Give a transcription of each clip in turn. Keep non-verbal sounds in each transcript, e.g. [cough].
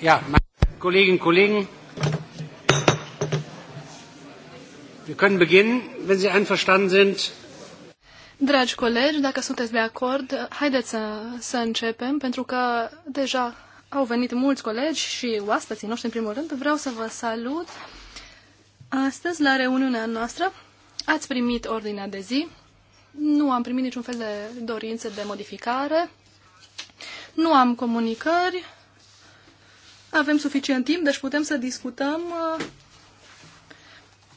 Ja, meine Kolleginnen und Kollegen, wir können beginnen, wenn Sie einverstanden sind. Dragi colegi, dacă sunteți de acord, haideți să, să începem, pentru că deja au venit mulți colegi și oaspeții noștri, în primul rând. Vreau să vă salut astăzi la reuniunea noastră. Ați primit ordinea de zi. Nu am primit niciun fel de dorințe de modificare. Nu am comunicări avem suficient timp, deci putem să discutăm uh,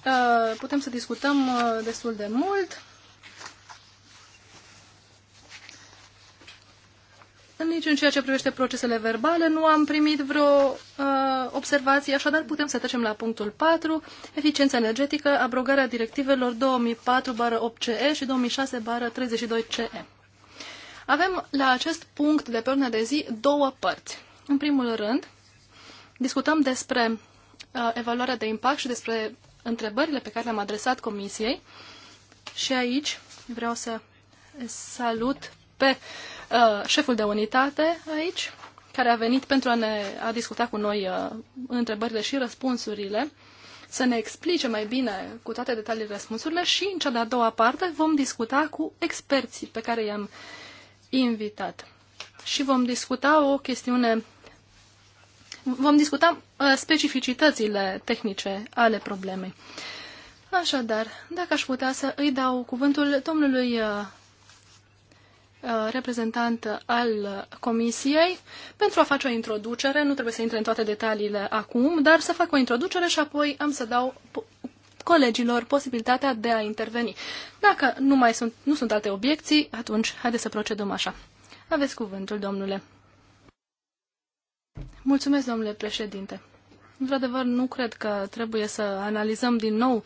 uh, putem să discutăm uh, destul de mult. Nici în ceea ce privește procesele verbale nu am primit vreo uh, observație, așadar putem să trecem la punctul 4, eficiența energetică, abrogarea directivelor 2004-8CE și 2006-32CE. Avem la acest punct de pe urmă de zi două părți. În primul rând, Discutăm despre uh, evaluarea de impact și despre întrebările pe care le-am adresat Comisiei și aici vreau să salut pe uh, șeful de unitate aici, care a venit pentru a, ne, a discuta cu noi uh, întrebările și răspunsurile, să ne explice mai bine cu toate detaliile răspunsurile și în cea de-a doua parte vom discuta cu experții pe care i-am invitat. Și vom discuta o chestiune vom discuta uh, specificitățile tehnice ale problemei. Așadar, dacă aș putea să îi dau cuvântul domnului uh, uh, reprezentant al Comisiei pentru a face o introducere. Nu trebuie să intre în toate detaliile acum, dar să fac o introducere și apoi am să dau colegilor posibilitatea de a interveni. Dacă nu, mai sunt, nu sunt alte obiecții, atunci haideți să procedăm așa. Aveți cuvântul, domnule. Mulțumesc, domnule președinte. Într-adevăr, nu cred că trebuie să analizăm din nou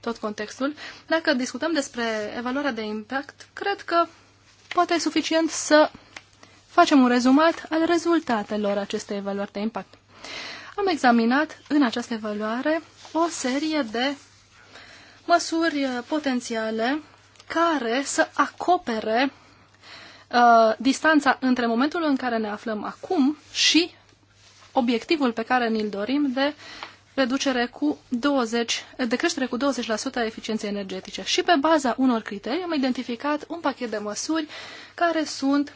tot contextul. Dacă discutăm despre evaluarea de impact, cred că poate e suficient să facem un rezumat al rezultatelor acestei evaluări de impact. Am examinat în această evaluare o serie de măsuri potențiale care să acopere uh, distanța între momentul în care ne aflăm acum și obiectivul pe care ni-l dorim de reducere cu 20, de creștere cu 20% a eficienței energetice. Și pe baza unor criterii am identificat un pachet de măsuri care sunt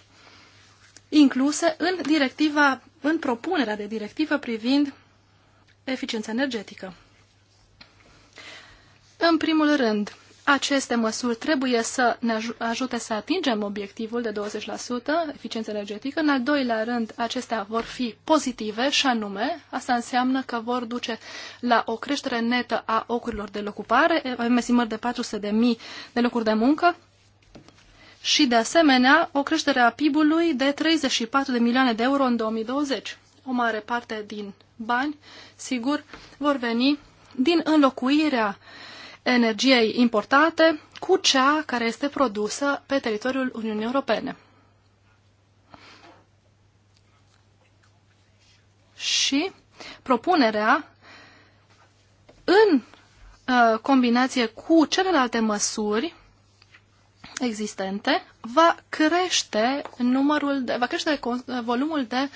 incluse în directiva, în propunerea de directivă privind eficiența energetică. În primul rând, aceste măsuri trebuie să ne ajute să atingem obiectivul de 20% eficiență energetică. În al doilea rând, acestea vor fi pozitive și anume, asta înseamnă că vor duce la o creștere netă a ocurilor de locupare, avem estimări de 400.000 de locuri de muncă, și, de asemenea, o creștere a PIB-ului de 34 de milioane de euro în 2020. O mare parte din bani, sigur, vor veni din înlocuirea energiei importate cu cea care este produsă pe teritoriul Uniunii Europene. Și propunerea în uh, combinație cu celelalte măsuri existente va crește numărul de, va crește uh, volumul de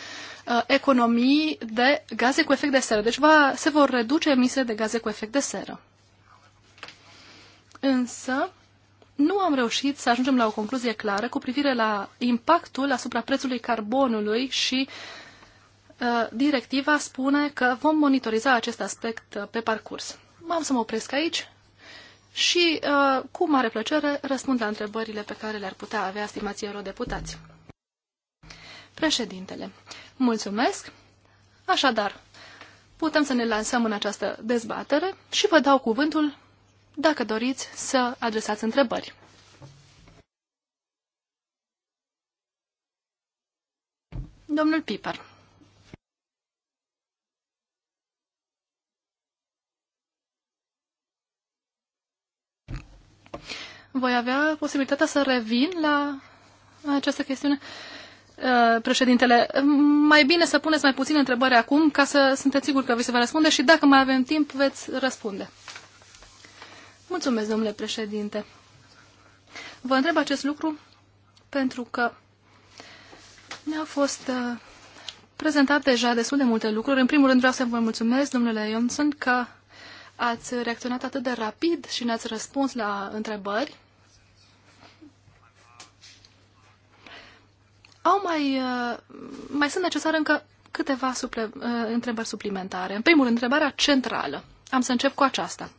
uh, economii de gaze cu efect de seră. Deci va, se vor reduce emisiile de gaze cu efect de seră. Însă, nu am reușit să ajungem la o concluzie clară cu privire la impactul asupra prețului carbonului și uh, directiva spune că vom monitoriza acest aspect uh, pe parcurs. M-am să mă opresc aici și uh, cu mare plăcere răspund la întrebările pe care le-ar putea avea stimații eurodeputați. Președintele, mulțumesc! Așadar, putem să ne lansăm în această dezbatere și vă dau cuvântul dacă doriți să adresați întrebări. Domnul Piper. Voi avea posibilitatea să revin la această chestiune? Uh, președintele, mai bine să puneți mai puține întrebări acum ca să sunteți sigur că vi se va răspunde și dacă mai avem timp veți răspunde. Mulțumesc, domnule președinte. Vă întreb acest lucru pentru că ne a fost uh, prezentat deja destul de multe lucruri. În primul rând vreau să vă mulțumesc, domnule Johnson, că ați reacționat atât de rapid și ne-ați răspuns la întrebări. Au mai, uh, mai sunt necesare încă câteva suple, uh, întrebări suplimentare. În primul rând, întrebarea centrală. Am să încep cu aceasta.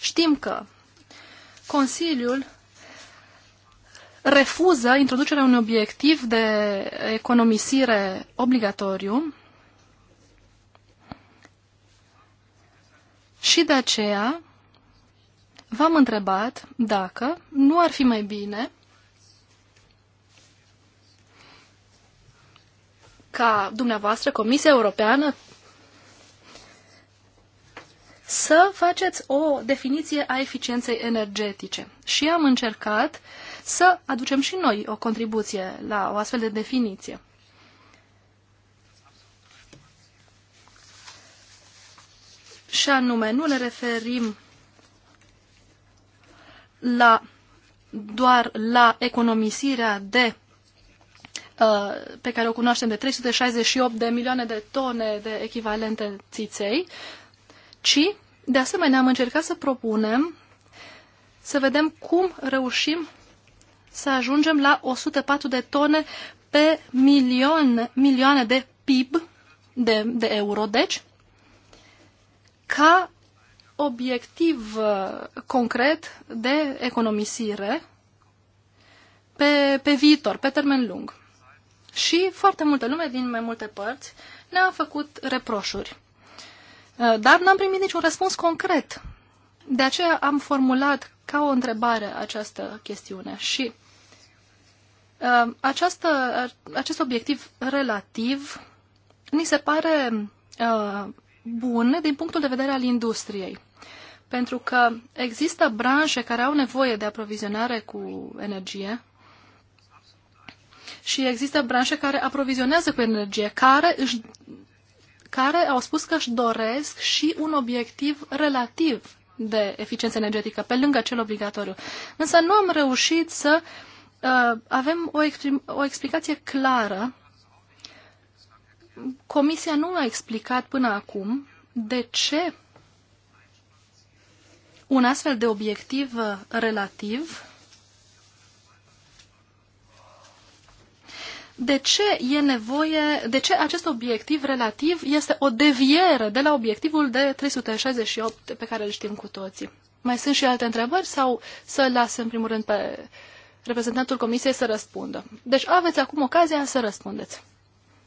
Știm că Consiliul refuză introducerea unui obiectiv de economisire obligatoriu și de aceea v-am întrebat dacă nu ar fi mai bine ca dumneavoastră, Comisia Europeană, să faceți o definiție a eficienței energetice. Și am încercat să aducem și noi o contribuție la o astfel de definiție. Și anume, nu ne referim la, doar la economisirea de uh, pe care o cunoaștem de 368 de milioane de tone de echivalente țiței, ci, de asemenea, am încercat să propunem să vedem cum reușim să ajungem la 104 de tone pe milioane, milioane de PIB, de, de euro, deci, ca obiectiv uh, concret de economisire pe, pe viitor, pe termen lung. Și foarte multă lume din mai multe părți ne-a făcut reproșuri. Uh, dar n-am primit niciun răspuns concret. De aceea am formulat ca o întrebare această chestiune și uh, această, acest obiectiv relativ ni se pare uh, bun din punctul de vedere al industriei. Pentru că există branșe care au nevoie de aprovizionare cu energie și există branșe care aprovizionează cu energie, care își care au spus că își doresc și un obiectiv relativ de eficiență energetică, pe lângă cel obligatoriu. Însă nu am reușit să uh, avem o, exprim- o explicație clară. Comisia nu a explicat până acum de ce un astfel de obiectiv uh, relativ de ce e nevoie, de ce acest obiectiv relativ este o deviere de la obiectivul de 368 pe care îl știm cu toții. Mai sunt și alte întrebări sau să las în primul rând pe reprezentantul comisiei să răspundă? Deci aveți acum ocazia să răspundeți,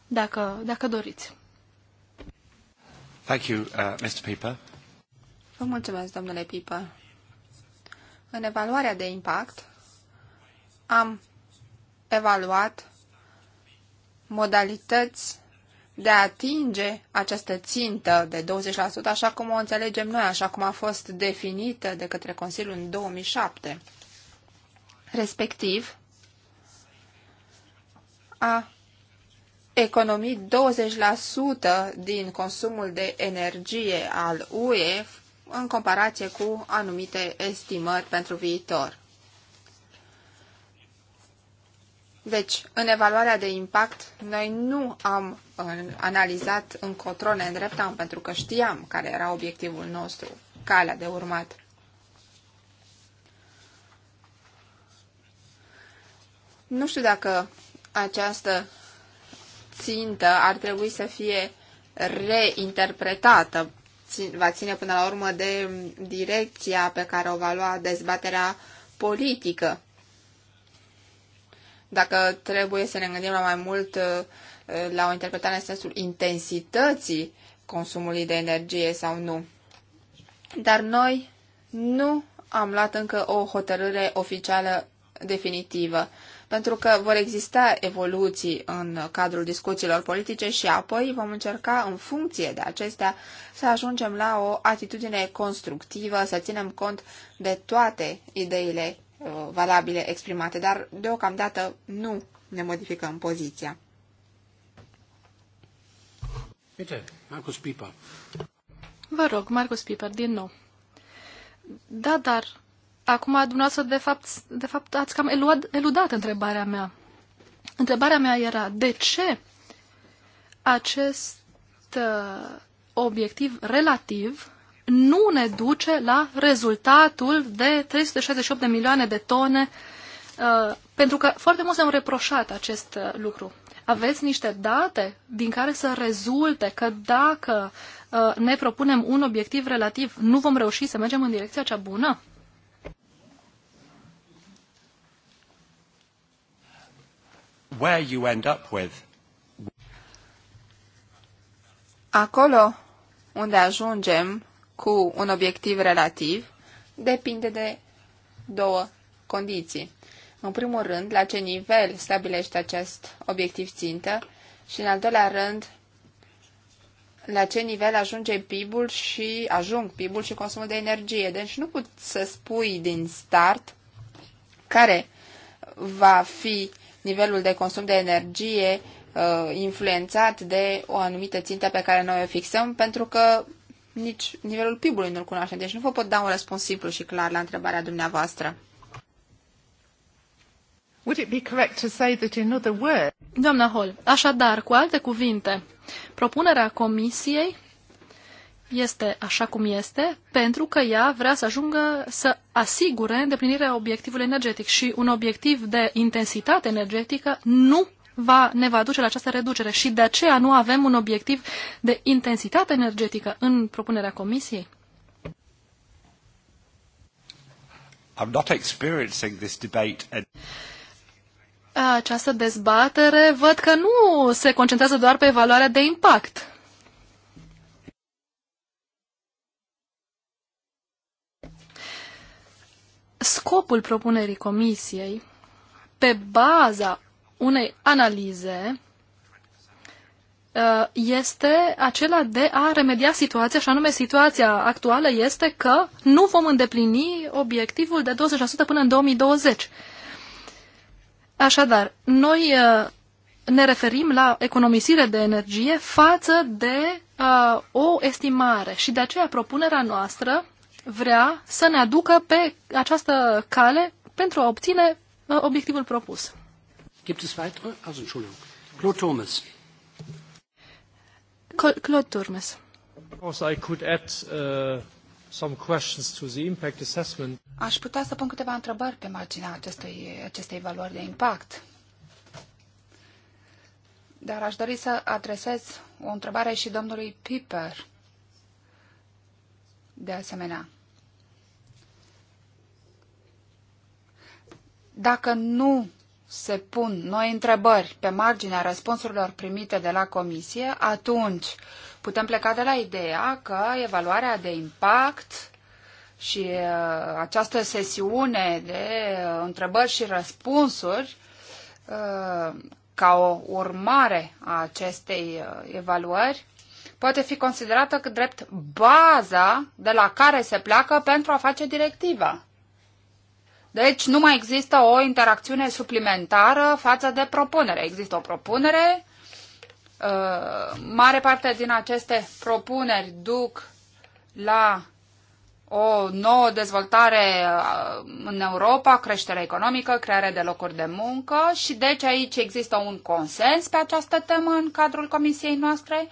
dacă, dacă doriți. Thank you, uh, Mr. Pieper. Vă mulțumesc, domnule Piper. În evaluarea de impact am evaluat modalități de a atinge această țintă de 20%, așa cum o înțelegem noi, așa cum a fost definită de către Consiliul în 2007. Respectiv, a economii 20% din consumul de energie al UE în comparație cu anumite estimări pentru viitor. Deci, în evaluarea de impact, noi nu am uh, analizat încotro ne îndreptam, pentru că știam care era obiectivul nostru, calea de urmat. Nu știu dacă această țintă ar trebui să fie reinterpretată. Va ține până la urmă de direcția pe care o va lua dezbaterea politică dacă trebuie să ne gândim la mai mult uh, uh, la o interpretare în sensul intensității consumului de energie sau nu. Dar noi nu am luat încă o hotărâre oficială definitivă, pentru că vor exista evoluții în cadrul discuțiilor politice și apoi vom încerca, în funcție de acestea, să ajungem la o atitudine constructivă, să ținem cont de toate ideile Uh, valabile exprimate, dar deocamdată nu ne modificăm poziția. Uite, Marcus Piper. Vă rog, Marcus Piper, din nou. Da, dar acum dumneavoastră, de fapt, de fapt ați cam eluat, eludat întrebarea mea. Întrebarea mea era, de ce acest uh, obiectiv relativ nu ne duce la rezultatul de 368 de milioane de tone, uh, pentru că foarte mulți ne-au reproșat acest uh, lucru. Aveți niște date din care să rezulte că dacă uh, ne propunem un obiectiv relativ, nu vom reuși să mergem în direcția cea bună? Where you end up with. Acolo unde ajungem cu un obiectiv relativ depinde de două condiții. În primul rând, la ce nivel stabilește acest obiectiv țintă și, în al doilea rând, la ce nivel ajunge PIB-ul și ajung PIB-ul și consumul de energie. Deci nu poți să spui din start care va fi nivelul de consum de energie uh, influențat de o anumită țintă pe care noi o fixăm, pentru că nici nivelul PIB-ului nu-l cunoaștem, deci nu vă pot da un răspuns simplu și clar la întrebarea dumneavoastră. Would it be correct to say that in other words... Doamna Hall, așadar, cu alte cuvinte, propunerea Comisiei este așa cum este, pentru că ea vrea să ajungă să asigure îndeplinirea obiectivului energetic și un obiectiv de intensitate energetică nu va, ne va duce la această reducere și de aceea nu avem un obiectiv de intensitate energetică în propunerea Comisiei? I'm not experiencing this debate and... Această dezbatere văd că nu se concentrează doar pe evaluarea de impact. Scopul propunerii comisiei, pe baza unei analize uh, este acela de a remedia situația, și anume situația actuală este că nu vom îndeplini obiectivul de 20% până în 2020. Așadar, noi uh, ne referim la economisire de energie față de uh, o estimare și de aceea propunerea noastră vrea să ne aducă pe această cale pentru a obține uh, obiectivul propus. Gibt es weitere? Also, Entschuldigung. Claude Thomas. Claude Thomas. Of course, I could add uh, some questions to the impact assessment. Aș putea să pun câteva întrebări pe marginea acestei, acestei valori de impact. Dar aș dori să adresez o întrebare și domnului Piper. De asemenea, dacă nu se pun noi întrebări pe marginea răspunsurilor primite de la comisie, atunci putem pleca de la ideea că evaluarea de impact și uh, această sesiune de uh, întrebări și răspunsuri uh, ca o urmare a acestei evaluări poate fi considerată drept baza de la care se pleacă pentru a face directiva. Deci nu mai există o interacțiune suplimentară față de propunere. Există o propunere, uh, mare parte din aceste propuneri duc la o nouă dezvoltare uh, în Europa, creștere economică, creare de locuri de muncă și deci aici există un consens pe această temă în cadrul comisiei noastre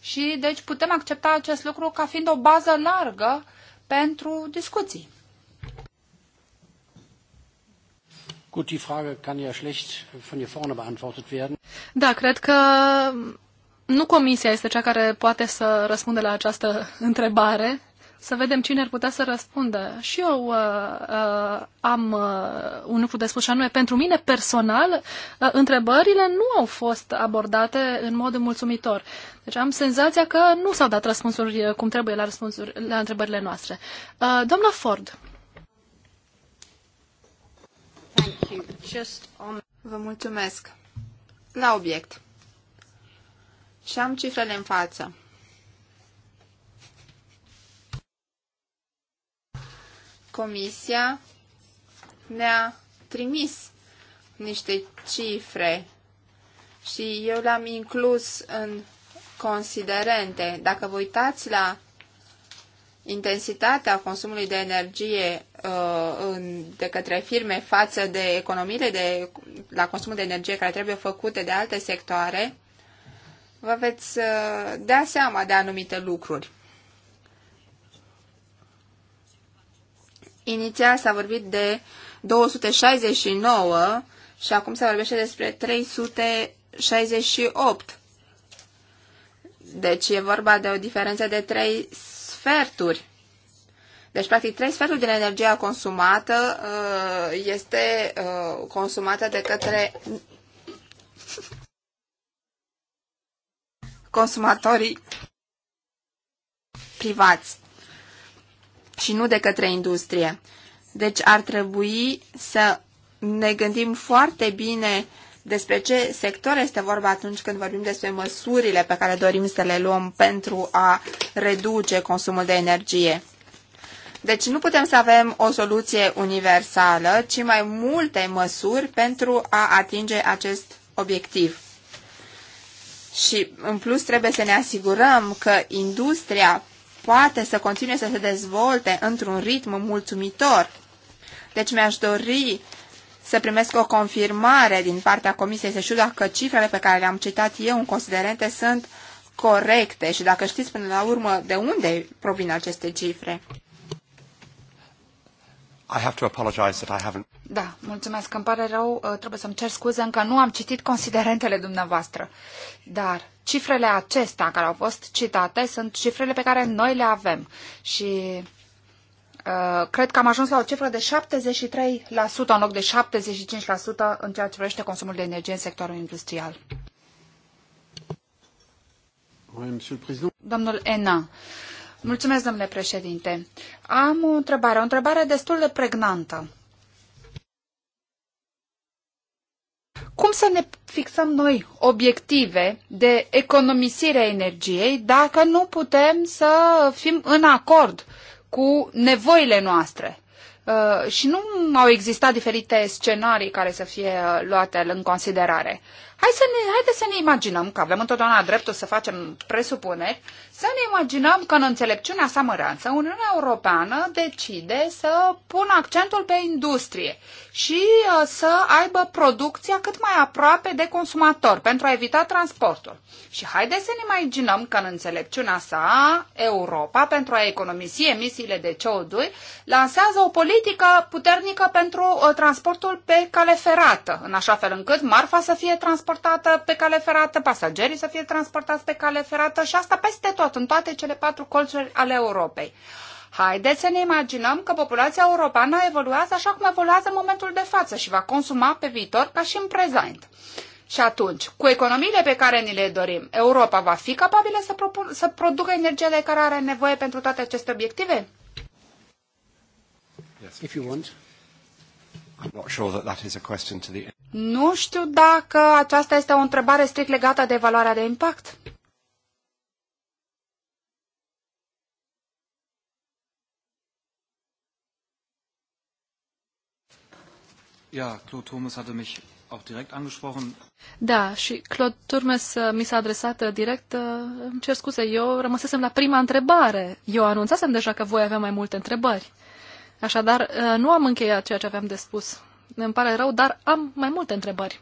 și deci putem accepta acest lucru ca fiind o bază largă pentru discuții. Gut, die Frage kann ja schlecht von hier vorne beantwortet werden. Da, cred că nu comisia este cea care poate să răspundă la această [laughs] întrebare. Să vedem cine ar putea să răspundă. Și eu uh, uh, am uh, un lucru de spus și anume, pentru mine personal, uh, întrebările nu au fost abordate în mod mulțumitor. Deci am senzația că nu s-au dat răspunsuri uh, cum trebuie la, răspunsuri, la întrebările noastre. Uh, doamna Ford. Thank you. Just on... Vă mulțumesc. La obiect. Și am cifrele în față. Comisia ne-a trimis niște cifre și eu le-am inclus în considerente. Dacă vă uitați la intensitatea consumului de energie uh, de către firme față de economiile de, la consumul de energie care trebuie făcute de alte sectoare, vă veți uh, da seama de anumite lucruri. Inițial s-a vorbit de 269 și acum se vorbește despre 368. Deci e vorba de o diferență de 3 sferturi. Deci, practic, trei sferturi din energia consumată uh, este uh, consumată de către consumatorii privați și nu de către industrie. Deci ar trebui să ne gândim foarte bine despre ce sector este vorba atunci când vorbim despre măsurile pe care dorim să le luăm pentru a reduce consumul de energie. Deci nu putem să avem o soluție universală, ci mai multe măsuri pentru a atinge acest obiectiv. Și în plus trebuie să ne asigurăm că industria poate să continue să se dezvolte într-un ritm mulțumitor. Deci mi-aș dori să primesc o confirmare din partea comisiei, să știu dacă cifrele pe care le-am citat eu în considerente sunt corecte și dacă știți până la urmă de unde provin aceste cifre. I have to apologize that I haven't... Da, mulțumesc. Îmi pare rău, uh, trebuie să-mi cer scuze, încă nu am citit considerentele dumneavoastră. Dar cifrele acestea care au fost citate sunt cifrele pe care noi le avem. Și Uh, cred că am ajuns la o cifră de 73% în loc de 75% în ceea ce privește consumul de energie în sectorul industrial. Domnul Ena, mulțumesc, domnule președinte. Am o întrebare, o întrebare destul de pregnantă. Cum să ne fixăm noi obiective de economisire a energiei dacă nu putem să fim în acord uh, cu nevoile noastre. Uh, și nu au existat diferite scenarii care să fie uh, luate în considerare. Hai să ne, haide să ne imaginăm, că avem întotdeauna dreptul să facem presupuneri, să ne imaginăm că în înțelepciunea sa măreanță, Uniunea Europeană decide să pună accentul pe industrie și uh, să aibă producția cât mai aproape de consumator pentru a evita transportul. Și haide să ne imaginăm că în înțelepciunea sa, Europa, pentru a economisi emisiile de CO2, lansează o politică puternică pentru uh, transportul pe cale ferată, în așa fel încât marfa să fie transportată transportată pe cale ferată, pasagerii să fie transportați pe cale ferată și asta peste tot, în toate cele patru colțuri ale Europei. Haideți să ne imaginăm că populația europeană evoluează așa cum evoluează în momentul de față și va consuma pe viitor ca și în prezent. Și atunci, cu economiile pe care ni le dorim, Europa va fi capabilă să, propun, să producă energia de care are nevoie pentru toate aceste obiective? If you want. I'm not sure that that is a question to the nu știu dacă aceasta este o întrebare strict legată de evaluarea de impact. Ja, Claude Thomas hatte mich auch direkt angesprochen. Da, și Claude Turmes uh, mi s-a adresat uh, direct. Uh, îmi cer scuze, eu rămăsesem la prima întrebare. Eu anunțasem deja că voi avea mai multe întrebări. Așadar, nu am încheiat ceea ce aveam de spus. Îmi pare rău, dar am mai multe întrebări.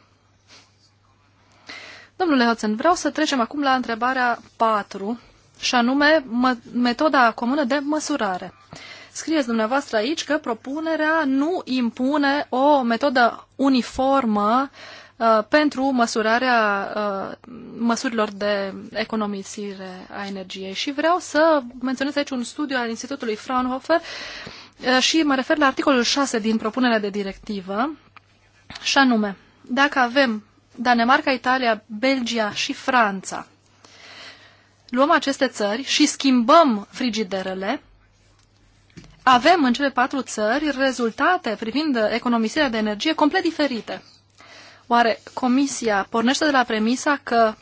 Domnule Hudson, vreau să trecem acum la întrebarea 4, și anume metoda comună de măsurare. Scrieți dumneavoastră aici că propunerea nu impune o metodă uniformă uh, pentru măsurarea uh, măsurilor de economisire a energiei. Și vreau să menționez aici un studiu al Institutului Fraunhofer uh, Eh, și mă refer la articolul 6 din propunerea de directivă, și anume, dacă avem Danemarca, Italia, Belgia și Franța, luăm aceste țări și schimbăm frigiderele, avem în cele patru țări rezultate privind economisirea de energie complet diferite. Oare Comisia pornește de la premisa că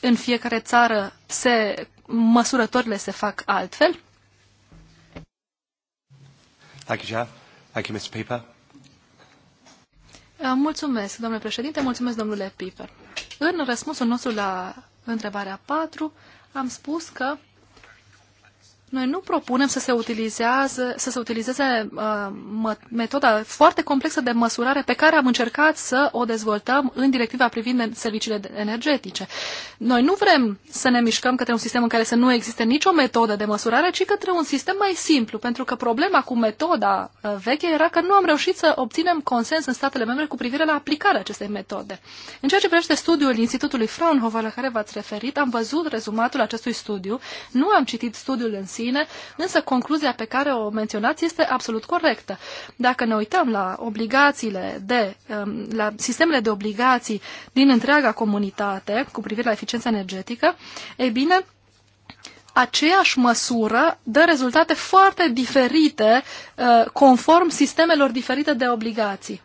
în fiecare țară se, măsurătorile se fac altfel? Thank you, Chair. Thank you, Mr. Pieper. Uh, mulțumesc, domnule președinte, mulțumesc, domnule Pieper. În răspunsul nostru la întrebarea 4, am spus că noi nu propunem să se, utilizeze, să se utilizeze uh, metoda foarte complexă de măsurare pe care am încercat să o dezvoltăm în directiva privind serviciile energetice. Noi nu vrem să ne mișcăm către un sistem în care să nu existe nicio metodă de măsurare, ci către un sistem mai simplu, pentru că problema cu metoda uh, veche era că nu am reușit să obținem consens în statele membre cu privire la aplicarea acestei metode. În ceea ce privește studiul Institutului Fraunhofer la care v-ați referit, am văzut rezumatul acestui studiu, nu am citit studiul în sine, sine, însă concluzia pe care o menționați este absolut corectă. Dacă ne uităm la obligațiile de, um, la sistemele de obligații din întreaga comunitate cu privire la eficiența energetică, e bine, aceeași măsură dă rezultate foarte diferite uh, conform sistemelor diferite de obligații.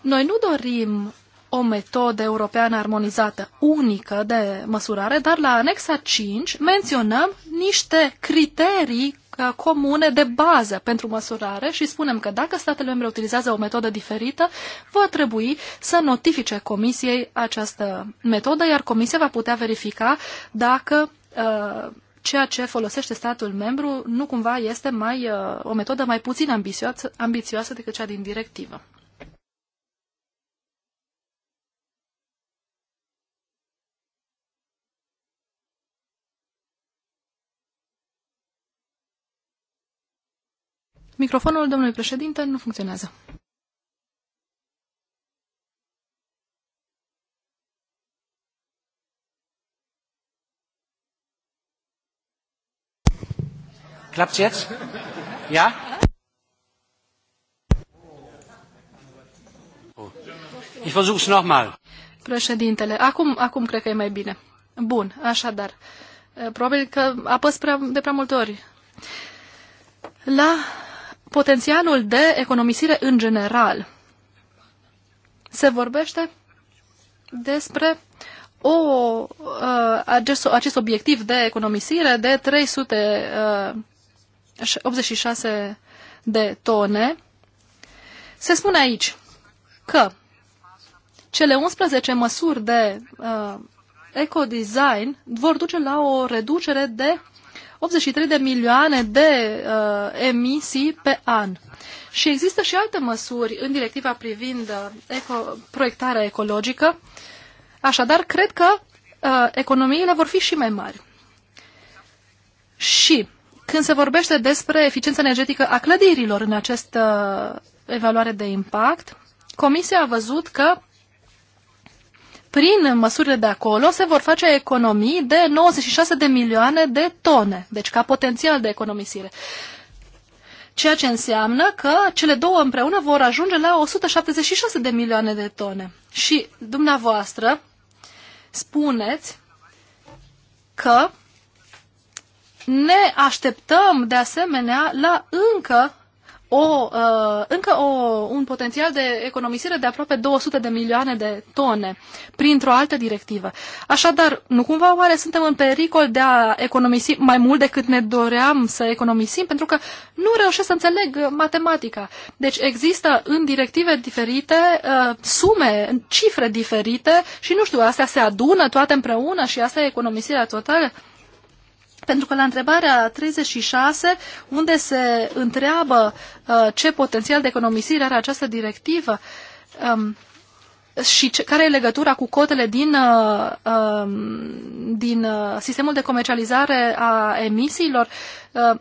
Noi nu dorim o metodă europeană armonizată unică de măsurare, dar la anexa 5 menționăm niște criterii uh, comune de bază pentru măsurare și spunem că dacă statele membre utilizează o metodă diferită, va trebui să notifice Comisiei această metodă, iar Comisia va putea verifica dacă uh, ceea ce folosește statul membru nu cumva este mai, uh, o metodă mai puțin ambițioasă, ambițioasă decât cea din directivă. Microfonul domnului președinte nu funcționează. Klappt's jetzt? Ja? Oh. Ich versuch's nochmal. Președintele, acum, acum cred că e mai bine. Bun, așadar. Probabil că apăs prea, de prea multe ori. La potențialul de economisire în general. Se vorbește despre o, uh, acest, acest obiectiv de economisire de 386 uh, de tone. Se spune aici că cele 11 măsuri de uh, ecodesign vor duce la o reducere de 83 de milioane de uh, emisii pe an. Și există și alte măsuri în directiva privind uh, eco, proiectarea ecologică, așadar cred că uh, economiile vor fi și mai mari. Și când se vorbește despre eficiența energetică a clădirilor în această uh, evaluare de impact, Comisia a văzut că prin măsurile de acolo se vor face economii de 96 de milioane de tone, deci ca potențial de economisire. Ceea ce înseamnă că cele două împreună vor ajunge la 176 de milioane de tone. Și dumneavoastră spuneți că ne așteptăm de asemenea la încă o, uh, încă o, un potențial de economisire de aproape 200 de milioane de tone printr-o altă directivă. Așadar, nu cumva oare suntem în pericol de a economisi mai mult decât ne doream să economisim? Pentru că nu reușesc să înțeleg uh, matematica. Deci există în directive diferite uh, sume, cifre diferite și nu știu, astea se adună toate împreună și asta e economisirea totală? Uh, pentru că la întrebarea 36, unde se întreabă uh, ce potențial de economisire are această directivă um, și ce, care e legătura cu cotele din, uh, uh, din uh, sistemul de comercializare a emisiilor, uh,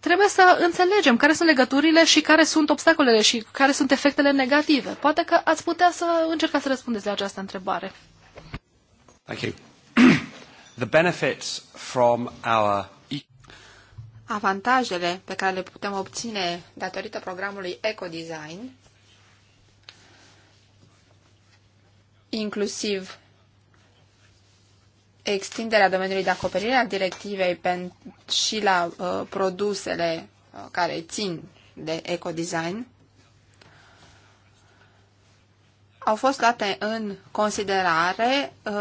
trebuie să înțelegem care sunt legăturile și care sunt obstacolele și care sunt efectele negative. Poate că ați putea să încercați să răspundeți la această întrebare. Thank you. The benefits from our Avantajele pe care le putem obține datorită programului Ecodesign, inclusiv extinderea domeniului de acoperire a directivei și la uh, produsele uh, care țin de ecodesign, au fost luate în considerare uh,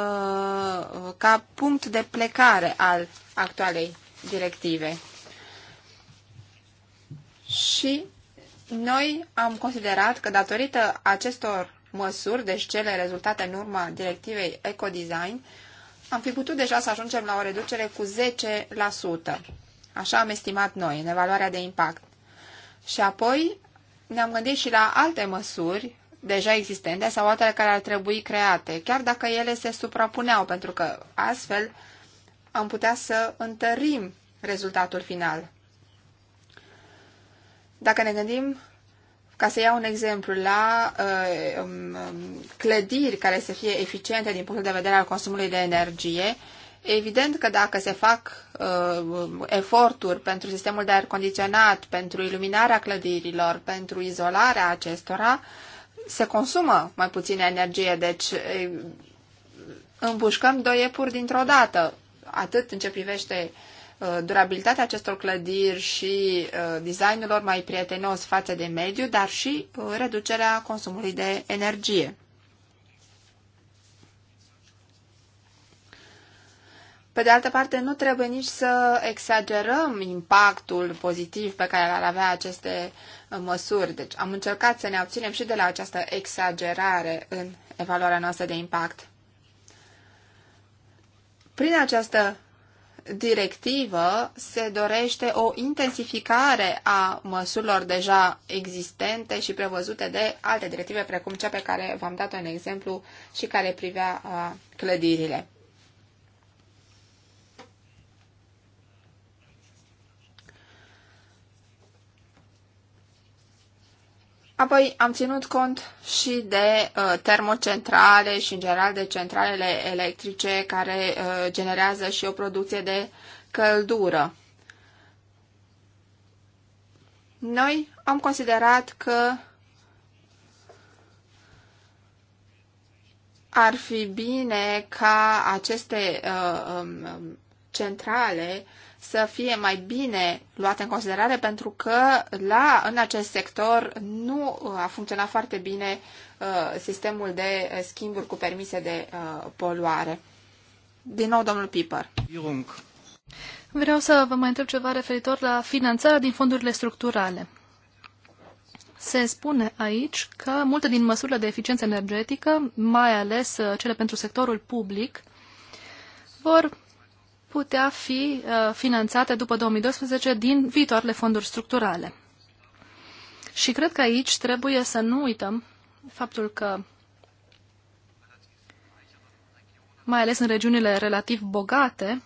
ca punct de plecare al actualei directive. Și noi am considerat că datorită acestor măsuri, deci cele rezultate în urma directivei ecodesign, am fi putut deja să ajungem la o reducere cu 10%. Așa am estimat noi, în evaluarea de impact. Și apoi ne-am gândit și la alte măsuri deja existente sau altele care ar trebui create, chiar dacă ele se suprapuneau, pentru că astfel am putea să întărim rezultatul final. Dacă ne gândim, ca să iau un exemplu, la uh, um, um clădiri care să fie eficiente din punctul de vedere al consumului de energie, evident că dacă se fac uh, eforturi pentru sistemul de aer condiționat, pentru iluminarea clădirilor, pentru izolarea acestora, uh, se consumă mai puțină energie, deci împușcăm doi iepuri dintr-o dată, atât în ce privește durabilitatea acestor clădiri și designul lor mai prietenos față de mediu, dar și reducerea consumului de energie. Pe de altă parte, nu trebuie nici să exagerăm impactul pozitiv pe care l-ar avea aceste Uh, măsuri. Deci am încercat să ne abținem și de la această exagerare în evaluarea noastră de impact. Prin această directivă se dorește o intensificare a măsurilor deja existente și prevăzute de alte directive, precum cea pe care v-am dat-o în exemplu și care privea uh, clădirile. Apoi am ținut cont și de uh, termocentrale și în general de centralele electrice care uh, generează și o producție de căldură. Noi am considerat că ar fi bine ca aceste uh, um, centrale să fie mai bine luate în considerare pentru că la, în acest sector nu uh, a funcționat foarte bine uh, sistemul de uh, schimburi cu permise de poluare. Din nou, domnul Piper. Vreau să vă mai întreb ceva referitor la finanțarea din fondurile structurale. Se spune aici că multe din măsurile de eficiență energetică, mai ales cele pentru sectorul public, vor putea fi uh, finanțate după 2012 din viitoarele fonduri structurale. Și cred că aici trebuie să nu uităm faptul că mai ales în regiunile relativ bogate,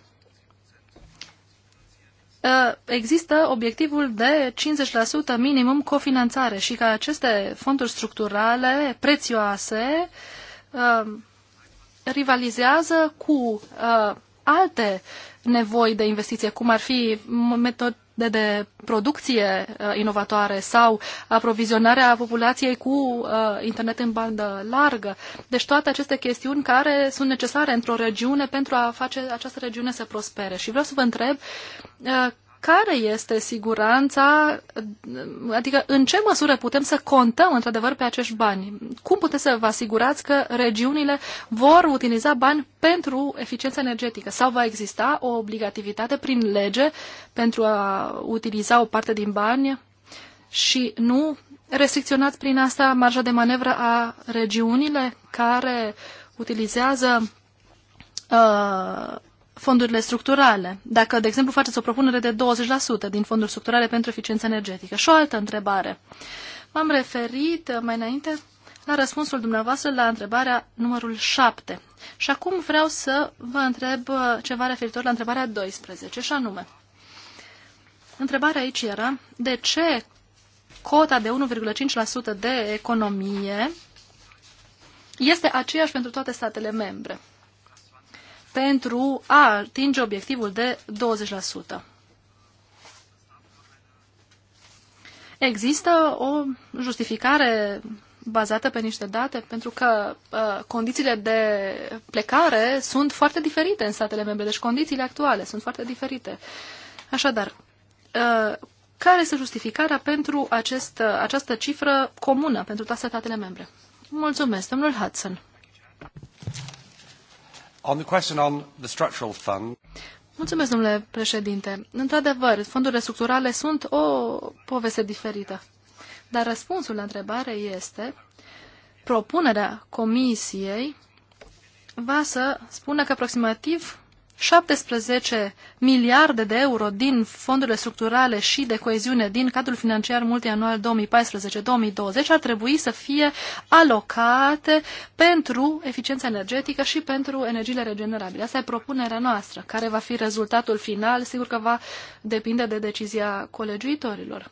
uh, există obiectivul de 50% minimum cofinanțare și că aceste fonduri structurale prețioase uh, rivalizează cu alte nevoi de investiție, cum ar fi metode de producție uh, inovatoare sau aprovizionarea populației cu uh, internet în bandă largă. Deci toate aceste chestiuni care sunt necesare într-o regiune pentru a face această regiune să prospere. Și vreau să vă întreb uh, care este siguranța, adică în ce măsură putem să contăm într-adevăr pe acești bani? Cum puteți să vă asigurați că regiunile vor utiliza bani pentru eficiență energetică? Sau va exista o obligativitate prin lege pentru a utiliza o parte din bani și nu restricționați prin asta marja de manevră a regiunile care utilizează uh, fondurile structurale. Dacă, de exemplu, faceți o propunere de 20% din fonduri structurale pentru eficiență energetică. Și o altă întrebare. M-am referit uh, mai înainte la răspunsul dumneavoastră la întrebarea numărul 7. Și acum vreau să vă întreb uh, ceva referitor la întrebarea 12, și anume. Întrebarea aici era de ce cota de 1,5% de economie este aceeași pentru toate statele membre pentru a atinge obiectivul de 20%. Există o justificare bazată pe niște date, pentru că uh, condițiile de plecare sunt foarte diferite în statele membre, deci condițiile actuale sunt foarte diferite. Așadar, uh, care este justificarea pentru acest, uh, această cifră comună pentru toate statele membre? Mulțumesc, domnul Hudson. On the question on the structural fund. Mulțumesc, domnule președinte. Într-adevăr, fondurile structurale sunt o poveste diferită. Dar răspunsul la întrebare este propunerea comisiei va să spună că aproximativ 17 miliarde de euro din fondurile structurale și de coeziune din cadrul financiar multianual 2014-2020 ar trebui să fie alocate pentru eficiența energetică și pentru energiile regenerabile. Asta e propunerea noastră, care va fi rezultatul final, sigur că va depinde de decizia colegiuitorilor.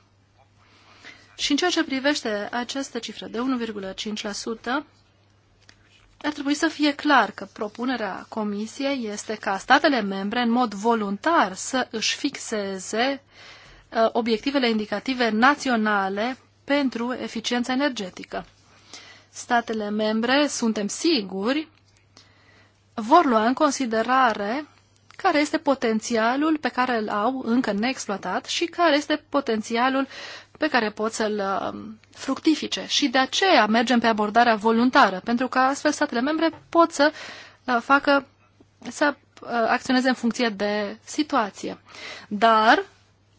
Și în ceea ce privește această cifră de 1,5%, ar trebui să fie clar că propunerea Comisiei este ca statele membre, în mod voluntar, să își fixeze uh, obiectivele indicative naționale pentru eficiența energetică. Statele membre, suntem siguri, vor lua în considerare care este potențialul pe care îl au încă neexploatat și care este potențialul pe care pot să-l uh, fructifice. Și de aceea mergem pe abordarea voluntară, pentru că astfel statele membre pot să uh, facă, să uh, acționeze în funcție de situație. Dar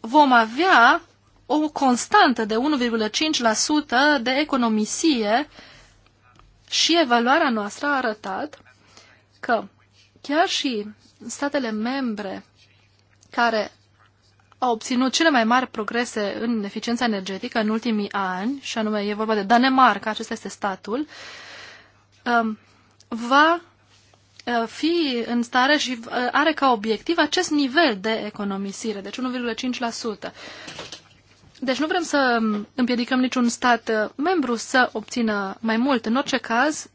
vom avea o constantă de 1,5% de economisie și evaluarea noastră a arătat că chiar și statele membre care a obținut cele mai mari progrese în eficiența energetică în ultimii ani, și anume e vorba de Danemarca, acesta este statul, um, va uh, fi în stare și uh, are ca obiectiv acest nivel de economisire, deci 1,5%. Deci nu vrem să împiedicăm niciun stat uh, membru să obțină mai mult. În orice caz,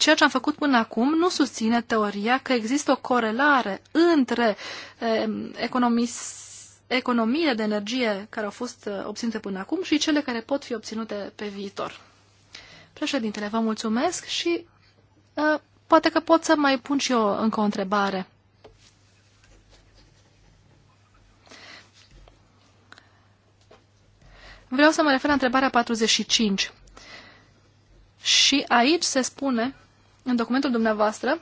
ceea ce am făcut până acum nu susține teoria că există o corelare între ehm, economis economiile de energie care au fost eh, obținute până acum și cele care pot fi obținute pe viitor. Președintele, vă mulțumesc și eh, poate că pot să mai pun și eu încă o întrebare. Vreau să mă refer la întrebarea 45. Și aici se spune în documentul dumneavoastră,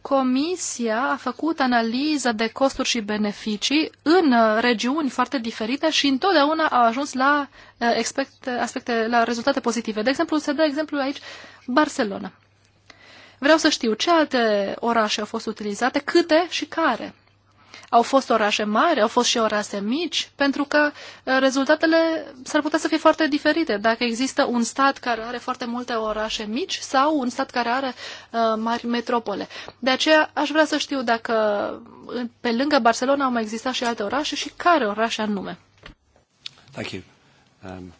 Comisia a făcut analiză de costuri și beneficii în uh, regiuni foarte diferite și întotdeauna a ajuns la, uh, expect, aspecte, la rezultate pozitive. De exemplu, se dă exemplu aici Barcelona. Vreau să știu ce alte orașe au fost utilizate, câte și care. Au fost orașe mari, au fost și orașe mici, pentru că uh, rezultatele s-ar putea să fie foarte diferite. Dacă există un stat care are foarte multe orașe mici sau un stat care are uh, mari metropole. De aceea aș vrea să știu dacă uh, pe lângă Barcelona au mai existat și alte orașe și care orașe anume. Thank you. Um...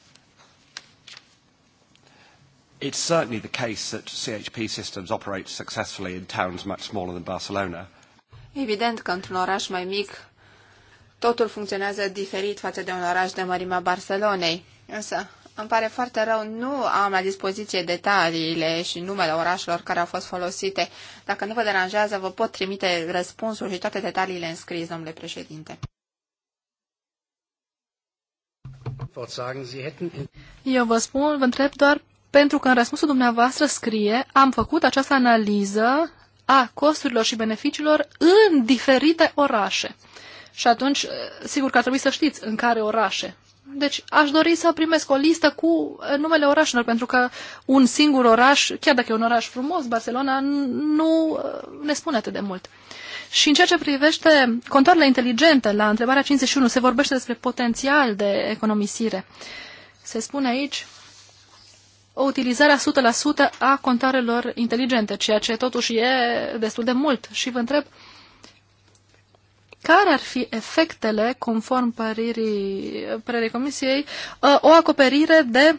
It's certainly the case that CHP systems operate successfully in towns much smaller than Barcelona. Evident că într-un oraș mai mic totul funcționează diferit față de un oraș de mărimea Barcelonei. Însă, îmi pare foarte rău, nu am la dispoziție detaliile și numele orașelor care au fost folosite. Dacă nu vă deranjează, vă pot trimite răspunsul și toate detaliile înscris, domnule președinte. Eu vă spun, vă întreb doar pentru că în răspunsul dumneavoastră scrie, am făcut această analiză a costurilor și beneficiilor în diferite orașe. Și atunci, eh, sigur că ar trebui să știți în care orașe. Deci aș dori să primesc o listă cu eh, numele orașelor, pentru că un singur oraș, chiar dacă e un oraș frumos, Barcelona, nu eh, ne spune atât de mult. Și în ceea ce privește contoarele inteligente, la întrebarea 51, se vorbește despre potențial de economisire. Se spune aici o utilizare 100% a contarelor inteligente, ceea ce totuși e destul de mult. Și vă întreb, care ar fi efectele, conform păririi părerii Comisiei, ă, o acoperire de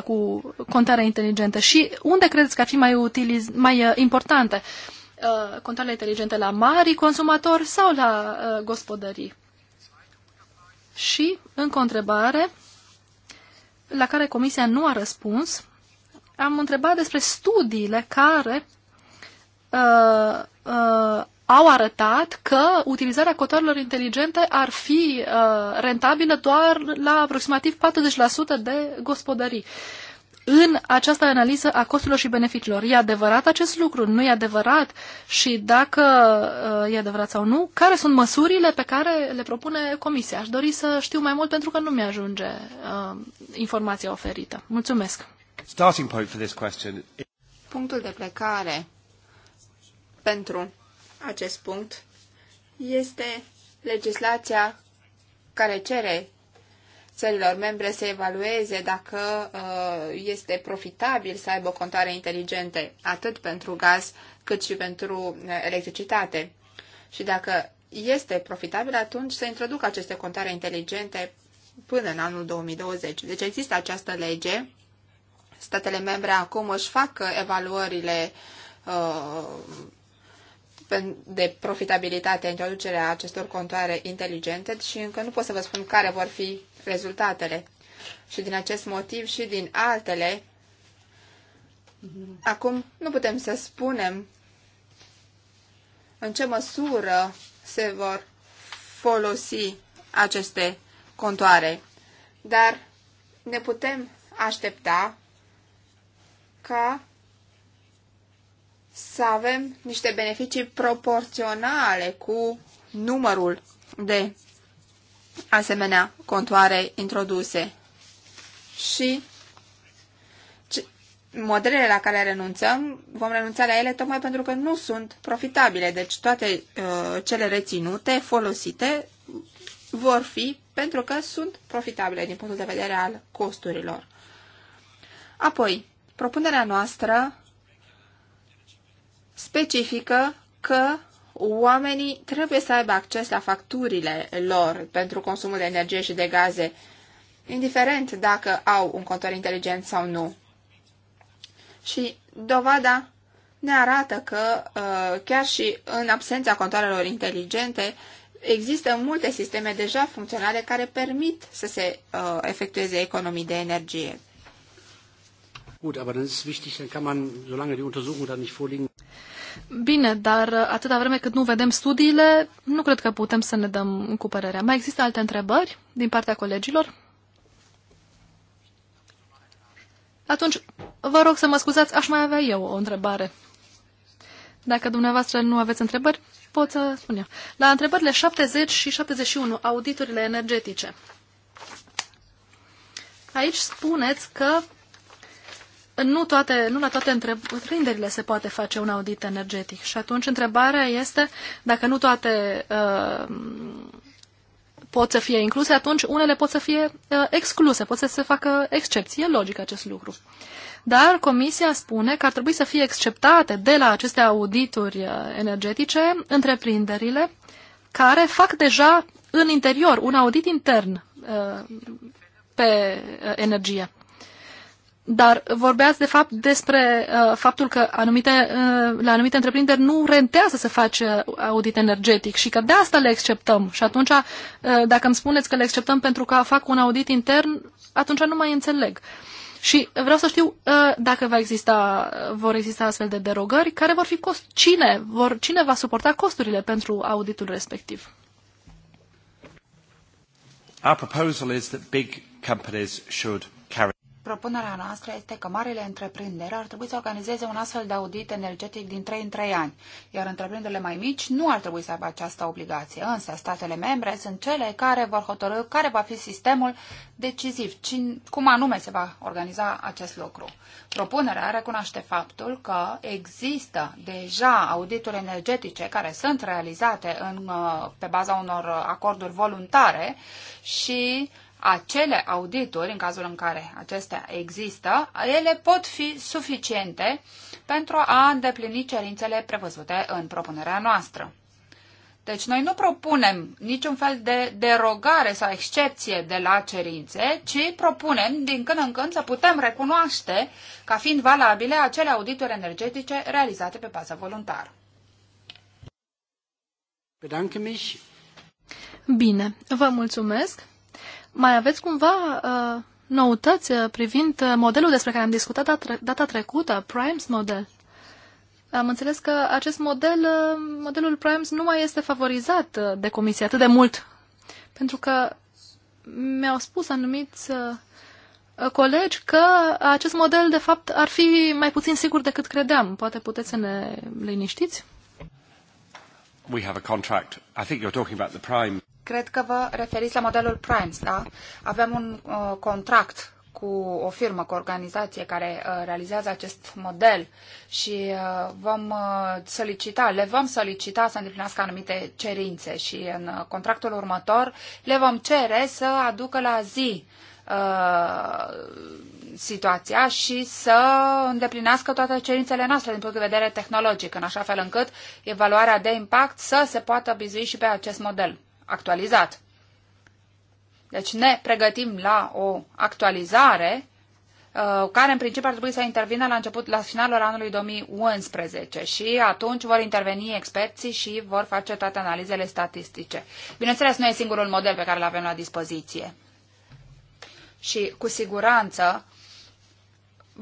75% cu contarea inteligentă și unde credeți că ar fi mai, utiliz, mai ă, importante ă, contarele inteligente la mari consumatori sau la gospodării? Și, încă o întrebare, la care Comisia nu a răspuns, am întrebat despre studiile care uh, uh, au arătat că utilizarea cotărilor inteligente ar fi uh, rentabilă doar la aproximativ 40% de gospodării în această analiză a costurilor și beneficiilor. E adevărat acest lucru? Nu e adevărat? Și dacă uh, e adevărat sau nu, care sunt măsurile pe care le propune Comisia? Aș dori să știu mai mult pentru că nu mi-ajunge uh, informația oferită. Mulțumesc! Starting point for this question. Punctul de plecare pentru acest punct este legislația care cere țărilor membre să evalueze dacă uh, este profitabil să aibă contare inteligente, atât pentru gaz cât și pentru uh, electricitate. Și dacă este profitabil, atunci să introducă aceste contare inteligente până în anul 2020. Deci există această lege. Statele membre acum își fac evaluările uh, de profitabilitate a introducerea acestor contoare inteligente și încă nu pot să vă spun care vor fi rezultatele. Și din acest motiv și din altele, acum nu putem să spunem în ce măsură se vor folosi aceste contoare. Dar ne putem aștepta ca să avem niște beneficii proporționale cu numărul de asemenea contoare introduse. Și modelele la care renunțăm, vom renunța la ele tocmai pentru că nu sunt profitabile. Deci toate uh, cele reținute, folosite, vor fi pentru că sunt profitabile din punctul de vedere al costurilor. Apoi, propunerea noastră specifică că oamenii trebuie să aibă acces la facturile lor pentru consumul de energie și de gaze, indiferent dacă au un contor inteligent sau nu. Și dovada ne arată că uh, chiar și în absența contoarelor inteligente, există multe sisteme deja funcționale care permit să se uh, efectueze economii de energie. Gut, aber dann ist wichtig, dann kann man, solange die Untersuchungen dann nicht vorliegen. Bine, dar uh, atâta vreme cât nu vedem studiile, nu cred că putem să ne dăm cu părerea. Mai există alte întrebări din partea colegilor? Atunci, vă rog să mă scuzați, aș mai avea eu o întrebare. Dacă dumneavoastră nu aveți întrebări, pot să spun eu. La întrebările 70 și 71, auditurile energetice. Aici spuneți că nu, toate, nu la toate întreprinderile se poate face un audit energetic. Și atunci întrebarea este dacă nu toate uh, pot să fie incluse, atunci unele pot să fie uh, excluse, pot să se facă excepție, logic acest lucru. Dar Comisia spune că ar trebui să fie exceptate de la aceste audituri uh, energetice întreprinderile care fac deja în interior un audit intern uh, pe uh, energie. Dar vorbeați, de fapt, despre uh, faptul că anumite, uh, la anumite întreprinderi nu rentează să face audit energetic și că de asta le acceptăm. Și atunci, uh, dacă îmi spuneți că le acceptăm pentru că fac un audit intern, atunci nu mai înțeleg. Și vreau să știu uh, dacă va exista, vor exista astfel de derogări, care vor fi cost, cine, vor, cine va suporta costurile pentru auditul respectiv. Our proposal is that big companies should propunerea noastră este că marile întreprinderi ar trebui să organizeze un astfel de audit energetic din 3 în 3 ani, iar întreprinderile mai mici nu ar trebui să aibă această obligație. Însă statele membre sunt cele care vor hotărâ care va fi sistemul decisiv, cum anume se va organiza acest lucru. Propunerea recunoaște faptul că există deja audituri energetice care sunt realizate în, pe baza unor acorduri voluntare și acele audituri, în cazul în care acestea există, ele pot fi suficiente pentru a îndeplini cerințele prevăzute în propunerea noastră. Deci noi nu propunem niciun fel de derogare sau excepție de la cerințe, ci propunem din când în când să putem recunoaște ca fiind valabile acele audituri energetice realizate pe bază voluntară. Bine, vă mulțumesc. Mai aveți cumva uh, noutăți uh, privind uh, modelul despre care am discutat data trecută, Primes model? Am înțeles că acest model, uh, modelul Primes, nu mai este favorizat de comisie atât de mult, pentru că mi-au spus anumiți colegi că acest model, de fapt, ar fi mai puțin sigur decât credeam. Poate puteți să ne liniștiți? We have a contract. I think you're talking about the prime. Cred că vă referiți la modelul Primes, da? Avem un uh, contract cu o firmă, cu o organizație care uh, realizează acest model și uh, vom uh, solicita, le vom solicita să îndeplinească anumite cerințe și în uh, contractul următor le vom cere să aducă la zi uh, situația și să îndeplinească toate cerințele noastre din punct de vedere tehnologic, în așa fel încât evaluarea de impact să se poată bizui și pe acest model actualizat. Deci ne pregătim la o actualizare uh, care în principiu ar trebui să intervină la început, la finalul anului 2011 și atunci vor interveni experții și vor face toate analizele statistice. Bineînțeles, nu e singurul model pe care îl avem la dispoziție. Și cu siguranță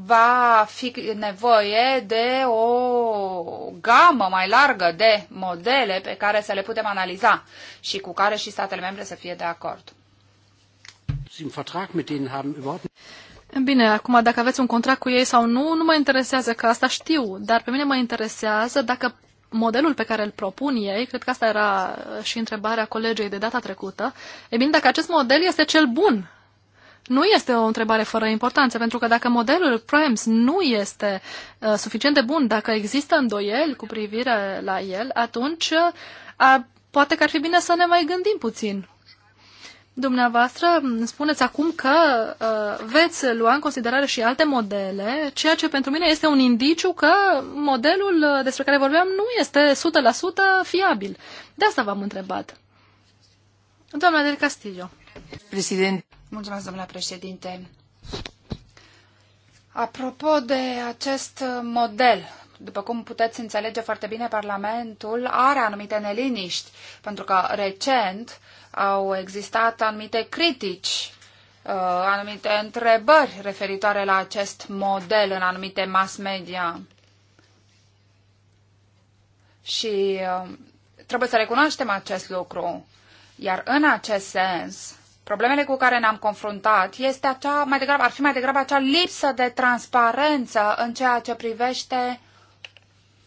va fi nevoie de o gamă mai largă de modele pe care să le putem analiza și cu care și statele membre să fie de acord. Bine, acum dacă aveți un contract cu ei sau nu, nu mă interesează că asta știu, dar pe mine mă interesează dacă modelul pe care îl propun ei, cred că asta era și întrebarea colegei de data trecută, e bine, dacă acest model este cel bun nu este o întrebare fără importanță, pentru că dacă modelul PREMS nu este uh, suficient de bun, dacă există îndoieli cu privire la el, atunci uh, a, poate că ar fi bine să ne mai gândim puțin. Dumneavoastră spuneți acum că uh, veți lua în considerare și alte modele, ceea ce pentru mine este un indiciu că modelul uh, despre care vorbeam nu este 100% fiabil. De asta v-am întrebat. Doamna del Castillo. Președinte. Mulțumesc, domnule președinte. Apropo de acest model, după cum puteți înțelege foarte bine, Parlamentul are anumite neliniști, pentru că recent au existat anumite critici, uh, anumite întrebări referitoare la acest model în anumite mass media. Și uh, trebuie să recunoaștem acest lucru. Iar în acest sens, problemele cu care ne-am confruntat este acea, mai degrabă, ar fi mai degrabă acea lipsă de transparență în ceea ce privește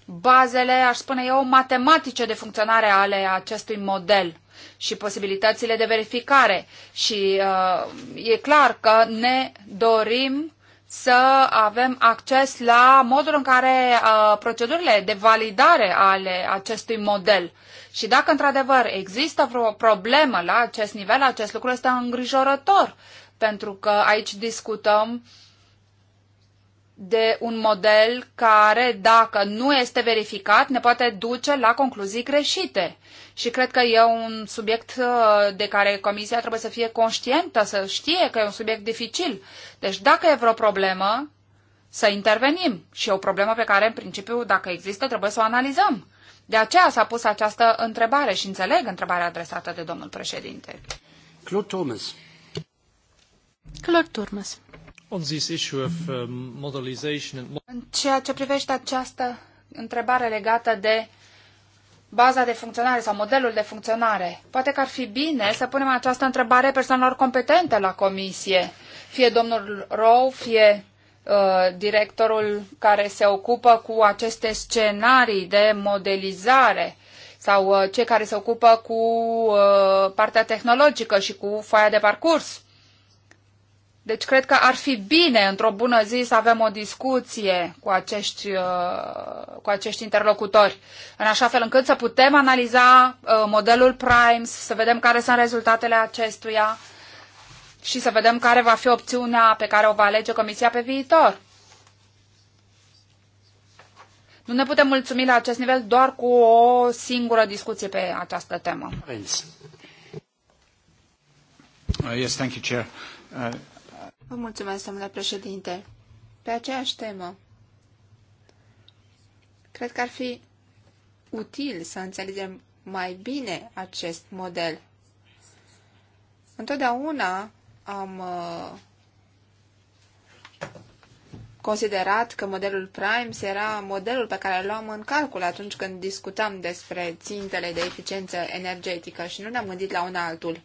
bazele, aș spune eu, matematice de funcționare ale acestui model și posibilitățile de verificare. Și uh, e clar că ne dorim să avem acces la modul în care uh, procedurile de validare ale acestui model. Și dacă într-adevăr există vreo problemă la acest nivel, acest lucru este îngrijorător, pentru că aici discutăm uh, de un model care, dacă nu este verificat, ne poate duce la concluzii greșite. Și cred că e un subiect uh, de care Comisia trebuie să fie conștientă, să știe că e un subiect dificil. Deci dacă e vreo problemă, să intervenim. Și e o problemă pe care, în principiu, dacă există, trebuie să o analizăm. De aceea s-a pus această întrebare și înțeleg întrebarea adresată de domnul președinte. Claude Thomas. Claude Thomas. Um, În ceea ce privește această întrebare legată de baza de funcționare sau modelul de funcționare. Poate că ar fi bine să punem această întrebare persoanelor competente la comisie, fie domnul Rowe, fie uh, directorul care se ocupă cu aceste scenarii de modelizare sau uh, cei care se ocupă cu uh, partea tehnologică și cu foaia de parcurs. Deci cred că ar fi bine într-o bună zi să avem o discuție cu acești, uh, cu acești interlocutori, în așa fel încât să putem analiza uh, modelul Primes, să vedem care sunt rezultatele acestuia și să vedem care va fi opțiunea pe care o va alege Comisia pe viitor. Nu ne putem mulțumi la acest nivel doar cu o singură discuție pe această temă. Uh, yes, thank you, Chair. Uh... Vă mulțumesc, domnule președinte. Pe aceeași temă, cred că ar fi util să înțelegem mai bine acest model. Întotdeauna am uh, considerat că modelul Primes era modelul pe care îl luam în calcul atunci când discutam despre țintele de eficiență energetică și nu ne-am gândit la un altul.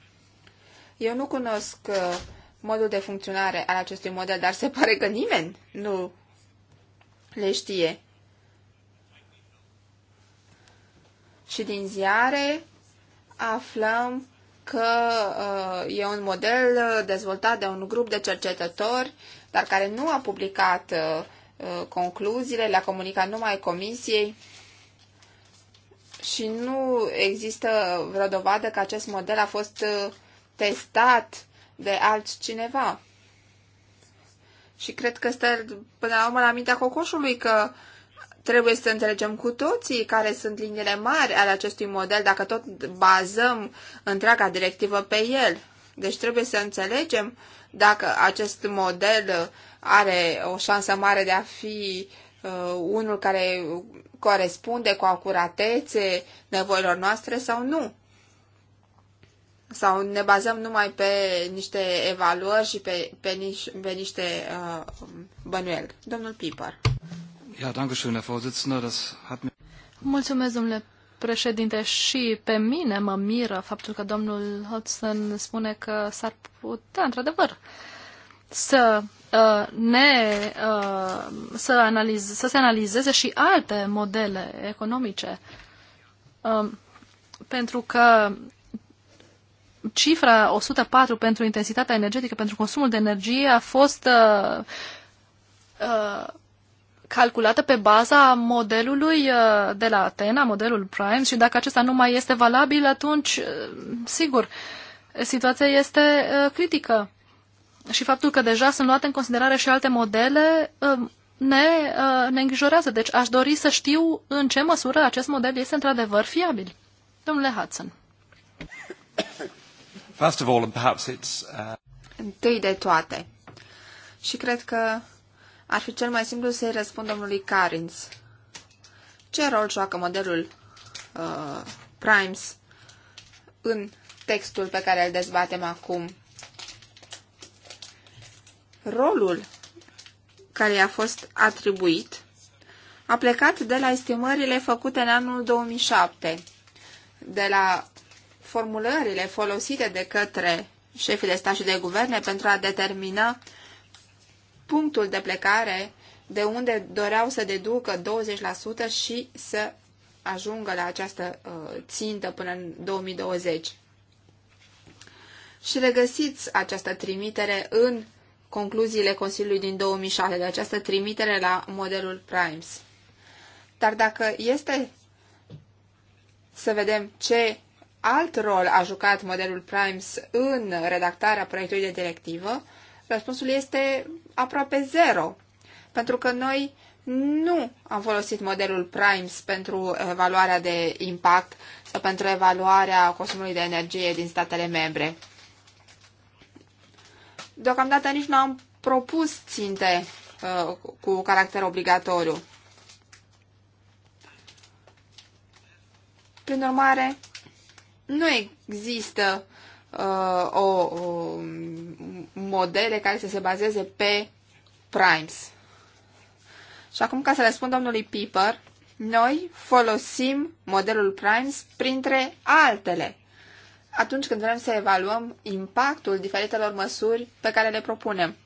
Eu nu cunosc uh, modul de funcționare al acestui model, dar se pare că nimeni nu le știe. Și din ziare aflăm că uh, e un model dezvoltat de un grup de cercetători, dar care nu a publicat uh, uh concluziile, le-a comunicat numai comisiei și nu există vreo dovadă că acest model a fost uh, testat de altcineva. Și cred că stă până la urmă la mintea cocoșului că trebuie să înțelegem cu toții care sunt liniile mari ale acestui model, dacă tot bazăm întreaga directivă pe el. Deci trebuie să înțelegem dacă acest model are o șansă mare de a fi uh, unul care corespunde cu acuratețe nevoilor noastre sau nu sau ne bazăm numai pe niște evaluări și pe, pe, niș, pe niște uh, bănuieli. Domnul Piper. Ja, danke schön, Herr Vorsitzender. Das hat mir... Mulțumesc, domnule președinte. Și pe mine mă miră faptul că domnul Hudson spune că s-ar putea, într-adevăr, să uh, ne uh, să, analize, să se analizeze și alte modele economice. Uh, pentru că cifra 104 pentru intensitatea energetică, pentru consumul de energie, a fost uh, uh, calculată pe baza modelului uh, de la Atena, modelul Prime, și dacă acesta nu mai este valabil, atunci, uh, sigur, situația este uh, critică. Și faptul că deja sunt luate în considerare și alte modele uh, ne, uh, ne îngrijorează. Deci aș dori să știu în ce măsură acest model este într-adevăr fiabil. Domnule Hudson. [coughs] First of all, and perhaps it's, uh... Întâi de toate. Și cred că ar fi cel mai simplu să-i răspund domnului Carins. Ce rol joacă modelul uh, Primes în textul pe care îl dezbatem acum? Rolul care i-a fost atribuit a plecat de la estimările făcute în anul 2007, de la formulările folosite de către șefii de stat și de guverne pentru a determina punctul de plecare de unde doreau să deducă 20% și să ajungă la această uh, țintă până în 2020. Și regăsiți această trimitere în concluziile Consiliului din 2006, de această trimitere la modelul Primes. Dar dacă este să vedem ce alt rol a jucat modelul Primes în redactarea proiectului de directivă, răspunsul este aproape zero, pentru că noi nu am folosit modelul Primes pentru evaluarea de impact sau pentru evaluarea consumului de energie din statele membre. Deocamdată nici nu am propus ținte uh, cu caracter obligatoriu. Prin urmare, nu există uh, o, o modele care să se bazeze pe primes. Și acum, ca să răspund domnului Piper, noi folosim modelul primes printre altele atunci când vrem să evaluăm impactul diferitelor măsuri pe care le propunem.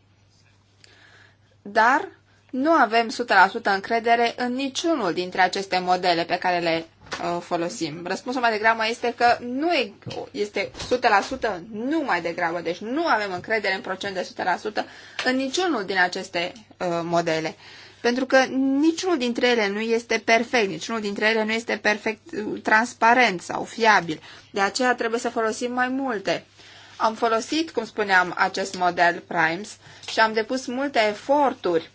Dar nu avem 100% încredere în niciunul dintre aceste modele pe care le Uh, folosim. Răspunsul mai degrabă este că nu este 100%, nu mai degrabă, deci nu avem încredere în procent de 100% în niciunul din aceste uh, modele. Pentru că niciunul dintre ele nu este perfect, niciunul dintre ele nu este perfect uh, transparent sau fiabil. De aceea trebuie să folosim mai multe. Am folosit, cum spuneam, acest model Primes și am depus multe eforturi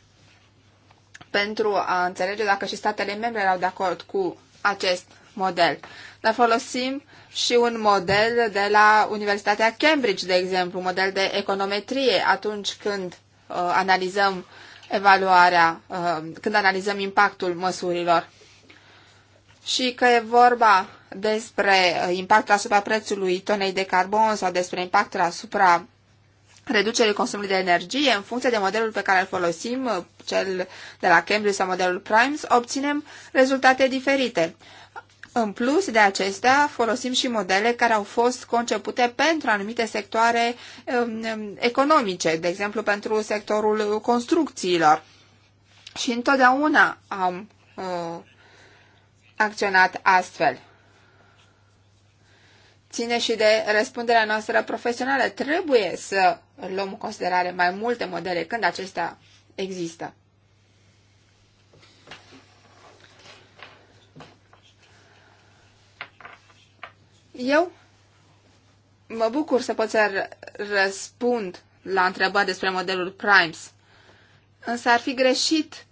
pentru a înțelege dacă și statele membre erau de acord cu acest model. Dar folosim și un model de la Universitatea Cambridge, de exemplu, un model de econometrie, atunci când uh, analizăm evaluarea, uh, când analizăm impactul măsurilor. Și că e vorba despre uh, impactul asupra prețului tonei de carbon sau despre impactul asupra reducerii consumului de energie în funcție de modelul pe care îl folosim, cel de la Cambridge sau modelul Primes, obținem rezultate diferite. În plus de acestea, folosim și modele care au fost concepute pentru anumite sectoare um, um economice, de exemplu pentru sectorul construcțiilor. Și întotdeauna am uh, acționat astfel. Ține și de răspunderea noastră profesională. Trebuie să luăm în considerare mai multe modele când acestea există. Eu mă bucur să pot să răspund la întrebări despre modelul Primes, însă ar fi greșit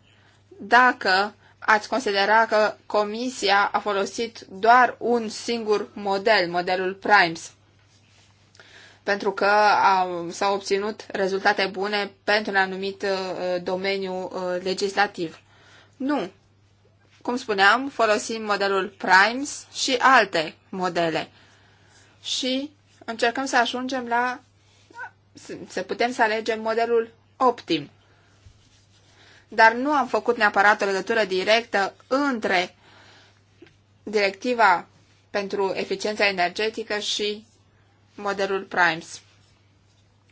dacă ați considera că Comisia a folosit doar un singur model, modelul Primes pentru că s-au obținut rezultate bune pentru un anumit uh, domeniu uh, legislativ. Nu. Cum spuneam, folosim modelul Primes și alte modele. Și încercăm să ajungem la să putem să alegem modelul optim. Dar nu am făcut neapărat o legătură directă între directiva pentru eficiența energetică și modelul Primes.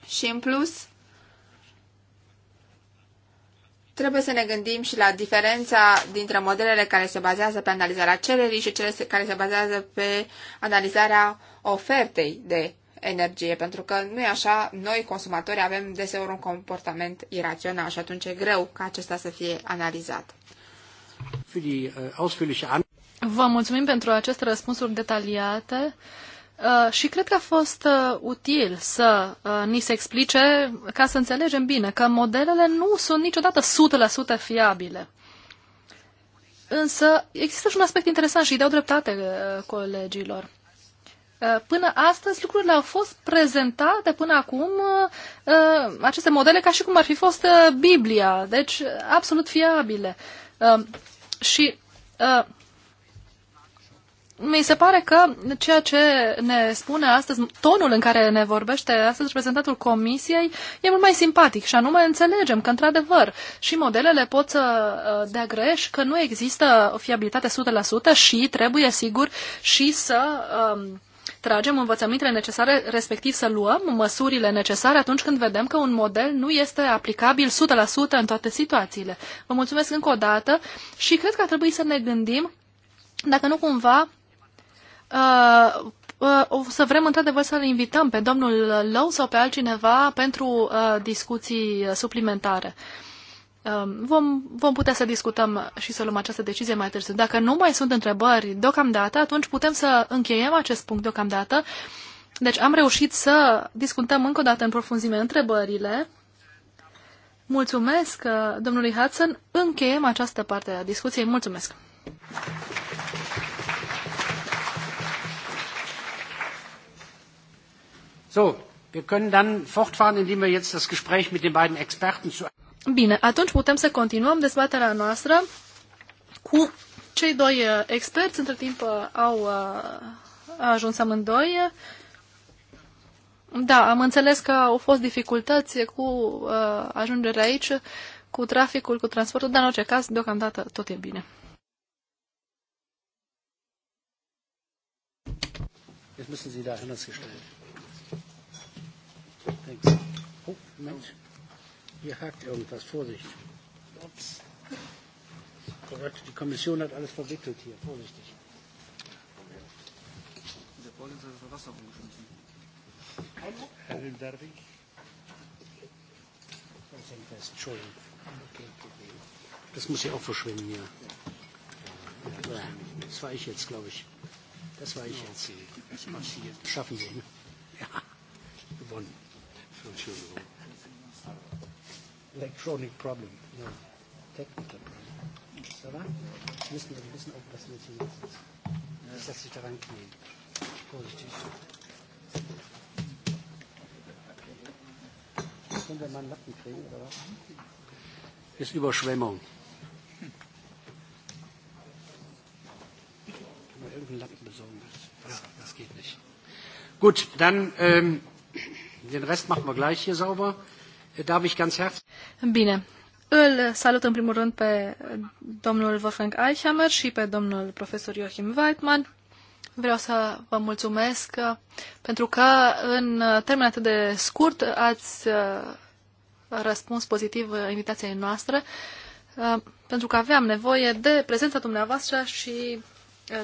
Și în plus, trebuie să ne gândim și la diferența dintre modelele care se bazează pe analizarea cererii și cele care se bazează pe analizarea ofertei de energie, pentru că nu e așa, noi consumatori avem deseori un comportament irațional și atunci e greu ca acesta să fie analizat. Äh, Vă mulțumim pentru aceste răspunsuri detaliate. Uh, și cred că a fost uh, util să uh, ni se explice ca să înțelegem bine că modelele nu sunt niciodată 100% fiabile. Însă există și un aspect interesant și dau dreptate colegilor. Până astăzi lucrurile au fost prezentate până acum aceste modele ca și cum ar fi fost Biblia, deci absolut fiabile. Și mi se pare că ceea ce ne spune astăzi, tonul în care ne vorbește astăzi reprezentantul comisiei, e mult mai simpatic și anume înțelegem că, într-adevăr, și modelele pot să uh, dea greș, că nu există o fiabilitate 100% și trebuie, sigur, și să um, tragem învățămintele necesare, respectiv să luăm măsurile necesare atunci când vedem că un model nu este aplicabil 100% în toate situațiile. Vă mulțumesc încă o dată și cred că ar trebui să ne gândim dacă nu cumva Uh, uh, o să vrem într-adevăr să-l invităm pe domnul Lău sau pe altcineva pentru uh, discuții suplimentare. Um, vom, vom putea să discutăm și să luăm această decizie mai târziu. Dacă nu mai sunt întrebări deocamdată, atunci putem să încheiem acest punct deocamdată. Deci am reușit să discutăm încă o dată în profunzime întrebările. Mulțumesc uh, domnului Hudson. Încheiem această parte a discuției. Mulțumesc! So, wir können dann fortfahren, indem wir jetzt das Gespräch mit den beiden Experten zu Bine, atunci putem să continuăm dezbaterea noastră cu cei doi uh, experți. Între timp uh, au uh, ajuns amândoi. Da, am înțeles că au fost dificultăți cu ajungerea aici, cu traficul, cu transportul, dar în orice caz, deocamdată, tot e bine. Jetzt müssen Sie da anders gestellt. Thanks. Oh, Mensch, hier hakt irgendwas. Vorsicht. Ups. Korrekt, die Kommission hat alles verwickelt hier. Vorsichtig. Der Vorsitzende hat Wasser umgeschmissen. Herr Darwig. Das hängt fest. Entschuldigung. Das muss ja auch verschwinden hier. Ja. Das war ich jetzt, glaube ich. Das war ich jetzt. Schaffen Sie. Ne? Ja, gewonnen. Electronic problem, no, technical problem. Ça Müssen wir ein bisschen aufpassen mit den Netzen. Nicht, dass ich daran knien. Vorsichtig. Können wir mal einen Lappen kriegen, oder was? Ist Überschwemmung. Kann man irgendeinen Lappen besorgen? Ja, das geht nicht. Gut, dann ähm, Den rest machen wir gleich hier sauber. Darf ich ganz herzlich... Bine. Îl salut în primul rând pe domnul Wolfgang Eichhammer și pe domnul profesor Joachim Weidmann. Vreau să vă mulțumesc uh, pentru că în termen atât de scurt ați uh, răspuns pozitiv uh, invitației noastre, pentru că aveam nevoie de prezența dumneavoastră și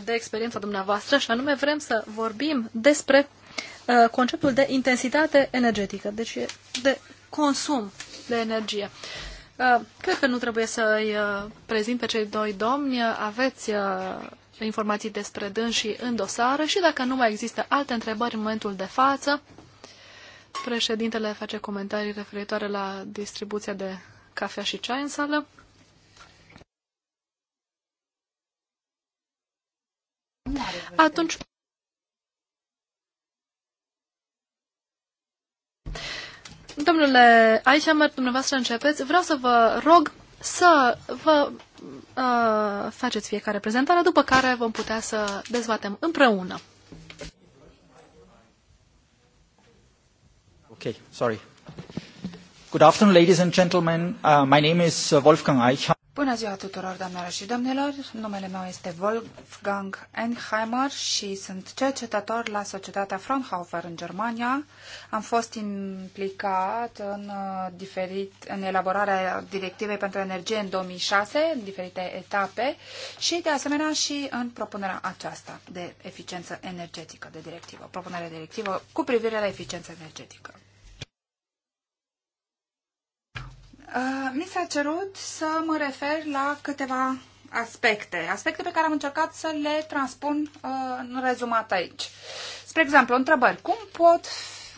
de experiența dumneavoastră și anume vrem să vorbim despre Uh, conceptul de intensitate energetică, deci de consum de energie. Uh, cred că nu trebuie să-i uh, prezint pe cei doi domni. Aveți informații despre dânsii în dosare și dacă nu mai există alte întrebări în momentul de față, președintele face comentarii referitoare la distribuția de cafea și ceai în sală. Atunci Domnule Aichamer, dumneavoastră începeți. Vreau să vă rog să vă uh, faceți fiecare prezentare, după care vom putea să dezbatem împreună. Ok, sorry. Good afternoon, ladies and gentlemen. Uh, my name is uh, Wolfgang Eichhammer. Bună ziua tuturor, doamnelor și domnilor! Numele meu este Wolfgang Enheimer și sunt cercetător la Societatea Fraunhofer în Germania. Am fost implicat în, uh, diferit, în elaborarea directivei pentru energie în 2006, în diferite etape și, de asemenea, și în propunerea aceasta de eficiență energetică, de directivă, propunerea directivă cu privire la eficiență energetică. Uh, mi s-a cerut să mă refer la câteva aspecte, aspecte pe care am încercat să le transpun uh, în rezumat aici. Spre exemplu, întrebări. Cum pot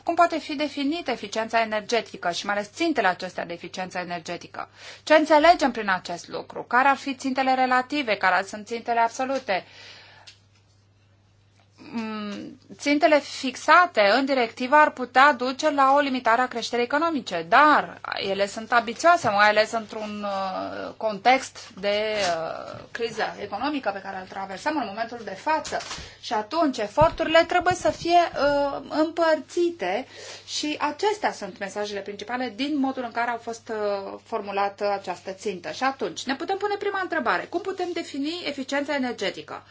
cum poate fi definită eficiența energetică și mai ales țintele acestea de eficiență energetică? Ce înțelegem prin acest lucru? Care ar fi țintele relative? Care sunt țintele absolute? Uh, țintele fixate în directivă ar putea duce la o limitare a creșterii economice, dar ele sunt ambițioase, mai ales într-un uh, context de uh, criză economică pe care îl traversăm în momentul de față. Și atunci eforturile trebuie să fie uh, împărțite și acestea sunt mesajele principale din modul în care au fost formulată această țintă. Și atunci ne putem pune prima întrebare. Cum putem defini eficiența energetică?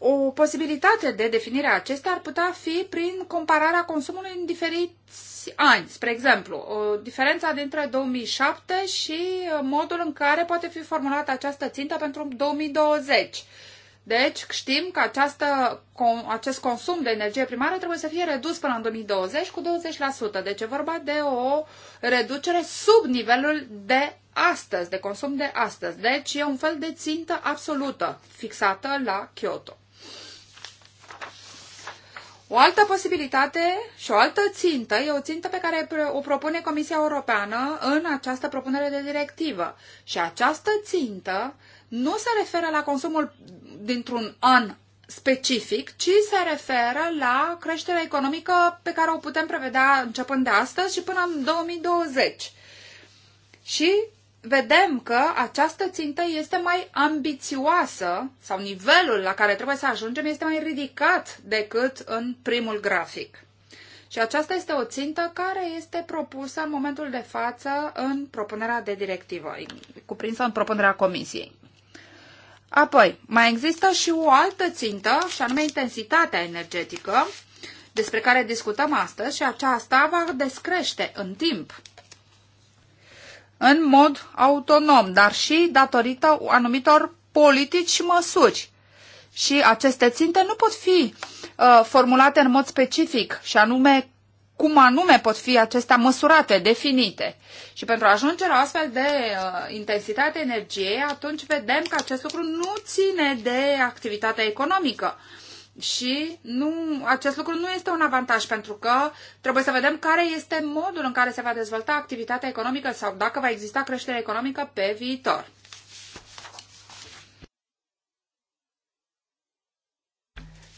O posibilitate de definire a acestea ar putea fi prin compararea consumului în diferiți ani. Spre exemplu, diferența dintre 2007 și uh, modul în care poate fi formulată această țintă pentru 2020. Deci știm că această, acest consum de energie primară trebuie să fie redus până în 2020 cu 20%. Deci e vorba de o reducere sub nivelul de astăzi, de consum de astăzi. Deci e un fel de țintă absolută fixată la Kyoto. O altă posibilitate și o altă țintă e o țintă pe care o propune Comisia Europeană în această propunere de directivă. Și această țintă nu se referă la consumul dintr-un an specific, ci se referă la creșterea economică pe care o putem prevedea începând de astăzi și până în 2020. Și vedem că această țintă este mai ambițioasă sau nivelul la care trebuie să ajungem este mai ridicat decât în primul grafic. Și aceasta este o țintă care este propusă în momentul de față în propunerea de directivă, cuprinsă în propunerea comisiei. Apoi, mai există și o altă țintă, și anume intensitatea energetică, despre care discutăm astăzi și aceasta va descrește în timp în mod autonom, dar și datorită anumitor politici și măsuri. Și aceste ținte nu pot fi uh, formulate în mod specific, și anume cum anume pot fi acestea măsurate, definite. Și pentru a ajunge la astfel de uh, intensitate energiei, atunci vedem că acest lucru nu ține de activitatea economică. Uh, și nu, acest lucru nu este un avantaj pentru că trebuie să vedem care este modul în care se va dezvolta activitatea economică sau dacă va exista creștere economică pe viitor.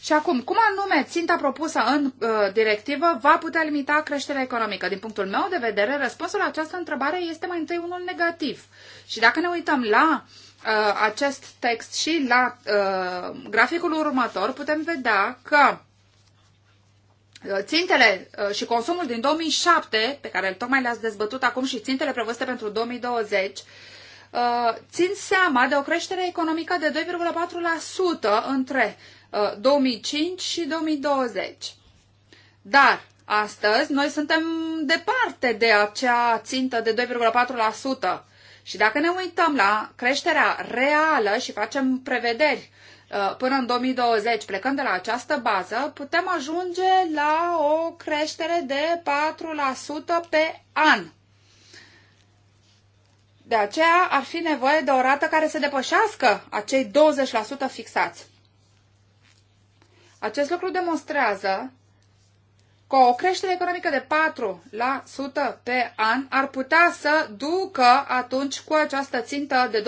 Și acum, cum anume ținta propusă în uh, directivă va putea limita creșterea economică? Din punctul meu de vedere, răspunsul la această întrebare este mai întâi unul negativ. Și dacă ne uităm la uh, Uh, acest text și la uh, graficul următor putem vedea că uh, țintele și consumul din 2007, pe care tocmai le-ați dezbătut acum și țintele prevăzute pentru 2020, țin seama de o creștere economică de 2,4% între 2005 și 2020. Dar astăzi noi suntem departe de acea țintă de 2,4%. Și dacă ne uităm la creșterea reală și facem prevederi uh, până în 2020, plecând de la această bază, putem ajunge la o creștere de 4% pe an. De aceea ar fi nevoie de o rată care să depășească acei 20% fixați. Acest lucru demonstrează cu o creștere economică de 4% pe an ar putea să ducă atunci cu această țintă de 20%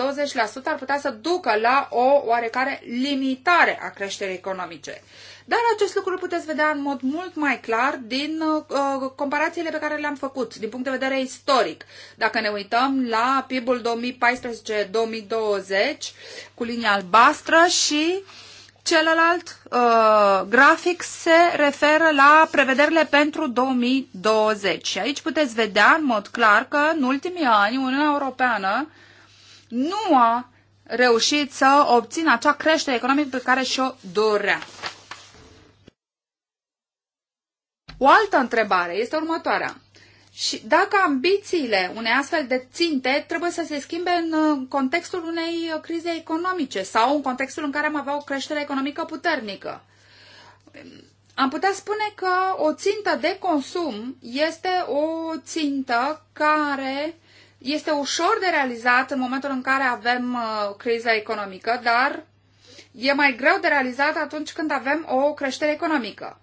ar putea să ducă la o oarecare limitare a creșterii economice. Dar acest lucru puteți vedea în mod mult mai clar din uh, comparațiile pe care le-am făcut din punct de vedere istoric. Dacă ne uităm la PIB-ul 2014-2020 cu linia albastră și uh, Celălalt uh, grafic se referă la prevederile pentru 2020. Și aici puteți vedea în mod clar că în ultimii ani Uniunea Europeană nu a reușit să obțină acea creștere economică pe care și-o dorea. O altă întrebare este următoarea. Și dacă ambițiile unei astfel de ținte trebuie să se schimbe în uh, contextul unei uh, crize economice sau în contextul în care am avea o creștere economică puternică. Am putea spune că o țintă de consum este o țintă care este ușor de realizat în momentul în care avem uh, criza economică, dar e mai greu de realizat atunci când avem o creștere economică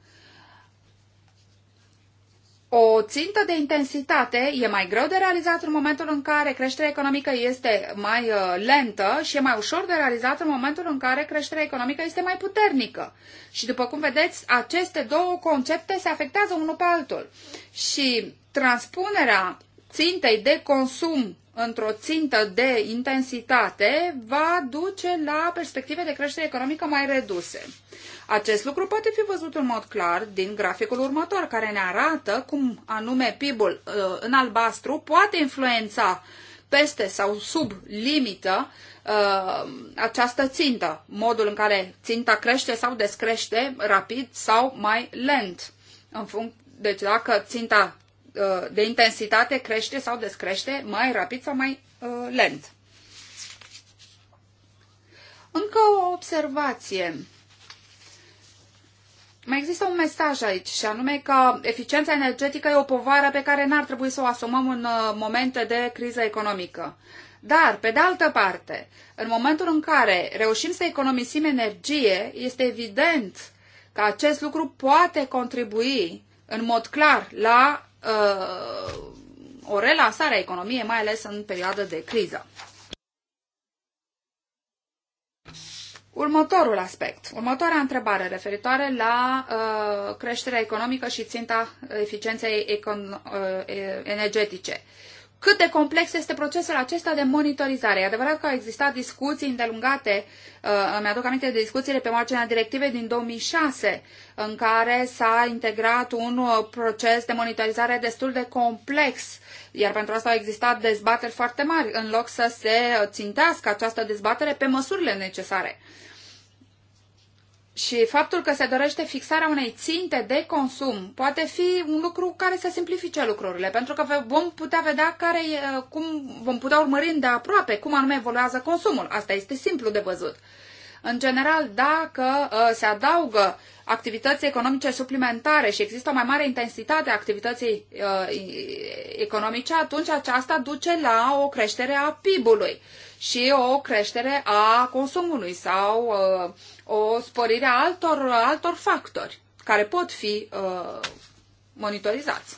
o țintă de intensitate e mai greu de realizat în momentul în care creșterea economică este mai uh, lentă și e mai ușor de realizat în momentul în care creșterea economică este mai puternică. Și după cum vedeți, aceste două concepte se afectează unul pe altul. Și transpunerea țintei de consum într-o țintă de intensitate va duce la perspective de creștere economică mai reduse. Acest lucru poate fi văzut în mod clar din graficul următor, care ne arată cum anume PIB-ul uh, în albastru poate influența peste sau sub limită uh, această țintă, modul în care ținta crește sau descrește rapid sau mai lent. În func- deci dacă ținta uh, de intensitate crește sau descrește mai rapid sau mai lent. Încă o observație mai există un mesaj aici și anume că eficiența energetică e o povară pe care n-ar trebui să o asumăm în uh, momente de criză economică. Dar, pe de altă parte, în momentul în care reușim să economisim energie, este evident că acest lucru poate contribui în mod clar la uh, o relansare a economiei, mai ales în perioada de criză. Următorul aspect, următoarea întrebare referitoare la uh, creșterea economică și ținta eficienței econ- uh, energetice. Uh, cât de complex este procesul acesta de monitorizare. E adevărat că au existat discuții îndelungate, uh, mi-aduc aminte de discuțiile pe marginea directivei din 2006, în care s-a integrat un uh, proces de monitorizare destul de complex, iar pentru asta au existat dezbateri foarte mari, în loc să se uh, țintească această dezbatere pe măsurile necesare. Uh, și faptul că se dorește fixarea unei ținte de consum poate fi un lucru care să simplifice lucrurile, pentru că vom putea vedea care, cum vom putea urmări de aproape cum anume evoluează consumul. Asta este simplu de văzut. În general, dacă uh, se adaugă activități economice suplimentare și există o mai mare intensitate a activității uh, economice, atunci aceasta duce la o creștere a PIB-ului și o creștere a consumului sau uh, o sporire a altor, altor factori care pot fi monitorizați.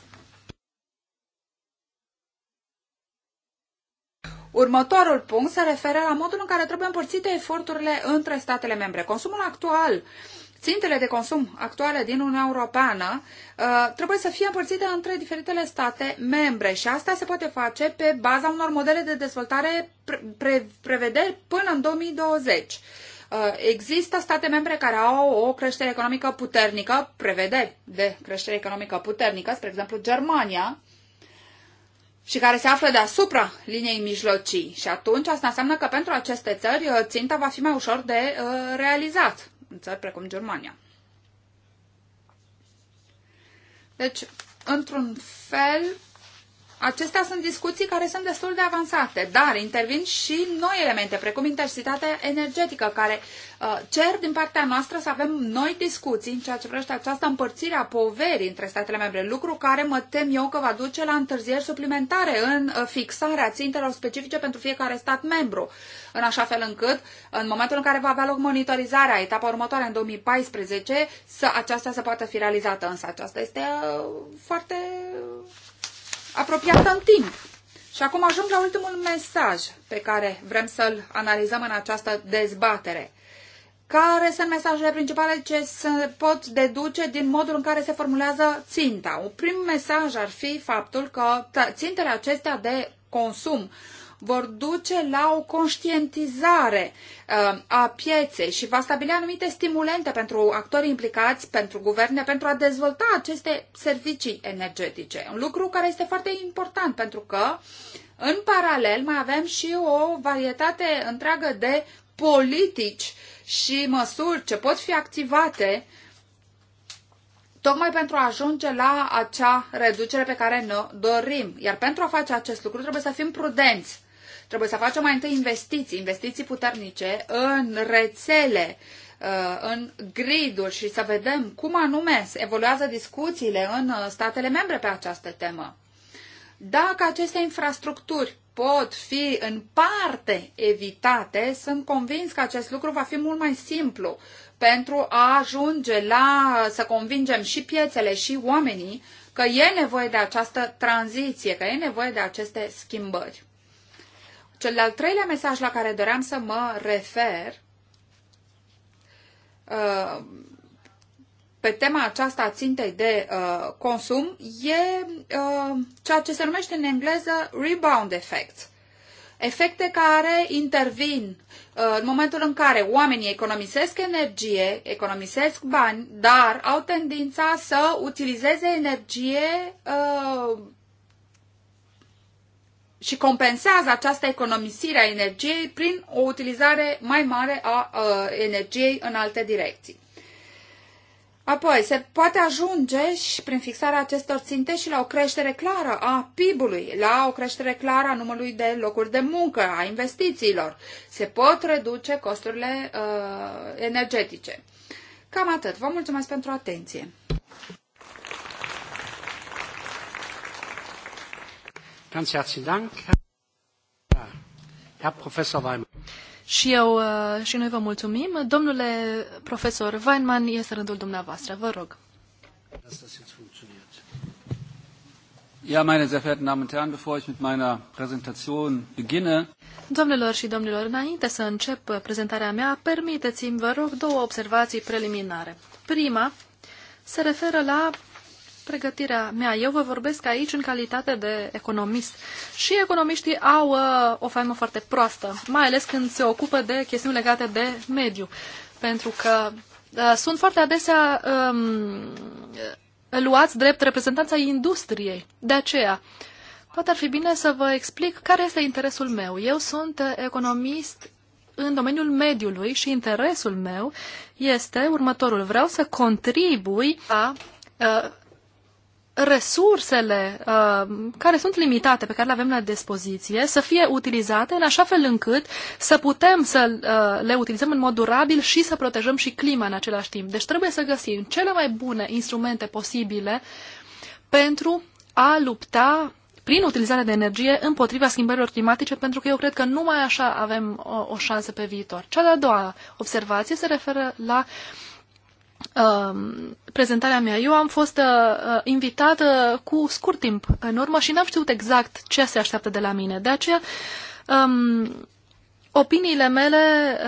Următorul punct se referă la modul în care trebuie împărțite eforturile între statele membre. Consumul actual Țintele de consum actuale din Uniunea Europeană uh, trebuie să fie împărțite între diferitele state membre și asta se poate face pe baza unor modele de dezvoltare prevederi până în 2020. Uh, există state membre care au o creștere economică puternică, prevede de creștere economică puternică, spre exemplu Germania, și care se află deasupra liniei mijlocii. Și atunci asta înseamnă că pentru aceste țări uh, ținta va fi mai ușor de uh, realizat în țări precum Germania. Deci, într-un fel, Acestea sunt discuții care sunt destul de avansate, dar intervin și noi elemente, precum intensitatea energetică, care uh, cer din partea noastră să avem noi discuții în ceea ce vrește această împărțire a poverii între statele membre, lucru care mă tem eu că va duce la întârzieri suplimentare în uh, fixarea țintelor specifice pentru fiecare stat membru, în așa fel încât, în momentul în care va avea loc monitorizarea, etapa următoare în 2014, să aceasta să poată fi realizată. Însă aceasta este uh, foarte apropiată în timp. Și acum ajung la ultimul mesaj pe care vrem să-l analizăm în această dezbatere. Care sunt mesajele principale ce se pot deduce din modul în care se formulează ținta? Un prim mesaj ar fi faptul că țintele acestea de consum vor duce la o conștientizare uh, a pieței și va stabili anumite stimulente pentru actorii implicați, pentru guverne, pentru a dezvolta aceste servicii energetice. Un lucru care este foarte important pentru că în paralel mai avem și o varietate întreagă de politici și măsuri ce pot fi activate tocmai pentru a ajunge la acea reducere pe care ne dorim. Iar pentru a face acest lucru trebuie să fim prudenți Trebuie să facem mai întâi investiții, investiții puternice în rețele, uh, în griduri și să vedem cum anume evoluează discuțiile în uh, statele membre pe această temă. Dacă aceste infrastructuri pot fi în parte evitate, sunt convins că acest lucru va fi mult mai simplu pentru a ajunge la să convingem și piețele și oamenii că e nevoie de această tranziție, că e nevoie de aceste schimbări. Cel de-al treilea mesaj la care doream să mă refer uh, pe tema aceasta a țintei de uh, consum e uh, ceea ce se numește în engleză rebound effect. Efecte care intervin în momentul în care oamenii economisesc energie, economisesc bani, dar au tendința să utilizeze energie uh, și compensează această economisire a energiei prin o utilizare mai mare a energiei în alte direcții. Apoi, se poate ajunge și prin fixarea acestor ținte și la o creștere clară a PIB-ului, la o creștere clară a numărului de locuri de muncă, a investițiilor. Se pot reduce costurile uh, energetice. Cam atât. Vă mulțumesc pentru atenție. Ganz herzlichen Dank. Herr Professor Weimann. Și eu uh, și noi vă mulțumim. Domnule profesor Weinmann, este rândul dumneavoastră. Vă rog. Ja, meine sehr verehrten Damen und Herren, bevor ich mit meiner Präsentation beginne. Domnilor și domnilor, înainte să încep prezentarea mea, permiteți-mi, vă rog, două observații preliminare. Prima se referă la pregătirea mea. Eu vă vorbesc aici în calitate de economist. Și economiștii au uh, o faimă foarte proastă, mai ales când se ocupă de chestiuni legate de mediu. Pentru că uh, sunt foarte adesea um, luați drept reprezentanța industriei. De aceea, poate ar fi bine să vă explic care este interesul meu. Eu sunt uh, economist în domeniul mediului și interesul meu este următorul. Vreau să contribui la uh, resursele uh, care sunt limitate, pe care le avem la dispoziție, să fie utilizate în așa fel încât să putem să uh, le utilizăm în mod durabil și să protejăm și clima în același timp. Deci trebuie să găsim cele mai bune instrumente posibile pentru a lupta prin utilizarea de energie împotriva schimbărilor climatice, pentru că eu cred că numai așa avem o, o șansă pe viitor. Cea de-a doua observație se referă la uh, Um, prezentarea mea. Eu am fost uh, uh invitată uh, cu scurt timp în urmă și n-am știut exact ce se așteaptă de la mine. De aceea, um, opiniile mele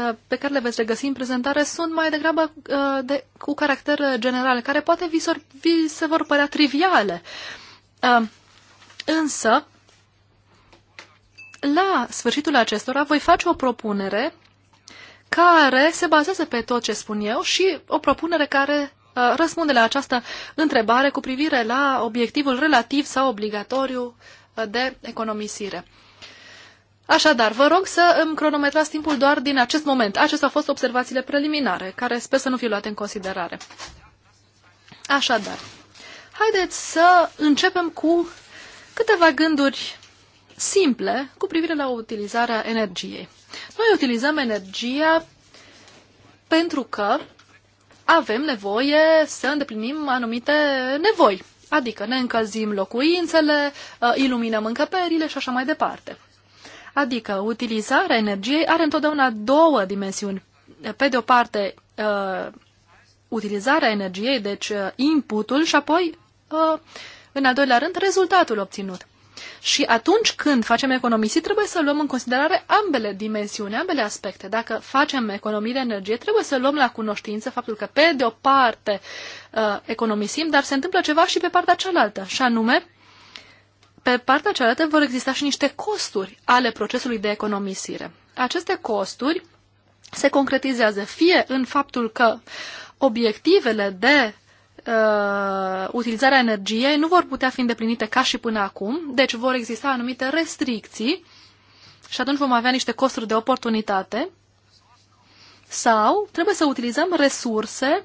uh, pe care le veți regăsi în prezentare sunt mai degrabă uh, de, cu caracter general, care poate vi, sor, vi se vor părea triviale. Uh, însă, la sfârșitul acestora voi face o propunere care se bazează pe tot ce spun eu și o propunere care uh, răspunde la această întrebare cu privire la obiectivul relativ sau obligatoriu uh, de economisire. Așadar, vă rog să îmi cronometrați timpul doar din acest moment. Acestea au fost observațiile preliminare, care sper să nu fie luate în considerare. Așadar, haideți să începem cu câteva gânduri simple cu privire la utilizarea energiei. Noi utilizăm energia pentru că avem nevoie să îndeplinim anumite nevoi. Adică ne încălzim locuințele, uh, iluminăm încăperile și așa mai departe. Adică utilizarea energiei are întotdeauna două dimensiuni. Pe de o parte, uh, utilizarea energiei, deci uh, inputul și apoi, în al doilea rând, rezultatul obținut. Și atunci când facem economisii, trebuie să luăm în considerare ambele dimensiuni, ambele aspecte. Dacă facem economii de energie, trebuie să luăm la cunoștință faptul că, pe de o parte, uh, economisim, dar se întâmplă ceva și pe partea cealaltă, și anume, pe partea cealaltă vor exista și niște costuri ale procesului de economisire. Aceste costuri se concretizează fie în faptul că obiectivele de uh, utilizarea energiei nu vor putea fi îndeplinite ca și până acum, deci vor exista anumite restricții și atunci vom avea niște costuri de oportunitate sau trebuie să utilizăm resurse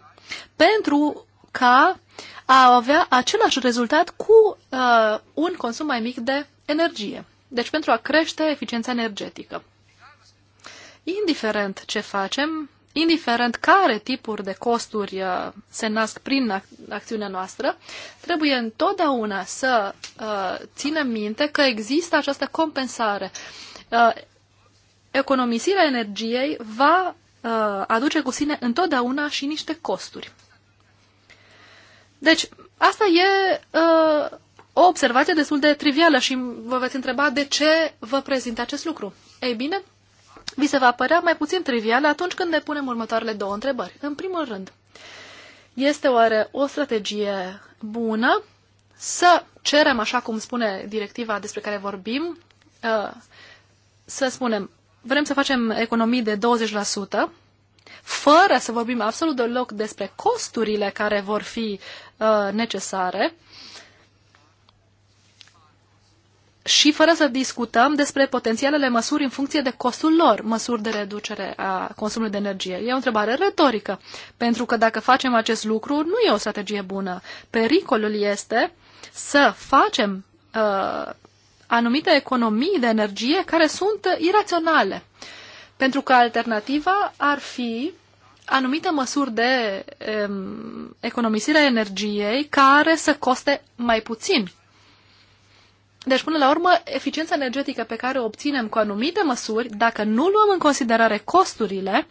pentru ca a avea același rezultat cu uh, un consum mai mic de energie. Deci pentru a crește eficiența energetică. Indiferent ce facem, indiferent care tipuri de costuri uh, se nasc prin acțiunea noastră, trebuie întotdeauna să uh, ținem minte că există această compensare. Uh, economisirea energiei va aduce cu sine întotdeauna și niște costuri. Deci, asta e uh, o observație destul de trivială și vă veți întreba de ce vă prezint acest lucru. Ei bine, vi se va părea mai puțin trivial atunci când ne punem următoarele două întrebări. În primul rând, este oare o strategie bună să cerem, așa cum spune directiva despre care vorbim, uh, să spunem, vrem să facem economii de 20%, fără să vorbim absolut deloc despre costurile care vor fi uh, necesare, și fără să discutăm despre potențialele măsuri în funcție de costul lor, măsuri de reducere a consumului de energie. E o întrebare retorică, pentru că dacă facem acest lucru, nu e o strategie bună. Pericolul este să facem uh, anumite economii de energie care sunt iraționale, pentru că alternativa ar fi anumite măsuri de um, economisire a energiei care să coste mai puțin deci, până la urmă, eficiența energetică pe care o obținem cu anumite măsuri, dacă nu luăm în considerare costurile,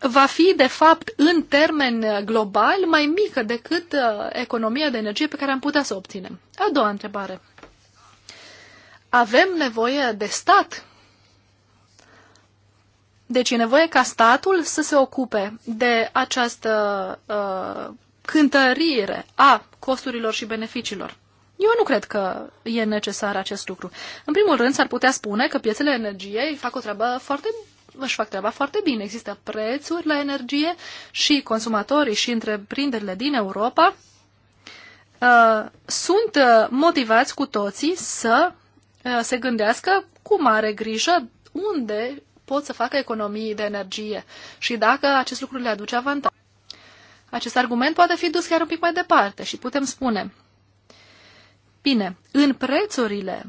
va fi, de fapt, în termen global, mai mică decât uh, economia de energie pe care am putea să o obținem. A doua întrebare. Avem nevoie de stat? Deci e nevoie ca statul să se ocupe de această uh, cântărire a costurilor și beneficiilor. Eu nu cred că e necesar acest lucru. În primul rând, s-ar putea spune că piețele energiei fac o treabă foarte își fac treaba foarte bine. Există prețuri la energie și consumatorii și întreprinderile din Europa uh, sunt uh, motivați cu toții să uh, se gândească cu mare grijă unde pot să facă economii de energie și dacă acest lucru le aduce avantaj. Acest argument poate fi dus chiar un pic mai departe și putem spune Bine, în prețurile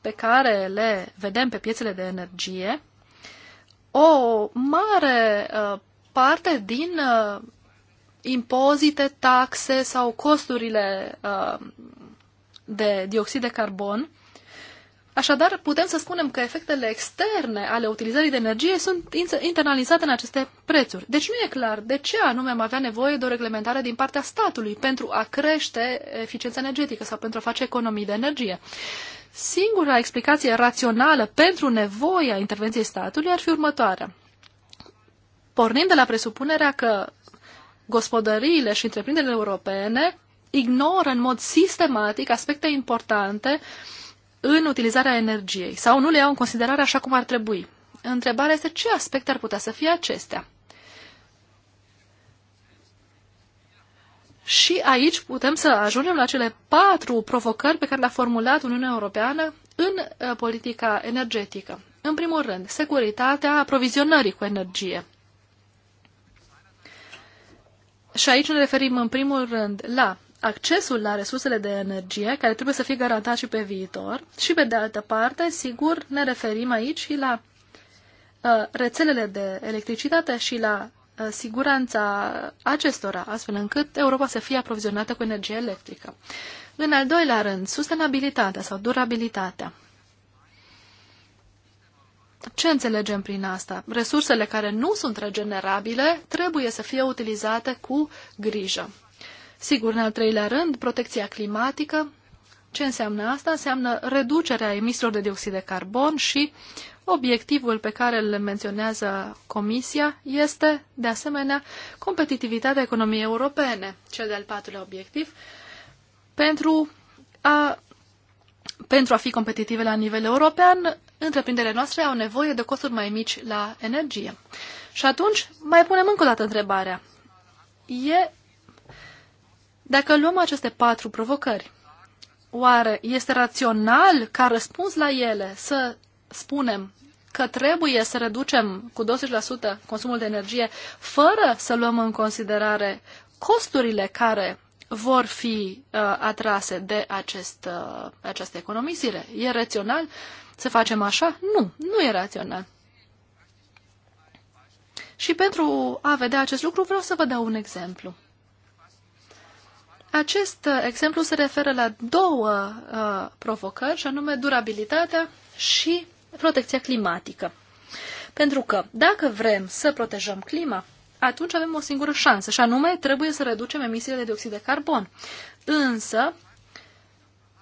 pe care le vedem pe piețele de energie, o mare uh, parte din uh, impozite, taxe sau costurile uh, de dioxid de carbon Așadar, putem să spunem că efectele externe ale utilizării de energie sunt internalizate în aceste prețuri. Deci nu e clar de ce anume am avea nevoie de o reglementare din partea statului pentru a crește eficiența energetică sau pentru a face economii de energie. Singura explicație rațională pentru nevoia intervenției statului ar fi următoarea. Pornind de la presupunerea că gospodăriile și întreprinderile europene ignoră în mod sistematic aspecte importante uh, în utilizarea energiei sau nu le iau în considerare așa cum ar trebui. Întrebarea este ce aspecte ar putea să fie acestea. Și aici putem să ajungem la cele patru provocări pe care le-a formulat Uniunea Europeană în uh, politica energetică. În primul rând, securitatea aprovizionării cu energie. Și aici ne referim în primul rând la accesul la resursele de energie, care trebuie să fie garantat și pe viitor, și pe de altă parte, sigur, ne referim aici și la uh, rețelele de electricitate și la uh, siguranța acestora, astfel încât Europa să fie aprovizionată cu energie electrică. În al doilea rând, sustenabilitatea sau durabilitatea. Ce înțelegem prin asta? Resursele care nu sunt regenerabile trebuie să fie utilizate cu grijă. Sigur, în al treilea rând, protecția climatică. Ce înseamnă asta? Înseamnă reducerea emisiilor de dioxid de carbon și obiectivul pe care îl menționează Comisia este, de asemenea, competitivitatea economiei europene, cel de-al patrulea obiectiv, pentru a, pentru a fi competitive la nivel european, întreprinderile noastre au nevoie de costuri mai mici la energie. Și atunci mai punem încă o dată întrebarea. E dacă luăm aceste patru provocări, oare este rațional ca răspuns la ele să spunem că trebuie să reducem cu 20% consumul de energie fără să luăm în considerare costurile care vor fi uh, atrase de acest, uh, această economisire. E rațional să facem așa? Nu, nu e rațional. Și pentru a vedea acest lucru vreau să vă dau un exemplu. Acest uh, exemplu se referă la două uh, provocări, și anume durabilitatea și protecția climatică. Pentru că dacă vrem să protejăm clima, atunci avem o singură șansă, și anume trebuie să reducem emisiile de dioxid de carbon. Însă,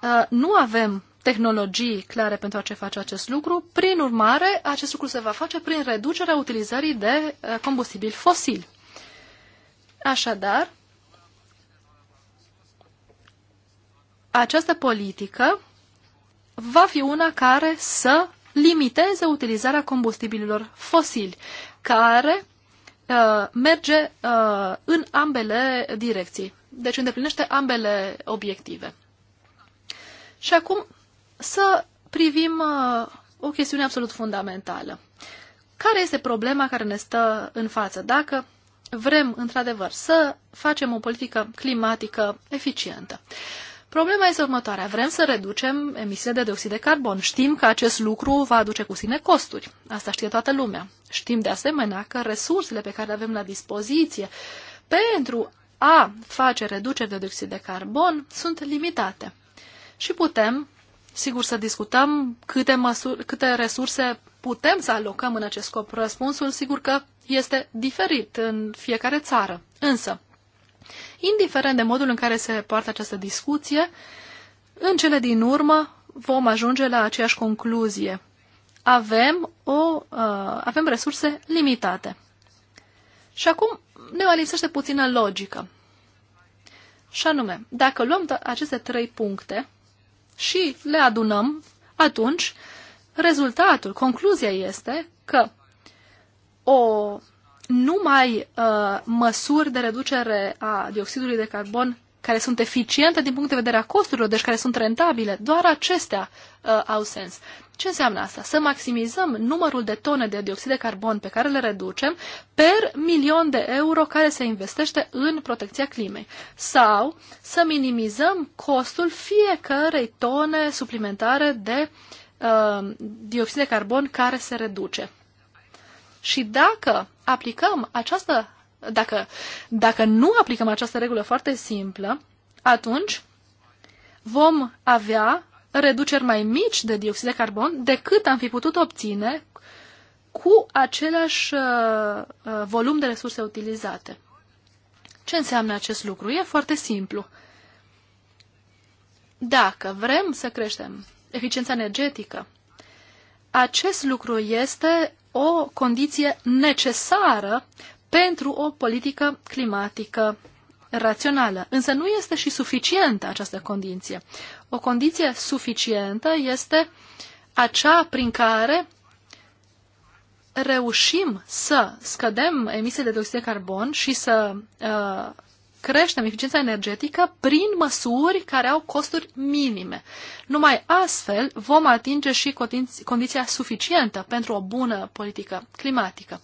uh, nu avem tehnologii clare pentru a ce face acest lucru. Prin urmare, acest lucru se va face prin reducerea utilizării de uh, combustibili fosili. Așadar, această politică va fi una care să limiteze utilizarea combustibililor fosili, care uh, merge uh, în ambele direcții. Deci îndeplinește ambele obiective. Și acum să privim uh, o chestiune absolut fundamentală. Care este problema care ne stă în față? Dacă vrem, într-adevăr, să facem o politică climatică eficientă. Uh, Problema este următoarea. Vrem să reducem emisiile de dioxid de carbon. Știm că acest lucru va aduce cu sine costuri. Asta știe toată lumea. Știm de asemenea că resursele pe care le avem la dispoziție pentru a face reduceri de dioxid de carbon sunt limitate. Și putem, sigur, să discutăm câte, măsuri, câte resurse putem să alocăm în acest scop. Răspunsul, sigur că este diferit în fiecare țară. Însă, indiferent de modul în care se poartă această discuție, în cele din urmă vom ajunge la aceeași concluzie. Avem, o, uh, avem resurse limitate. Și acum ne mai lipsește puțină logică. Și anume, dacă luăm aceste trei puncte și le adunăm, atunci rezultatul, concluzia este că o numai uh, măsuri de reducere a dioxidului de carbon care sunt eficiente din punct de vedere a costurilor, deci care sunt rentabile, doar acestea uh, au sens. Ce înseamnă asta? Să maximizăm numărul de tone de dioxid de carbon pe care le reducem per milion de euro care se investește în protecția climei. Sau să minimizăm costul fiecărei tone suplimentare de uh, dioxid de carbon care se reduce. Și dacă aplicăm această, dacă, dacă nu aplicăm această regulă foarte simplă, atunci vom avea reduceri mai mici de dioxid de carbon decât am fi putut obține cu același uh, uh volum de resurse utilizate. Ce înseamnă acest lucru? E foarte simplu. Dacă vrem să creștem eficiența energetică, acest lucru este o condiție necesară pentru o politică climatică rațională. Însă nu este și suficientă această condiție. O condiție suficientă este acea prin care reușim să scădem emisiile de dioxid de carbon și să uh, creștem eficiența energetică prin măsuri care au costuri minime. Numai astfel vom atinge și condiția suficientă pentru o bună politică climatică.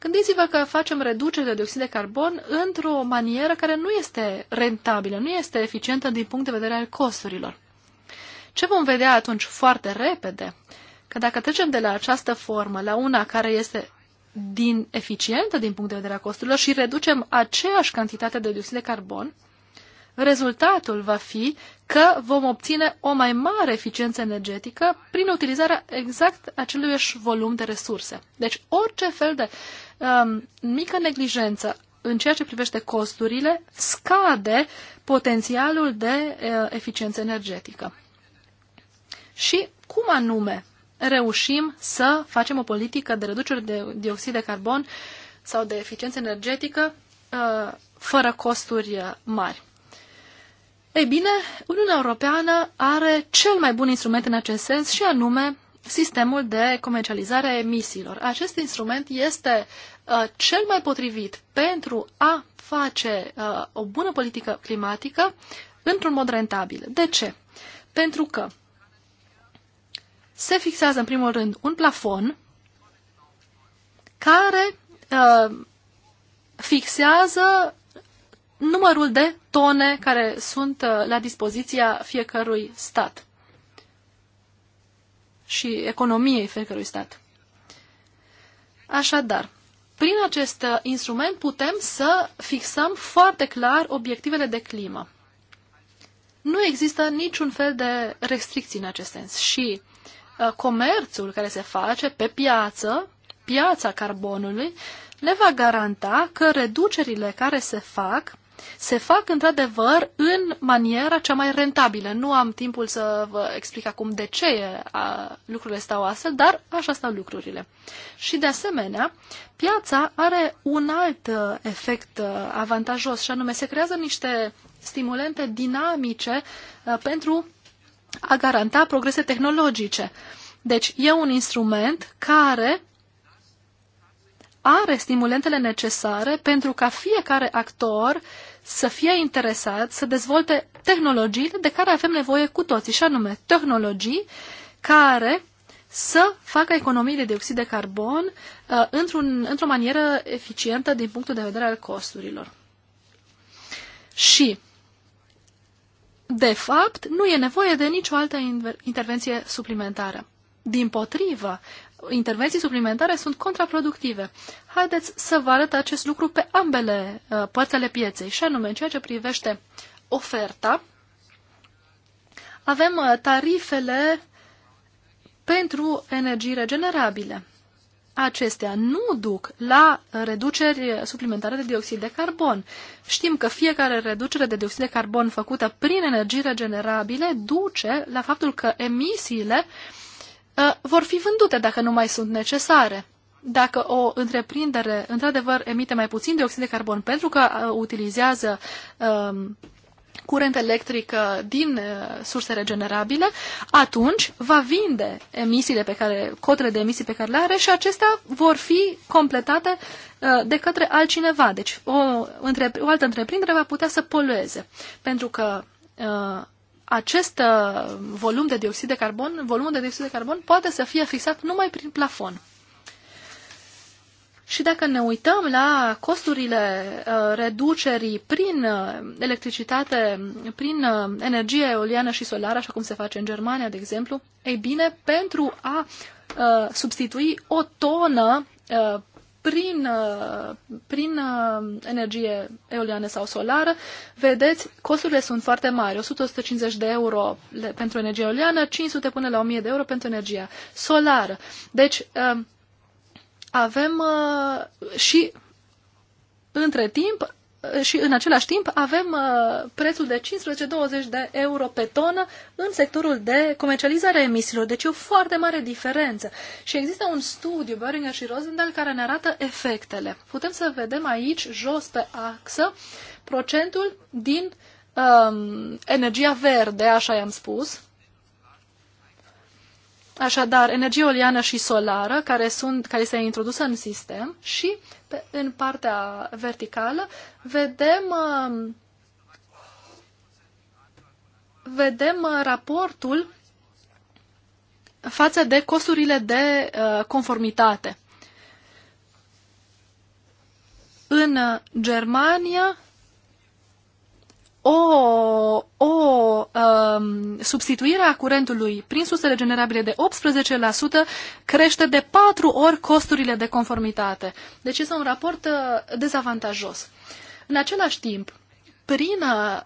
Gândiți-vă că facem reducere de dioxid de carbon într-o manieră care nu este rentabilă, nu este eficientă din punct de vedere al costurilor. Ce vom vedea atunci foarte repede? Că dacă trecem de la această formă la una care este din eficientă din punct de vedere a costurilor și reducem aceeași cantitate de dioxid de carbon, rezultatul va fi că vom obține o mai mare eficiență energetică prin utilizarea exact acelui volum de resurse. Deci orice fel de um, mică neglijență în ceea ce privește costurile scade potențialul de uh, eficiență energetică. Și cum anume reușim să facem o politică de reducere de dioxid de carbon sau de eficiență energetică uh, fără costuri uh, mari. Ei bine, Uniunea Europeană are cel mai bun instrument în acest sens și anume sistemul de comercializare a emisiilor. Acest instrument este uh, cel mai potrivit pentru a face o bună politică climatică într-un mod rentabil. De ce? Pentru că se fixează în primul rând un plafon care uh, fixează numărul de tone care sunt uh, la dispoziția fiecărui stat și economiei fiecărui stat. Așadar, prin acest uh, instrument putem să fixăm foarte clar obiectivele de climă. Nu există niciun fel de restricții în acest sens și uh, Uh, comerțul care se face pe piață, piața carbonului, le va garanta că reducerile care se fac se fac într-adevăr în maniera cea mai rentabilă. Nu am timpul să vă explic acum de ce a, lucrurile stau astfel, dar așa stau lucrurile. Și de asemenea, piața are un alt uh, efect uh, avantajos și anume se creează niște stimulente dinamice pentru a garanta progrese tehnologice. Deci e un instrument care are stimulentele necesare pentru ca fiecare actor să fie interesat să dezvolte tehnologiile de care avem nevoie cu toții, și anume tehnologii care să facă economii de dioxid de carbon uh, într-un, într-o manieră eficientă din punctul de vedere al costurilor. Și de fapt, nu e nevoie de nicio altă intervenție suplimentară. Din potrivă, intervenții suplimentare sunt contraproductive. Haideți să vă arăt acest lucru pe ambele uh, părți ale pieței, și anume în ceea ce privește oferta, avem uh, tarifele pentru energii regenerabile acestea nu duc la reduceri suplimentare de dioxid de carbon. Știm că fiecare reducere de dioxid de carbon făcută prin energii regenerabile duce la faptul că emisiile uh, vor fi vândute dacă nu mai sunt necesare. Dacă o întreprindere într-adevăr emite mai puțin dioxid de carbon pentru că uh, utilizează uh, curent electric uh, din uh, surse regenerabile, atunci va vinde emisiile pe care, cotele de emisii pe care le are și acestea vor fi completate uh, de către altcineva. Deci o, o altă întreprindere va putea să polueze. Pentru că acest volum de dioxid de carbon, volumul de dioxid de carbon poate să fie fixat numai prin plafon. Și dacă ne uităm la costurile uh, reducerii prin uh, electricitate, prin uh, energie eoliană și solară, așa cum se face în Germania, de exemplu, ei bine, pentru a substitui o tonă prin, prin energie eoliană sau solară, vedeți, costurile sunt foarte mari, 100-150 de euro pentru energie eoliană, 500 până la 1000 de euro pentru energia solară. Deci, avem uh, și între timp uh, și în același timp avem uh, prețul de 15-20 de euro pe tonă în sectorul de comercializare a emisiilor. Deci e o foarte mare diferență. Și există un studiu, Beringer și Rosendahl, care ne arată efectele. Putem să vedem aici, jos pe axă, procentul din um, energia verde, așa i-am spus, Așadar, energie oleană și solară, care, sunt, care se introdusă în sistem și pe, în partea verticală vedem, um, vedem uh, raportul față de costurile de uh, conformitate. În uh, Germania o, o um, substituire a curentului prin surse regenerabile de 18% crește de 4 ori costurile de conformitate. Deci este un raport uh, dezavantajos. În același timp, prin, uh,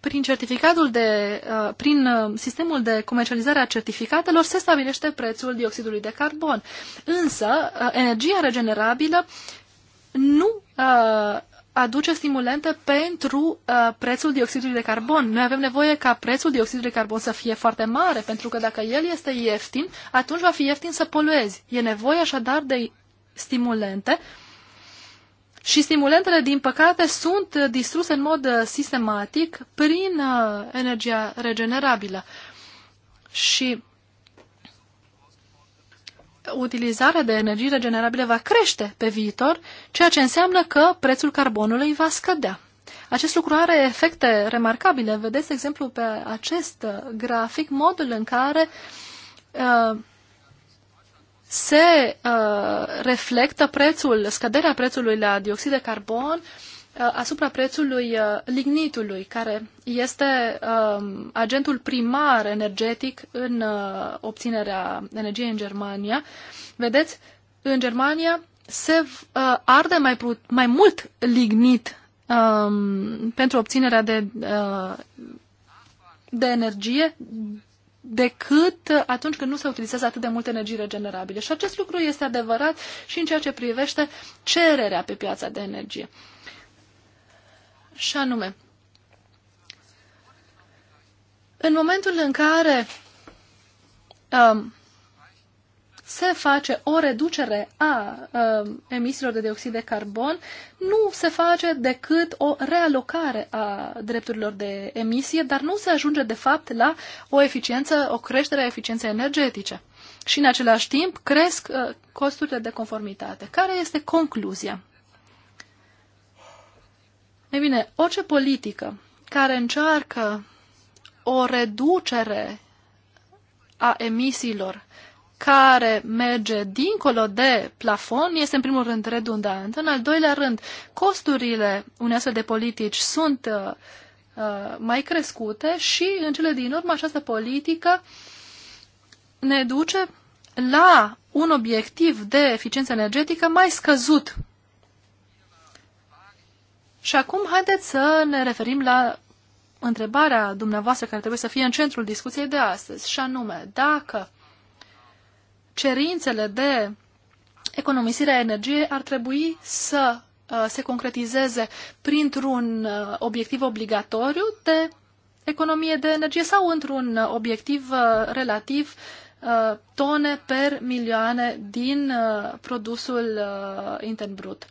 prin certificatul de, uh, prin uh, sistemul de comercializare a certificatelor se stabilește prețul dioxidului de carbon. Însă, uh, energia regenerabilă nu uh, aduce stimulente pentru uh, prețul dioxidului de carbon. Noi avem nevoie ca prețul dioxidului de carbon să fie foarte mare, pentru că dacă el este ieftin, atunci va fi ieftin să poluezi. E nevoie așadar de stimulente și stimulentele, din păcate, sunt distruse în mod uh, sistematic prin uh, energia regenerabilă. Și utilizarea de energii regenerabile va crește pe viitor, ceea ce înseamnă că prețul carbonului va scădea. Acest lucru are efecte remarcabile. Vedeți, de exemplu, pe acest grafic, modul în care uh, se uh, reflectă prețul, scăderea prețului la dioxid de carbon uh, Uh, asupra prețului uh, lignitului, care este um, agentul primar energetic în uh, obținerea energiei în Germania. Vedeți, în Germania se arde mai, mai mult lignit um, pentru obținerea de, de energie decât atunci când nu se utilizează atât de multe energii regenerabile. Și acest lucru este adevărat și în ceea ce privește cererea pe piața de energie. Uh, și anume, în momentul în care um, se face o reducere a um, emisiilor de dioxid de carbon, nu se face decât o realocare a drepturilor de emisie, dar nu se ajunge de fapt la o eficiență, o creștere a eficienței energetice. Și în același timp cresc uh, costurile de conformitate. Care este concluzia? Ei bine, orice politică care încearcă o reducere a emisiilor care merge dincolo de plafon este în primul rând redundant, în al doilea rând costurile unei astfel de politici sunt uh, uh mai crescute și în cele din urmă această politică ne duce la un obiectiv de eficiență energetică mai scăzut și acum haideți să ne referim la întrebarea dumneavoastră care trebuie să fie în centrul discuției de astăzi, și anume, dacă cerințele de economisire a energiei ar trebui să uh, se concretizeze printr-un uh, obiectiv obligatoriu de economie de energie sau într-un uh, obiectiv uh, relativ uh, tone per milioane din uh, produsul intern brut.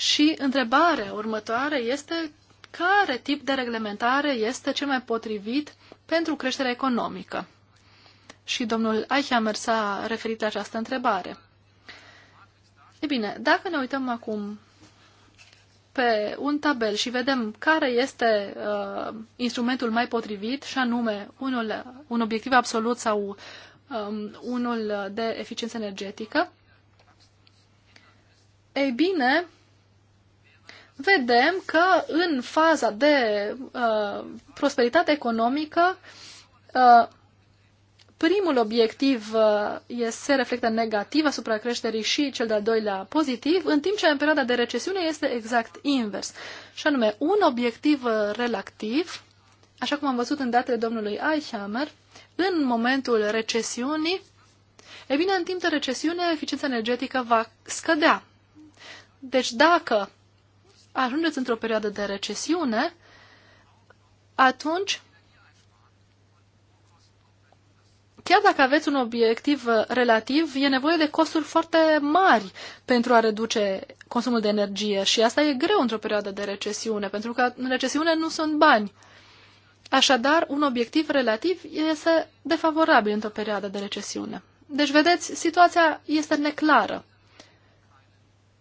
Și întrebarea următoare este care tip de reglementare este cel mai potrivit pentru creșterea economică? Și domnul Eichhammer s-a referit la această întrebare. E bine, dacă ne uităm acum pe un tabel și vedem care este uh, instrumentul mai potrivit, și anume unul, un obiectiv absolut sau um, unul de eficiență energetică, ei bine, vedem că în faza de uh, prosperitate economică, uh, primul obiectiv uh, este, se reflectă negativ asupra creșterii și cel de-al doilea pozitiv, în timp ce în perioada de recesiune este exact invers. Și anume, un obiectiv uh, relativ, așa cum am văzut în datele domnului Eichhammer, în momentul recesiunii, e bine, în timp de recesiune, eficiența energetică va scădea. Deci dacă ajungeți într-o perioadă de recesiune, atunci, chiar dacă aveți un obiectiv relativ, e nevoie de costuri foarte mari pentru a reduce consumul de energie și asta e greu într-o perioadă de recesiune, pentru că în recesiune nu sunt bani. Așadar, un obiectiv relativ este defavorabil într-o perioadă de recesiune. Deci, vedeți, situația este neclară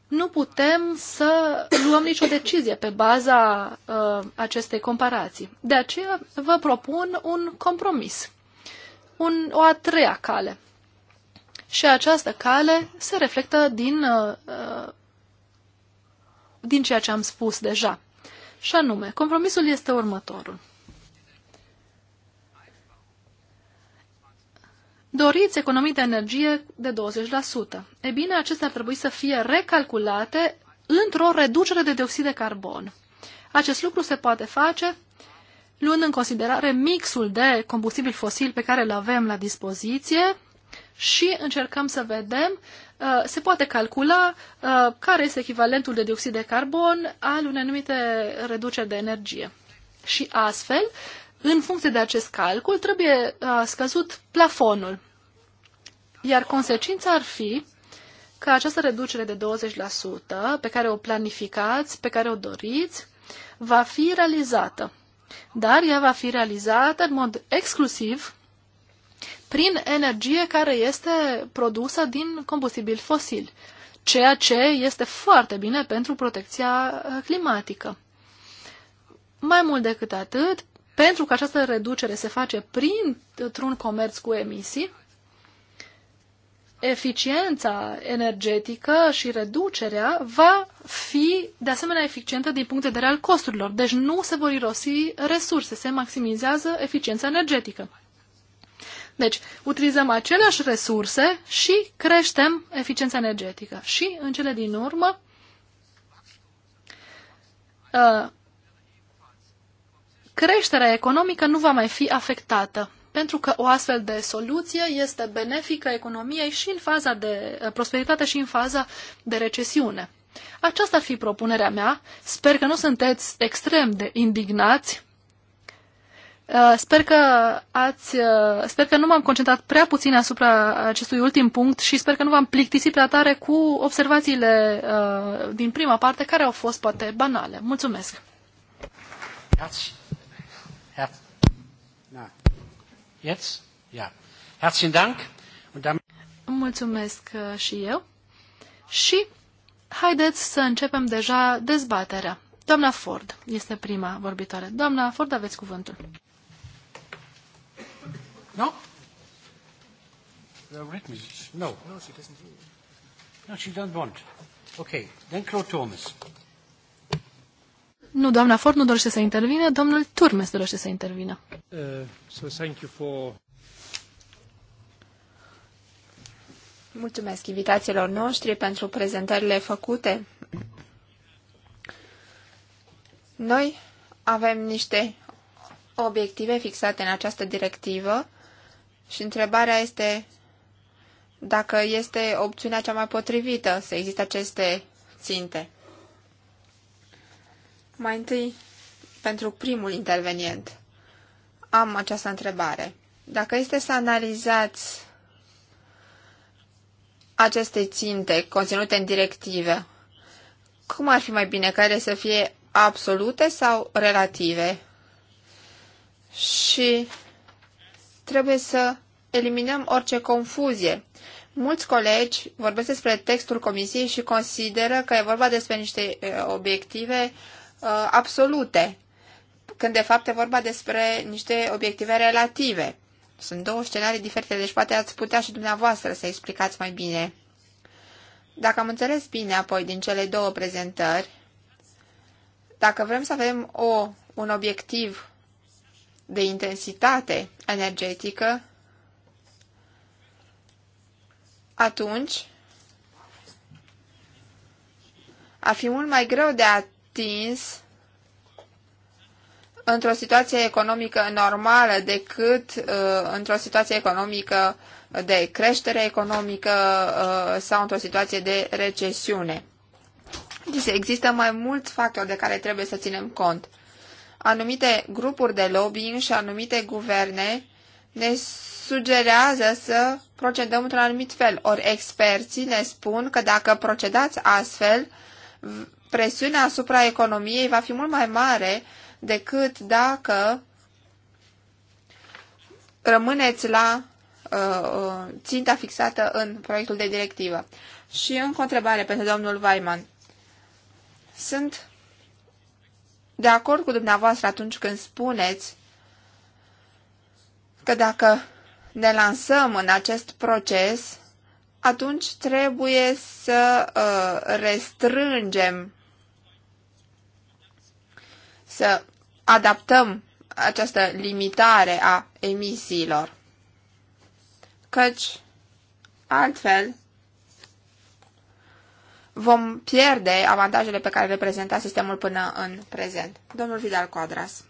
nu putem să luăm nicio decizie pe baza uh, acestei comparații. De aceea vă propun un compromis, un, o a treia cale. Și această cale se reflectă din, uh, uh din ceea ce am spus deja. Și anume, compromisul este următorul. doriți economii de energie de 20%. E bine, acestea ar trebui să fie recalculate într-o reducere de dioxid de carbon. Acest lucru se poate face luând în considerare mixul de combustibil fosil pe care îl avem la dispoziție și încercăm să vedem, uh, se poate calcula uh, care este echivalentul de dioxid de carbon al unei anumite reduceri de energie. Și astfel în funcție de acest calcul, trebuie uh, scăzut plafonul. Iar consecința ar fi că această reducere de 20% pe care o planificați, pe care o doriți, va fi realizată. Dar ea va fi realizată în mod exclusiv prin energie care este produsă din combustibil fosil, ceea ce este foarte bine pentru protecția uh, climatică. Mai mult decât atât, pentru că această reducere se face printr-un comerț cu emisii, eficiența energetică și reducerea va fi de asemenea eficientă din punct de vedere al costurilor. Deci nu se vor irosi resurse, se maximizează eficiența energetică. Deci, utilizăm aceleași resurse și creștem eficiența energetică. Și, în cele din urmă, uh, creșterea economică nu va mai fi afectată, pentru că o astfel de soluție este benefică economiei și în faza de eh, prosperitate și în faza de recesiune. Aceasta ar fi propunerea mea. Sper că nu sunteți extrem de indignați. Eh, sper că, ați, eh, sper că nu m-am concentrat prea puțin asupra acestui ultim punct și sper că nu v-am plictisit prea tare cu observațiile din prima parte care au fost poate banale. Mulțumesc! Grazie. Jetzt? Ja. Herzlichen Dank. Und damit... Mulțumesc uh, și eu. Și haideți să începem deja dezbaterea. Doamna Ford este prima vorbitoare. Doamna Ford, aveți cuvântul. No? The written No. No, she doesn't. No, she doesn't want. Okay, then Claude Thomas. Nu, doamna Ford nu dorește să intervină, domnul Turmes dorește să intervină. Uh, so thank you for... Mulțumesc invitațiilor noștri pentru prezentările făcute. Noi avem niște obiective fixate în această directivă și întrebarea este dacă este opțiunea cea mai potrivită să existe aceste ținte. Mai întâi, pentru primul intervenient, am această întrebare. Dacă este să analizați aceste ținte conținute în directive, cum ar fi mai bine care să fie absolute sau relative? Și trebuie să eliminăm orice confuzie. Mulți colegi vorbesc despre textul comisiei și consideră că e vorba despre niște obiective uh, uh, absolute, când de fapt e vorba despre niște obiective relative. Sunt două scenarii diferite, deci poate ați putea și dumneavoastră să explicați mai bine. Dacă am înțeles bine apoi din cele două prezentări, dacă vrem să avem o, un obiectiv de intensitate energetică, atunci ar fi mult mai greu de atins într-o situație economică normală decât uh, într-o situație economică de creștere economică uh, sau într-o situație de recesiune. Deci există mai mulți factori de care trebuie să ținem cont. Anumite grupuri de lobbying și anumite guverne ne sugerează să procedăm într-un anumit fel, ori experții ne spun că dacă procedați astfel, presiunea asupra economiei va fi mult mai mare decât dacă rămâneți la uh, uh ținta fixată în proiectul de directivă. Și încă o întrebare pentru domnul Weiman. Sunt de acord cu dumneavoastră atunci când spuneți că dacă ne lansăm în acest proces, atunci trebuie să uh, restrângem să adaptăm această limitare a emisiilor. Căci, altfel, vom pierde avantajele pe care le prezenta sistemul până în prezent. Domnul Vidal Coadras.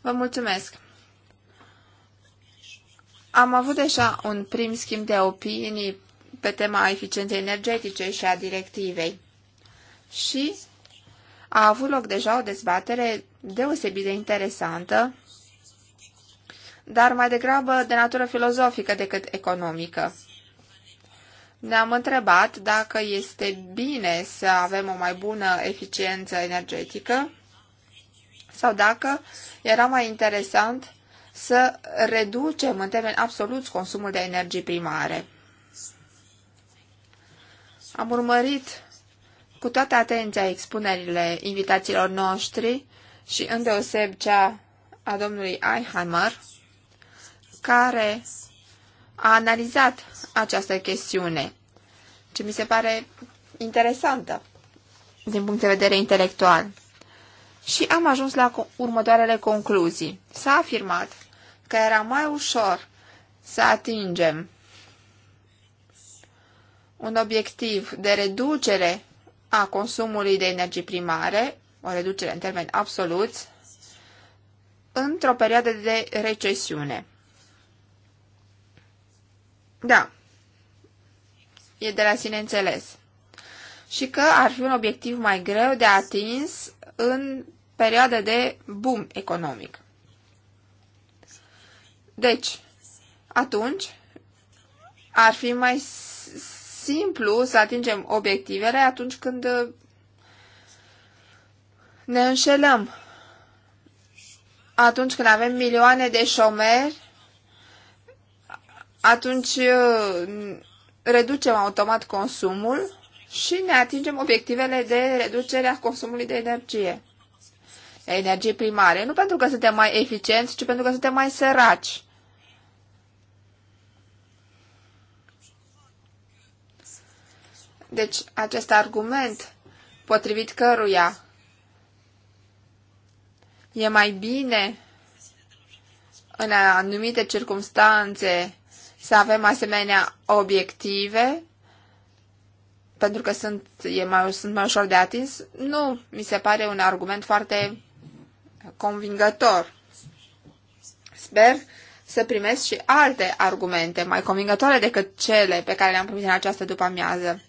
Vă mulțumesc. Am avut deja un prim schimb de opinii pe tema eficienței energetice și a directivei. Și a avut loc deja o dezbatere deosebit de interesantă, dar mai degrabă de natură filozofică decât economică. Ne-am întrebat dacă este bine să avem o mai bună eficiență energetică sau dacă era mai interesant să reducem în termeni absoluți consumul de energii primare. Am urmărit cu toată atenția expunerile invitațiilor noștri și îndeoseb cea a domnului Eichheimer, care a analizat această chestiune, ce mi se pare interesantă din punct de vedere intelectual. Și am ajuns la următoarele concluzii. S-a afirmat că era mai ușor să atingem un obiectiv de reducere a consumului de energie primare, o reducere în termeni absoluți, într-o perioadă de recesiune. Da, e de la sine înțeles. Și că ar fi un obiectiv mai greu de atins în perioada de boom economic. Deci, atunci, ar fi mai simplu să atingem obiectivele atunci când uh, ne înșelăm. Atunci când avem milioane de șomeri, atunci uh, reducem automat consumul și ne atingem obiectivele de reducere a consumului de energie. Energie primare. Nu pentru că suntem mai eficienți, ci pentru că suntem mai săraci. Deci, acest argument potrivit căruia e mai bine în anumite circunstanțe să avem asemenea obiective, pentru că sunt, e mai, sunt mai ușor de atins, nu mi se pare un argument foarte convingător. Sper să primesc și alte argumente mai convingătoare decât cele pe care le-am primit în această după-amiază.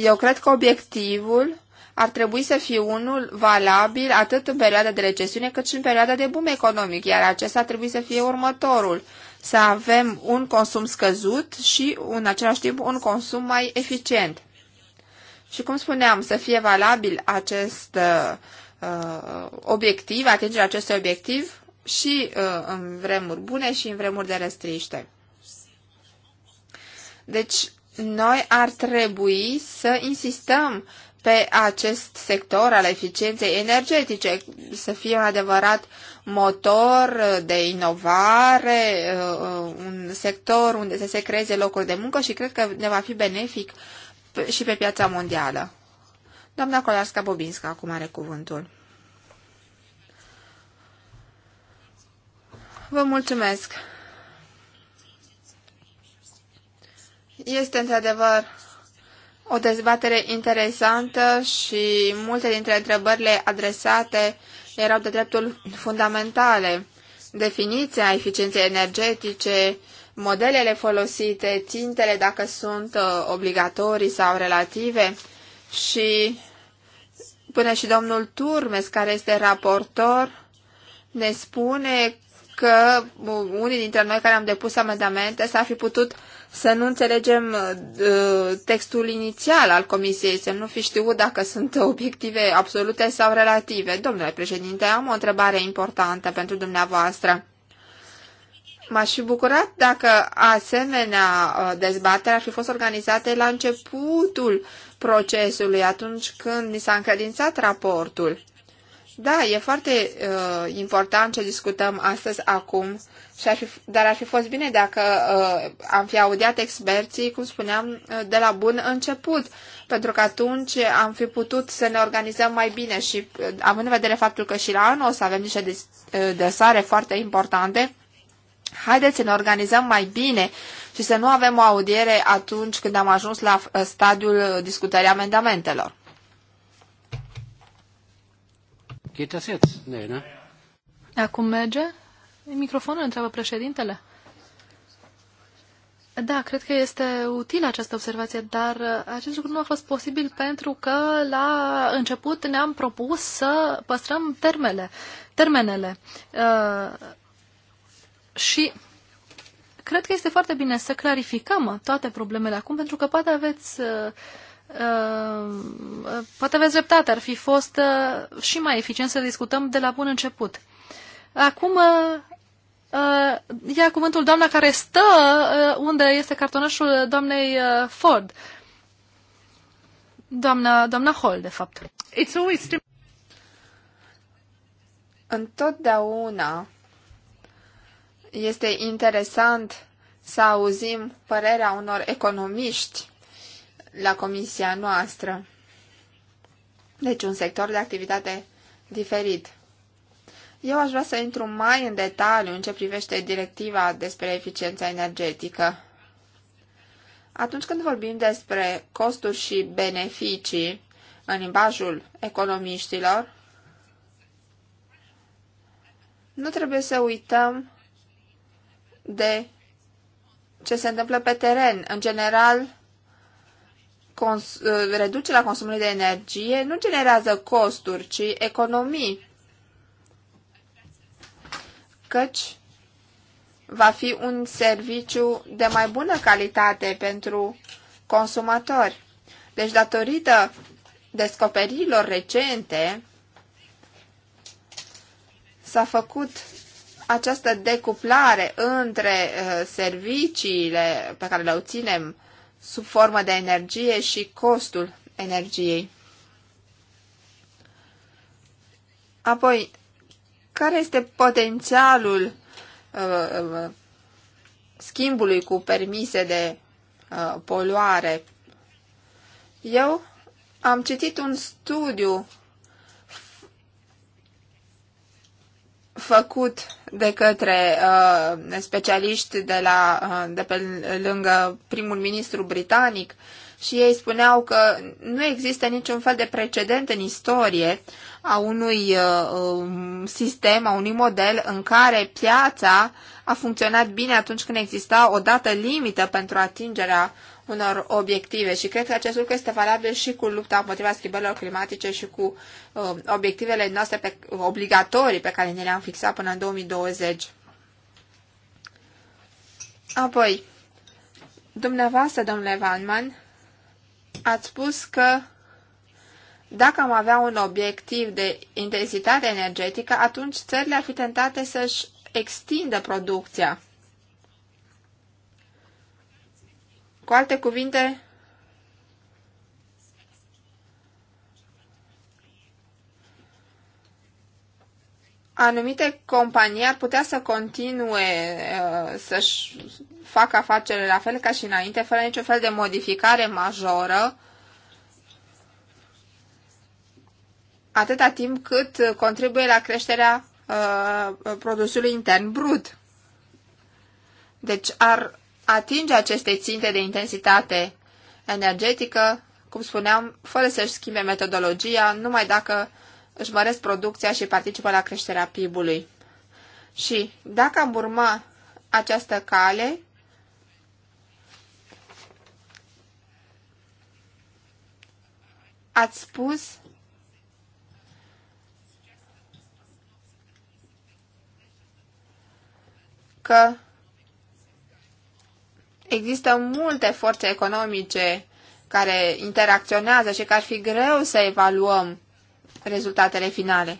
Eu cred că obiectivul ar trebui să fie unul valabil atât în perioada de recesiune cât și în perioada de boom economic, iar acesta ar trebui să fie următorul, să avem un consum scăzut și în același timp un consum mai eficient. Și cum spuneam, să fie valabil acest uh, uh obiectiv, atingerea acestui obiectiv și uh, în vremuri bune și în vremuri de restriște. Deci, noi ar trebui să insistăm pe acest sector al eficienței energetice, să fie un adevărat motor de inovare, uh, un sector unde să se creeze locuri de muncă și cred că ne va fi benefic și pe piața mondială. Doamna Kolarska-Bobinska acum are cuvântul. Vă mulțumesc! Este într-adevăr o dezbatere interesantă și multe dintre întrebările adresate erau de dreptul fundamentale. Definiția eficienței energetice, modelele folosite, țintele dacă sunt uh, obligatorii sau relative și până și domnul Turmes, care este raportor, ne spune că uh, unii dintre noi care am depus amendamente s-ar fi putut să nu înțelegem uh, textul inițial al comisiei, să nu fi știut dacă sunt obiective absolute sau relative. Domnule președinte, am o întrebare importantă pentru dumneavoastră. M-aș fi bucurat dacă asemenea uh, dezbatere ar fi fost organizate la începutul procesului, atunci când ni s-a încredințat raportul. Da, e foarte uh, important ce discutăm astăzi acum și ar fi, dar ar fi fost bine dacă uh, am fi audiat experții, cum spuneam, uh, de la bun început, pentru că atunci am fi putut să ne organizăm mai bine și uh, având în vedere faptul că și la anul o să avem niște dosare uh, foarte importante, haideți să ne organizăm mai bine și să nu avem o audiere atunci când am ajuns la uh, stadiul discutării amendamentelor. Acum merge? Microfonul întreabă președintele. Da, cred că este utilă această observație, dar uh, acest lucru nu a fost posibil pentru că la început ne-am propus să păstrăm termele, termenele. Uh, și cred că este foarte bine să clarificăm toate problemele acum, pentru că poate aveți, uh, uh, poate aveți dreptate, ar fi fost uh, și mai eficient să discutăm de la bun început. Acum uh, uh, ia cuvântul doamna care stă uh, unde este cartonașul doamnei uh, Ford. Doamna, doamna Hall, de fapt. It's always... Întotdeauna este interesant să auzim părerea unor economiști la comisia noastră. Deci un sector de activitate diferit. Eu aș vrea să intru mai în detaliu în ce privește directiva despre eficiența energetică. Atunci când vorbim despre costuri și beneficii în limbajul economiștilor, nu trebuie să uităm de ce se întâmplă pe teren. În general, cons- reducerea consumului de energie nu generează costuri, ci economii căci va fi un serviciu de mai bună calitate pentru consumatori. Deci, datorită descoperirilor recente, s-a făcut această decuplare între uh, serviciile pe care le obținem sub formă de energie și costul energiei. Apoi, care este potențialul uh, uh, schimbului cu permise de uh, poluare? Eu am citit un studiu făcut de către uh, specialiști de, la, uh, de pe lângă primul ministru britanic și ei spuneau că nu există niciun fel de precedent în istorie a unui uh, um, sistem, a unui model în care piața a funcționat bine atunci când exista o dată limită pentru atingerea unor obiective și cred că acest lucru este valabil și cu lupta împotriva schimbărilor climatice și cu uh, obiectivele noastre pe, obligatorii pe care ne le-am fixat până în 2020. Apoi, dumneavoastră, domnule Vanman, ați spus că dacă am avea un obiectiv de intensitate energetică, atunci țările ar fi tentate să-și extindă producția. Cu alte cuvinte, anumite companii ar putea să continue uh, să-și facă afacere la fel ca și înainte, fără niciun fel de modificare majoră, atâta timp cât contribuie la creșterea uh, produsului intern brut. Deci ar atinge aceste ținte de intensitate energetică, cum spuneam, fără să-și schimbe metodologia, numai dacă își măresc producția și participă la creșterea PIB-ului. Și dacă am urma această cale, ați spus că există multe forțe economice care interacționează și că ar fi greu să evaluăm rezultatele finale.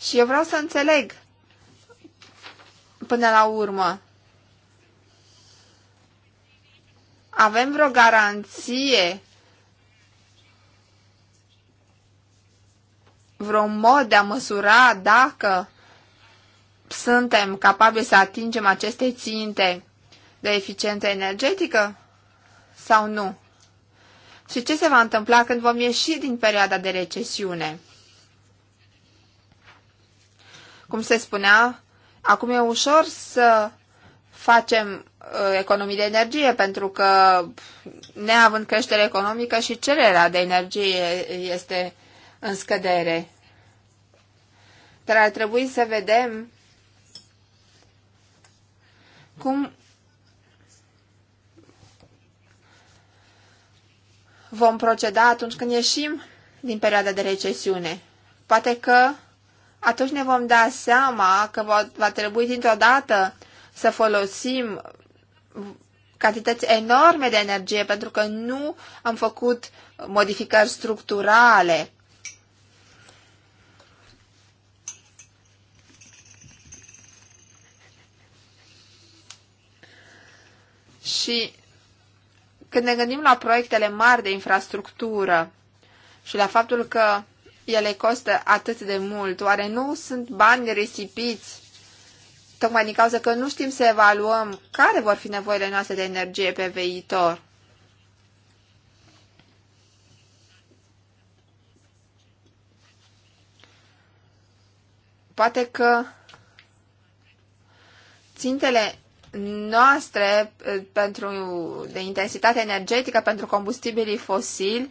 Și eu vreau să înțeleg până la urmă. Avem vreo garanție, vreo mod de a măsura dacă suntem capabili să atingem aceste ținte de eficiență energetică? sau nu? Și ce se va întâmpla când vom ieși din perioada de recesiune? Cum se spunea, acum e ușor să facem uh, economii de energie, pentru că neavând creștere economică și cererea de energie este în scădere. Dar ar trebui să vedem cum vom proceda atunci când ieșim din perioada de recesiune. Poate că atunci ne vom da seama că va, va trebui dintr-o dată să folosim cantități enorme de energie pentru că nu am făcut modificări structurale. Și când ne gândim la proiectele mari de infrastructură și la faptul că ele costă atât de mult, oare nu sunt bani risipiți tocmai din cauza că nu știm să evaluăm care vor fi nevoile noastre de energie pe viitor? Poate că țintele noastre eh, pentru, de intensitate energetică pentru combustibilii fosili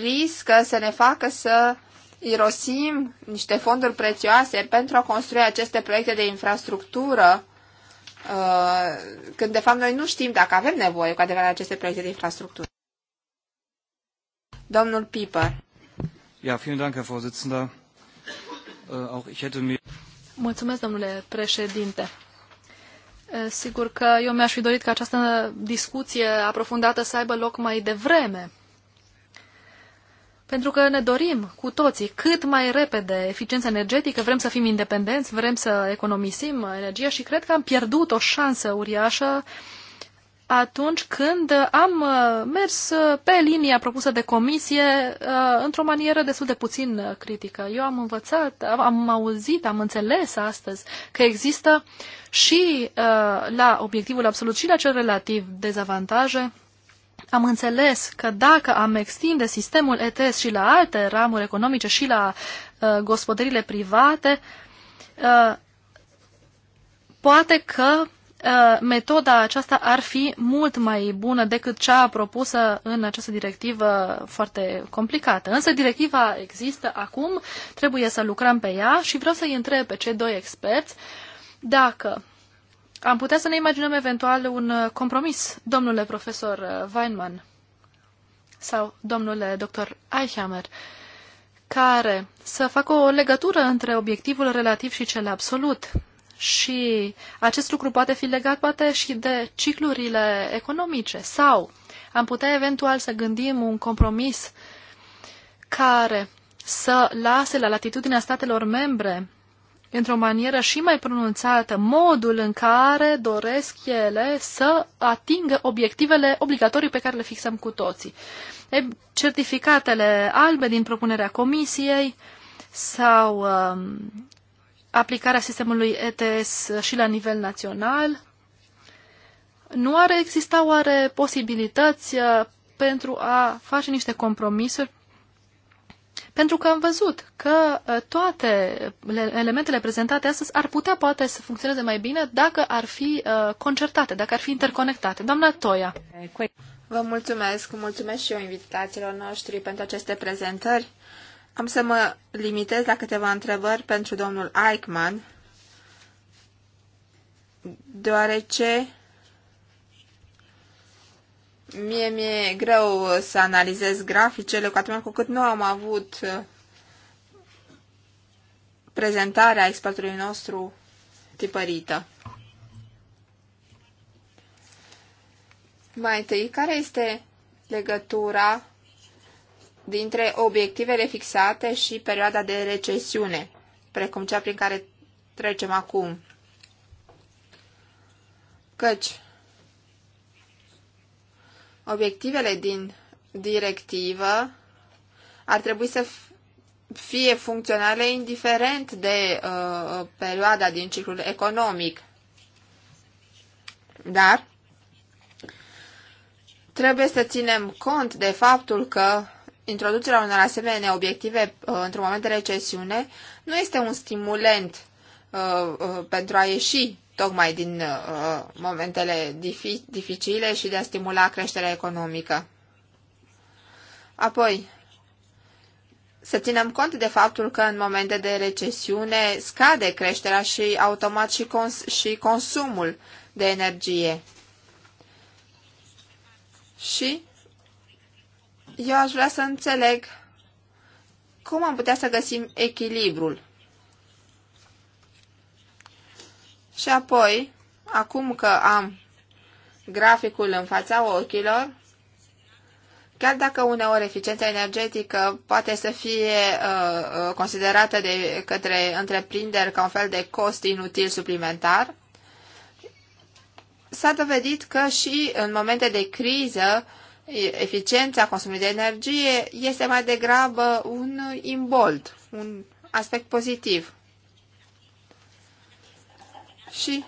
riscă să ne facă să irosim niște fonduri prețioase pentru a construi aceste proiecte de infrastructură eh, când de fapt noi nu știm dacă avem nevoie cu adevărat aceste proiecte de infrastructură. Domnul Piper. Ja, vielen Dank, Herr Vorsitzender. Äh, auch ich hätte mir... Mulțumesc, domnule președinte. Sigur că eu mi-aș fi dorit ca această discuție aprofundată să aibă loc mai devreme. Pentru că ne dorim cu toții cât mai repede eficiență energetică, vrem să fim independenți, vrem să economisim energia și cred că am pierdut o șansă uriașă uh, atunci când am uh, mers uh, pe linia propusă de comisie uh, într-o manieră destul de puțin critică. Eu am învățat, am auzit, am înțeles astăzi că există și la obiectivul absolut și la cel relativ dezavantaje. Am înțeles că dacă am extinde sistemul ETS și la alte ramuri economice și la gospodările private, poate că Uh, metoda aceasta ar fi mult mai bună decât cea propusă în această directivă foarte complicată. Însă directiva există acum, trebuie să lucrăm pe ea și vreau să-i întreb pe cei doi experți dacă am putea să ne imaginăm eventual un compromis, domnule profesor Weinman sau domnule doctor Eichhammer, care să facă o legătură între obiectivul relativ și cel absolut, și acest lucru poate fi legat poate și de ciclurile economice sau am putea eventual să gândim un compromis care să lase la latitudinea statelor membre într-o manieră și mai pronunțată modul în care doresc ele să atingă obiectivele obligatorii pe care le fixăm cu toții. E, certificatele albe din propunerea comisiei sau uh, aplicarea sistemului ETS și la nivel național? Nu ar exista oare posibilități uh, pentru a face niște compromisuri? Pentru că am văzut că uh, toate elementele prezentate astăzi ar putea poate să funcționeze mai bine dacă ar fi uh, concertate, dacă ar fi interconectate. Doamna Toia. Vă mulțumesc, mulțumesc și eu invitațiilor noștri pentru aceste prezentări. Am să mă limitez la câteva întrebări pentru domnul Eichmann, deoarece mie mi-e greu să analizez graficele, cu atât cu cât nu am avut uh, prezentarea expertului nostru tipărită. Mai întâi, care este legătura dintre obiectivele fixate și perioada de recesiune, precum cea prin care trecem acum. Căci obiectivele din directivă ar trebui să fie funcționale indiferent de uh, perioada din ciclul economic. Dar trebuie să ținem cont de faptul că introducerea unor asemenea obiective uh, într-un moment de recesiune nu este un stimulent uh, uh, pentru a ieși tocmai din momentele dificile și de a stimula creșterea economică. Apoi, să ținem cont de faptul că în momente de recesiune scade creșterea și automat și, cons- și consumul de energie. Și eu aș vrea să înțeleg cum am putea să găsim echilibrul. Și apoi, acum că am graficul în fața ochilor, chiar dacă uneori eficiența energetică poate să fie uh, uh considerată de către întreprinderi ca un fel de cost inutil suplimentar, s-a dovedit că și în momente de criză eficiența consumului de energie este mai degrabă un imbold, un aspect pozitiv. Și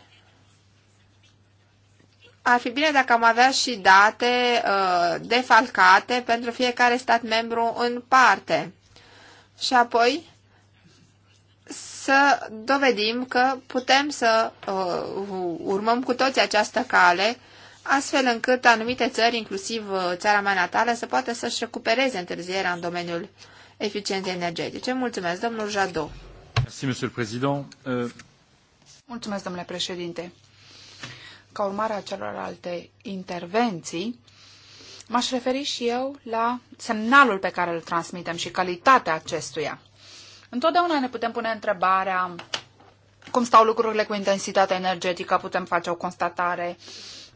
ar fi bine dacă am avea și date uh, defalcate pentru fiecare stat membru în parte. Și apoi să dovedim că putem să uh, urmăm cu toți această cale astfel încât anumite țări, inclusiv uh, țara mea natală, să poată să-și recupereze întârzierea în domeniul eficienței energetice. Mulțumesc, domnul Jadot. Euh, Mulțumesc, domnule președinte. Ca urmare a celorlalte intervenții, m-aș referi și eu la semnalul pe care îl transmitem și calitatea acestuia. Întotdeauna ne putem pune întrebarea cum stau lucrurile cu intensitatea energetică, putem face o constatare uh,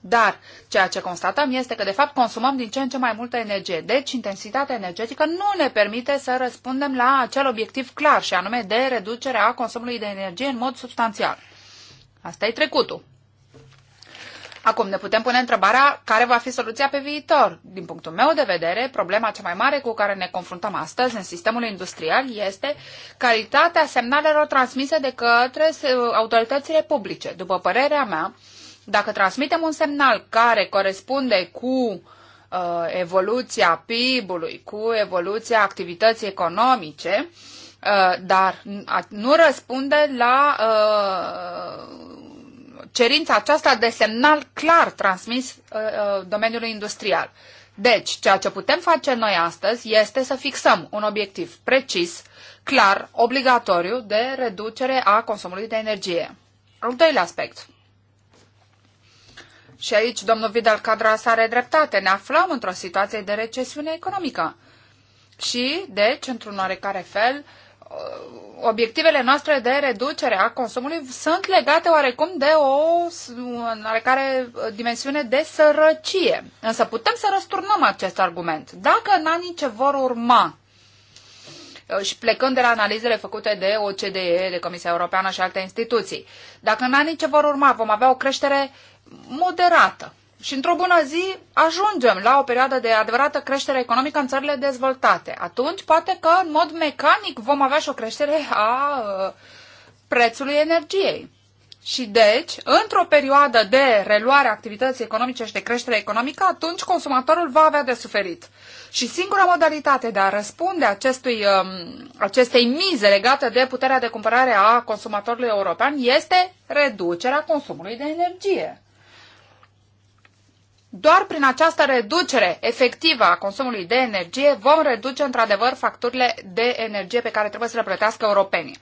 dar ceea ce constatăm este că, de fapt, consumăm din ce în ce mai multă energie. Deci, intensitatea energetică nu ne permite să răspundem la acel obiectiv clar, și anume de reducerea consumului de energie în mod substanțial. Asta e trecutul. Acum ne putem pune întrebarea care va fi soluția pe viitor. Din punctul meu de vedere, problema cea mai mare cu care ne confruntăm astăzi în sistemul industrial este calitatea semnalelor transmise de către autoritățile publice. După părerea mea, dacă transmitem un semnal care corespunde cu uh, evoluția PIB-ului, cu evoluția activității economice, uh, dar nu răspunde la uh, cerința aceasta de semnal clar transmis uh, uh, domeniului industrial. Deci, ceea ce putem face noi astăzi este să fixăm un obiectiv precis, clar, obligatoriu de reducere a consumului de energie. Al doilea aspect. Și aici domnul Vidal Cadras are dreptate. Ne aflăm într-o situație de recesiune economică. Și, deci, într-un oarecare fel, uh, obiectivele noastre de reducere a consumului sunt legate oarecum de o oarecare uh, dimensiune de sărăcie. Însă putem să răsturnăm acest argument. Dacă în anii ce vor urma uh, și plecând de la analizele făcute de OCDE, de Comisia Europeană și alte instituții. Dacă în anii ce vor urma vom avea o creștere moderată. Și într-o bună zi ajungem la o perioadă de adevărată creștere economică în țările dezvoltate. Atunci poate că în mod mecanic vom avea și o creștere a uh, prețului energiei. Și deci, într-o perioadă de reluare a activității economice și de creștere economică, atunci consumatorul va avea de suferit. Și singura modalitate de a răspunde acestui, um, acestei mize legate de puterea de cumpărare a consumatorului european este reducerea consumului de energie. Doar prin această reducere efectivă a consumului de energie vom reduce într-adevăr facturile de energie pe care trebuie să le plătească europenii.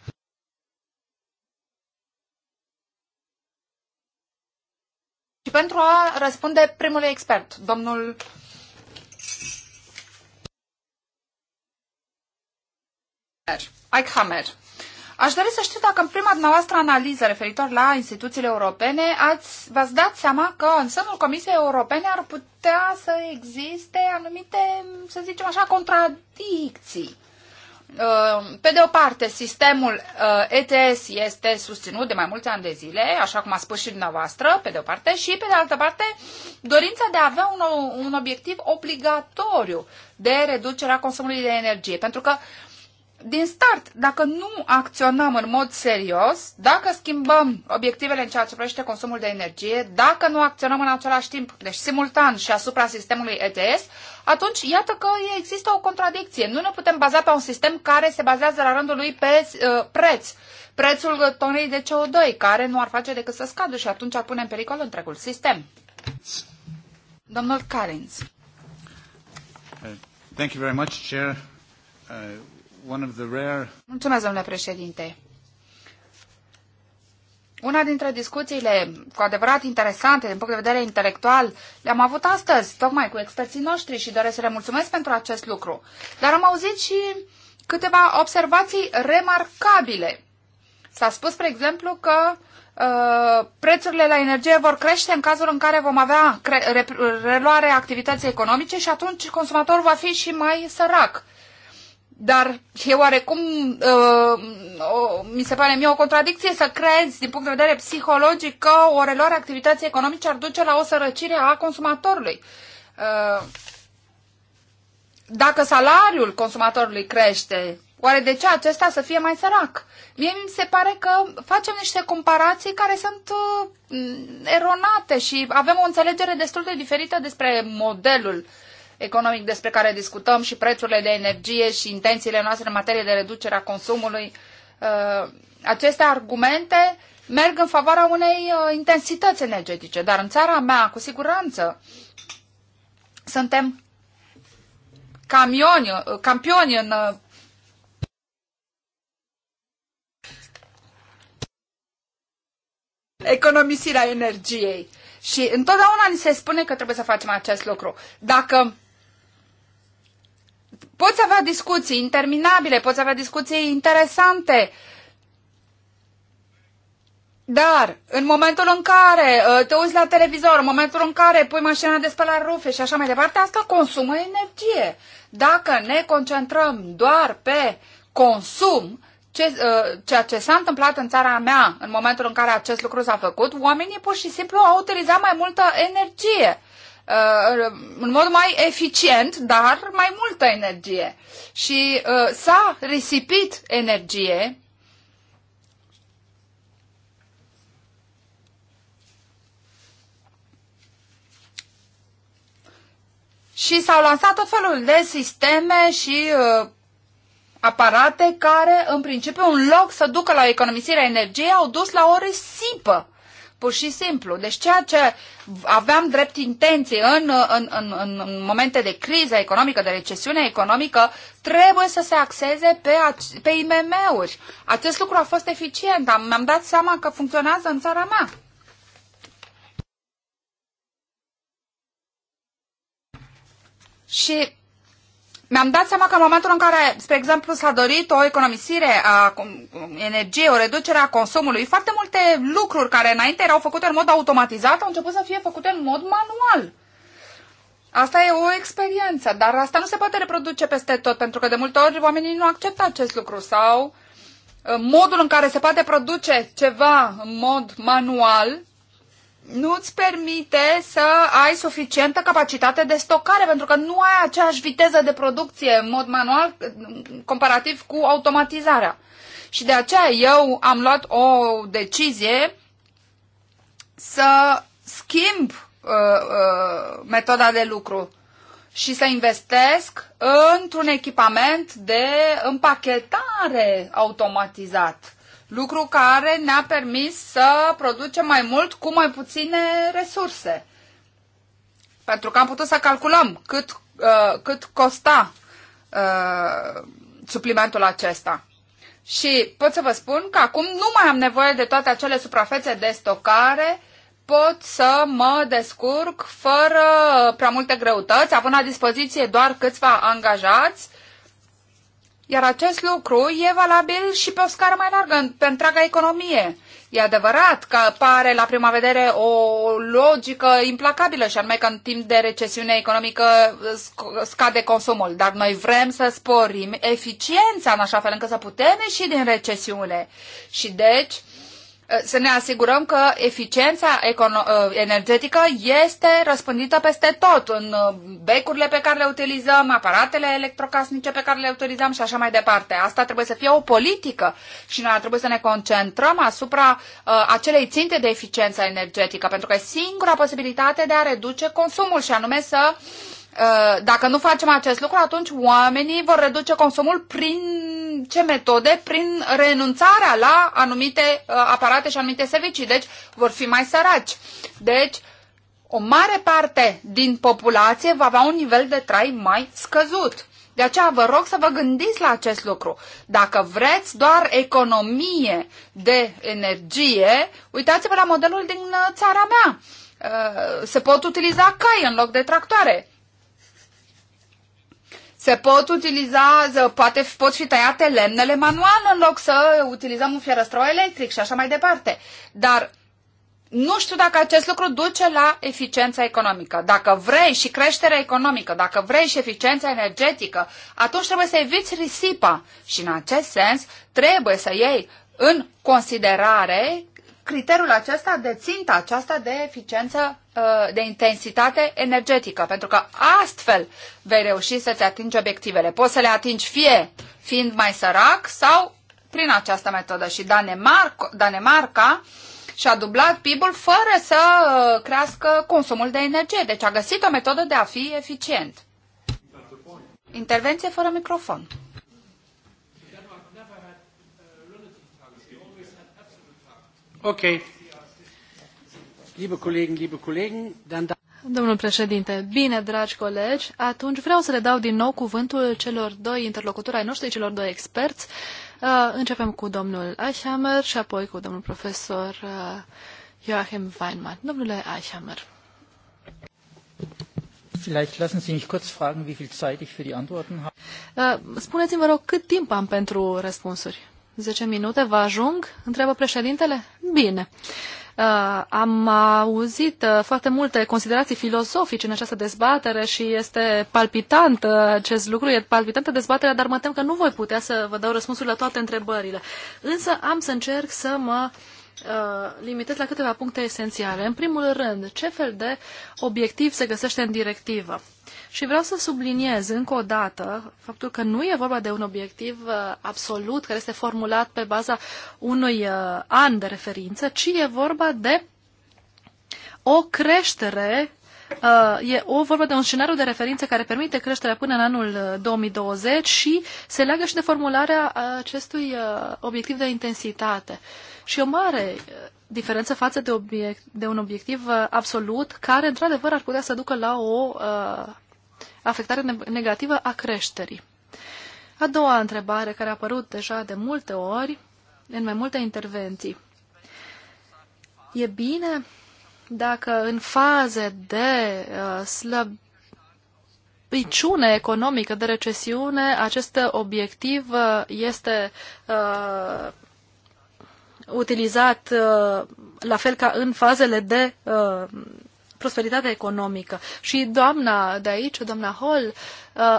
Și pentru a răspunde primul expert, domnul Eichhammer. Aș dori să știu dacă în prima dumneavoastră analiză referitor la instituțiile europene ați, v-ați dat seama că în sânul Comisiei Europene ar putea să existe anumite, să zicem așa, contradicții. Uh, pe de o parte, sistemul uh, ETS este susținut de mai mulți ani de zile, așa cum a spus și dumneavoastră, pe de o parte, și pe de altă parte, dorința de a avea un, un obiectiv obligatoriu de reducerea consumului de energie. Pentru că uh, din start, dacă nu acționăm în mod serios, dacă schimbăm obiectivele în ceea ce privește consumul de energie, dacă nu acționăm în același timp, deci simultan și asupra sistemului ETS, atunci iată că există o contradicție. Nu ne putem baza pe un sistem care se bazează la rândul lui pe uh, preț. Prețul tonei de CO2, care nu ar face decât să scadă și atunci ar pune în pericol întregul sistem. Domnul Carins. Uh, thank you very much, Chair. Uh, Mulțumesc, domnule președinte. Una dintre discuțiile cu adevărat interesante din punct de vedere intelectual le-am avut astăzi, tocmai cu experții noștri și doresc să le mulțumesc pentru acest lucru. Dar am auzit și câteva observații remarcabile. S-a spus, spre exemplu, că uh, prețurile la energie vor crește în cazul în care vom avea re reluarea activității economice și atunci consumatorul va fi și mai sărac. Uh, dar e oarecum, uh, o, mi se pare mie o contradicție să crezi, din punct de vedere psihologic, că o reluare activității economice ar duce la o sărăcire a consumatorului. Uh, dacă salariul consumatorului crește, oare de ce acesta să fie mai sărac? Mie mi se pare că facem niște comparații care sunt uh, eronate și avem o înțelegere destul de diferită despre modelul uh, economic despre care discutăm și prețurile de energie și intențiile noastre în materie de reducere a consumului, uh, aceste argumente merg în favoarea unei uh, intensități energetice, dar în țara mea, cu siguranță, suntem camioni, uh, campioni în economisirea energiei. Și întotdeauna ni se spune că trebuie să facem acest lucru. Dacă Poți avea discuții interminabile, poți avea discuții interesante, dar în momentul în care uh, te uiți la televizor, în momentul în care pui mașina de spălat rufe și așa mai departe, asta consumă energie. Dacă ne concentrăm doar pe consum, ce, uh, ceea ce s-a întâmplat în țara mea în momentul în care acest lucru s-a făcut, oamenii pur și simplu au utilizat mai multă energie. Uh, în mod mai eficient, dar mai multă energie. Și uh, s-a risipit energie Și s-au lansat tot felul de sisteme și uh, aparate care, în principiu, în loc să ducă la economisirea economisire energiei, au dus la o risipă pur și simplu. Deci ceea ce aveam drept intenție în, în, în, în momente de criză economică, de recesiune economică, trebuie să se axeze pe, pe IMM-uri. Acest lucru a fost eficient, am, mi-am dat seama că funcționează în țara mea. Și mi-am dat seama că în momentul în care, spre exemplu, s-a dorit o economisire a energiei, o reducere a consumului, foarte multe lucruri care înainte erau făcute în mod automatizat au început să fie făcute în mod manual. Asta e o experiență, dar asta nu se poate reproduce peste tot, pentru că de multe ori oamenii nu acceptă acest lucru sau uh, modul în care se poate produce ceva în mod manual nu îți permite să ai suficientă capacitate de stocare, pentru că nu ai aceeași viteză de producție în mod manual comparativ cu automatizarea. Și de aceea eu am luat o decizie să schimb uh, uh, metoda de lucru și să investesc într-un echipament de împachetare automatizat lucru care ne-a permis să producem mai mult cu mai puține resurse. Pentru că am putut să calculăm cât, uh, cât costa uh, suplimentul acesta. Și pot să vă spun că acum nu mai am nevoie de toate acele suprafețe de stocare, pot să mă descurc fără prea multe greutăți, având la dispoziție doar câțiva angajați iar acest lucru e valabil și pe o scară mai largă, pe întreaga economie. E adevărat că pare la prima vedere o logică implacabilă și anume că în timp de recesiune economică uh, scade consumul, dar noi vrem să sporim eficiența în așa fel încât să putem ieși din recesiune. Și deci Eh, să ne asigurăm că eficiența eh, energetică este răspândită peste tot, în eh, becurile pe care le utilizăm, aparatele electrocasnice pe care le utilizăm și așa mai departe. Asta trebuie să fie o politică și noi trebuie să ne concentrăm asupra uh, acelei ținte de eficiență energetică, pentru că e singura posibilitate de a reduce consumul și anume să, uh, dacă nu facem acest lucru, atunci oamenii vor reduce consumul prin ce metode? Prin renunțarea la anumite uh, aparate și anumite servicii. Deci vor fi mai săraci. Deci o mare parte din populație va avea un nivel de trai mai scăzut. De aceea vă rog să vă gândiți la acest lucru. Dacă vreți doar economie de energie, uitați-vă la modelul din uh, țara mea. Uh, se pot utiliza cai în loc de tractoare se pot utiliza, poate, pot fi tăiate lemnele manual în loc să utilizăm un fierăstrău electric și așa mai departe. Dar nu știu dacă acest lucru duce la eficiența economică. Dacă vrei și creșterea economică, dacă vrei și eficiența energetică, atunci trebuie să eviți risipa. Și în acest sens trebuie să iei în considerare criteriul acesta de țintă, aceasta de eficiență Uh, de intensitate energetică, pentru că astfel vei reuși să-ți atingi obiectivele. Poți să le atingi fie fiind mai sărac sau prin această metodă. Și Danemarca, Danemarca și-a dublat PIB-ul fără să uh, crească consumul de energie. Deci a găsit o metodă de a fi eficient. Intervenție fără microfon. Okay. Domnule da- Domnul președinte, bine, dragi colegi, atunci vreau să le dau din nou cuvântul celor doi interlocutori ai noștri, celor doi experți. Uh, începem cu domnul Eichhammer și apoi cu domnul profesor uh, Joachim Weinmann. Domnule Eichhammer. Vielleicht lassen Sie mich kurz fragen, wie viel Zeit ich für die Antworten habe. Uh, spuneți-mi, vă rog, cât timp am pentru răspunsuri? 10 minute, vă ajung? Întreabă președintele? Bine. Uh, am auzit uh, foarte multe considerații filozofice în această dezbatere și este palpitant uh, acest lucru, e palpitantă dezbaterea, dar mă tem că nu voi putea să vă dau răspunsul la toate întrebările. Însă am să încerc să mă uh, limitez la câteva puncte esențiale. În primul rând, ce fel de obiectiv se găsește în directivă? Și vreau să subliniez încă o dată faptul că nu e vorba de un obiectiv uh, absolut care este formulat pe baza unui uh, an de referință, ci e vorba de o creștere uh, e o vorba de un scenariu de referință care permite creșterea până în anul 2020 și se leagă și de formularea acestui obiectiv de intensitate. Și o mare diferență față de, obiect, de un obiectiv absolut care, într-adevăr, ar putea să ducă la o afectare negativă a creșterii. A doua întrebare care a apărut deja de multe ori în mai multe intervenții. E bine dacă în faze de uh, slăb, piciune economică de recesiune, acest obiectiv uh, este uh, utilizat uh, la fel ca în fazele de uh, prosperitatea economică. Și doamna de aici, doamna Hall, uh,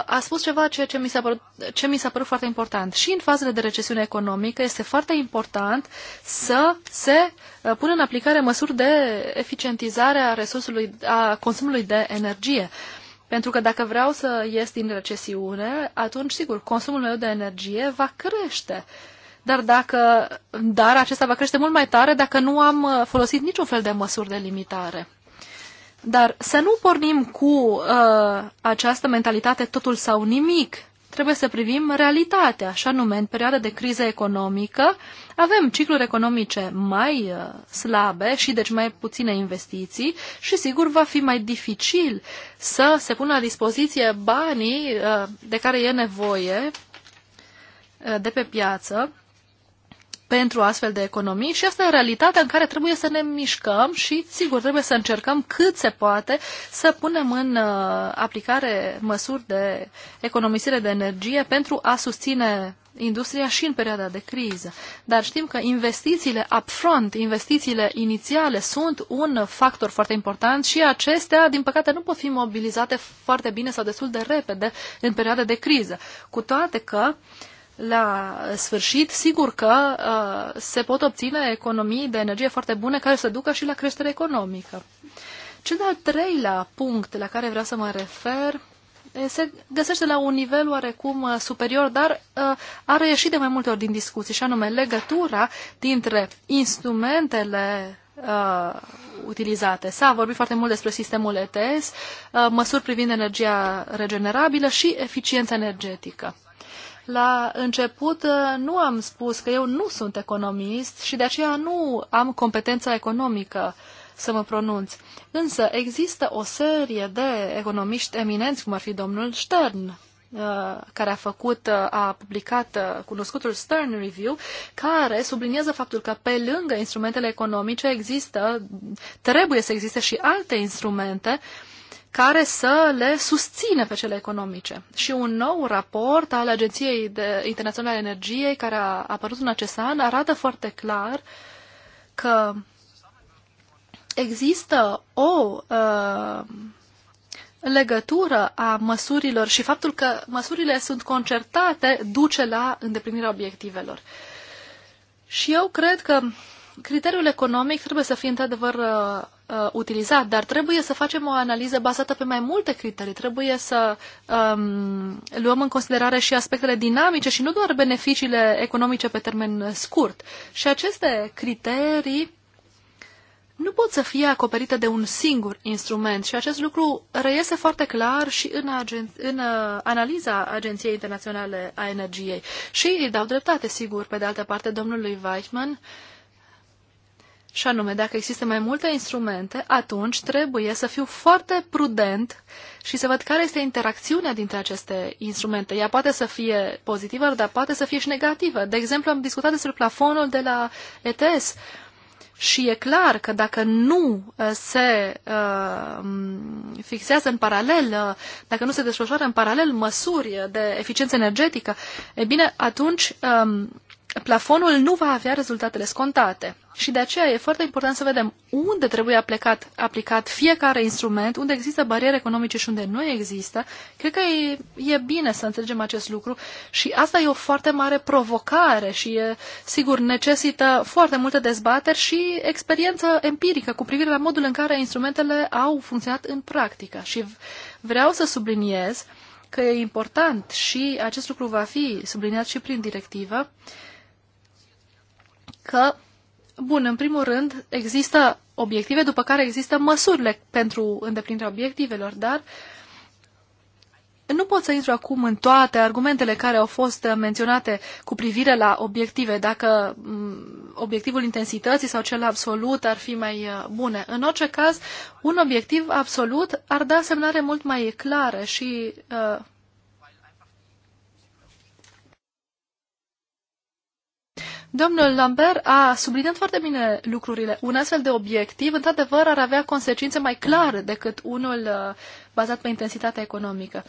a spus ceva ce, ce mi s-a părut, ce mi s-a părut foarte important. Și în fazele de recesiune economică este foarte important să se uh, pună în aplicare măsuri de eficientizare a resursului, a consumului de energie. Pentru că dacă vreau să ies din recesiune, atunci, sigur, consumul meu de energie va crește. Dar, dacă, dar acesta va crește mult mai tare dacă nu am uh, folosit niciun fel de măsuri de limitare. Dar să nu pornim cu uh, această mentalitate totul sau nimic. Trebuie să privim realitatea, și anume, în perioada de criză economică, avem cicluri economice mai uh, slabe și deci mai puține investiții și sigur va fi mai dificil să se pună la dispoziție banii uh, de care e nevoie uh, de pe piață pentru astfel de economii și asta e realitatea în care trebuie să ne mișcăm și, sigur, trebuie să încercăm cât se poate să punem în uh, aplicare măsuri de economisire de energie pentru a susține industria și în perioada de criză. Dar știm că investițiile upfront, investițiile inițiale sunt un factor foarte important și acestea, din păcate, nu pot fi mobilizate foarte bine sau destul de repede în perioada de criză. Cu toate că uh, la sfârșit, sigur că uh, se pot obține economii de energie foarte bune care să ducă și la creștere economică. Cel de-al treilea punct la care vreau să mă refer se găsește la un nivel oarecum uh, superior, dar uh, a reieșit de mai multe ori din discuții, și anume legătura dintre instrumentele uh, utilizate. S-a vorbit foarte mult despre sistemul ETS, uh, măsuri privind energia regenerabilă și eficiența energetică. La început uh, nu am spus că eu nu sunt economist și de aceea nu am competența economică să mă pronunț. Însă există o serie de economiști eminenți, cum ar fi domnul Stern, uh, care a făcut, uh, a publicat cunoscutul Stern Review, care subliniază faptul că pe lângă instrumentele economice există, trebuie să existe și alte instrumente uh, care să le susțină pe cele economice. Și un nou raport al Agenției de Internaționale Energiei, care a apărut în acest an, arată foarte clar că există o uh, legătură a măsurilor și faptul că măsurile sunt concertate duce la îndeplinirea obiectivelor. Și eu cred că criteriul economic trebuie să fie într-adevăr uh, uh, utilizat, dar trebuie să facem o analiză bazată pe mai multe criterii. Trebuie să um, luăm în considerare și aspectele dinamice și nu doar beneficiile economice pe termen scurt. Și aceste criterii nu pot să fie acoperite de un singur instrument și acest lucru reiese foarte clar și în, agen- în uh, analiza Agenției Internaționale a Energiei. Și îi dau dreptate, sigur, pe de altă parte, domnului Weichmann, uh, și anume, dacă există mai multe instrumente, atunci trebuie să fiu foarte prudent și să văd care este interacțiunea dintre aceste instrumente. Ea poate să fie pozitivă, dar poate să fie și negativă. De exemplu, am discutat despre plafonul de la ETS. Și e clar că dacă nu uh, se uh, fixează în paralel, uh, dacă nu se desfășoară în paralel măsuri de eficiență energetică, e bine, atunci um, plafonul nu va avea rezultatele scontate. Și de aceea e foarte important să vedem unde trebuie aplicat, aplicat fiecare instrument, unde există bariere economice și unde nu există. Cred că e, e bine să înțelegem acest lucru și asta e o foarte mare provocare și, e, sigur, necesită foarte multe dezbateri și experiență empirică cu privire la modul în care instrumentele au funcționat în practică. Și vreau să subliniez că e important și acest lucru va fi subliniat și prin directivă, uh, că, bun, în primul rând există obiective, după care există măsurile pentru îndeplinirea obiectivelor, dar nu pot să intru acum în toate argumentele care au fost menționate cu privire la obiective, dacă obiectivul intensității sau cel absolut ar fi mai uh, bune. În orice caz, un obiectiv absolut ar da semnare mult mai clare și uh, Domnul Lambert a subliniat foarte bine lucrurile. Un astfel de obiectiv, într-adevăr, ar avea consecințe mai clare decât unul uh, bazat pe intensitatea economică.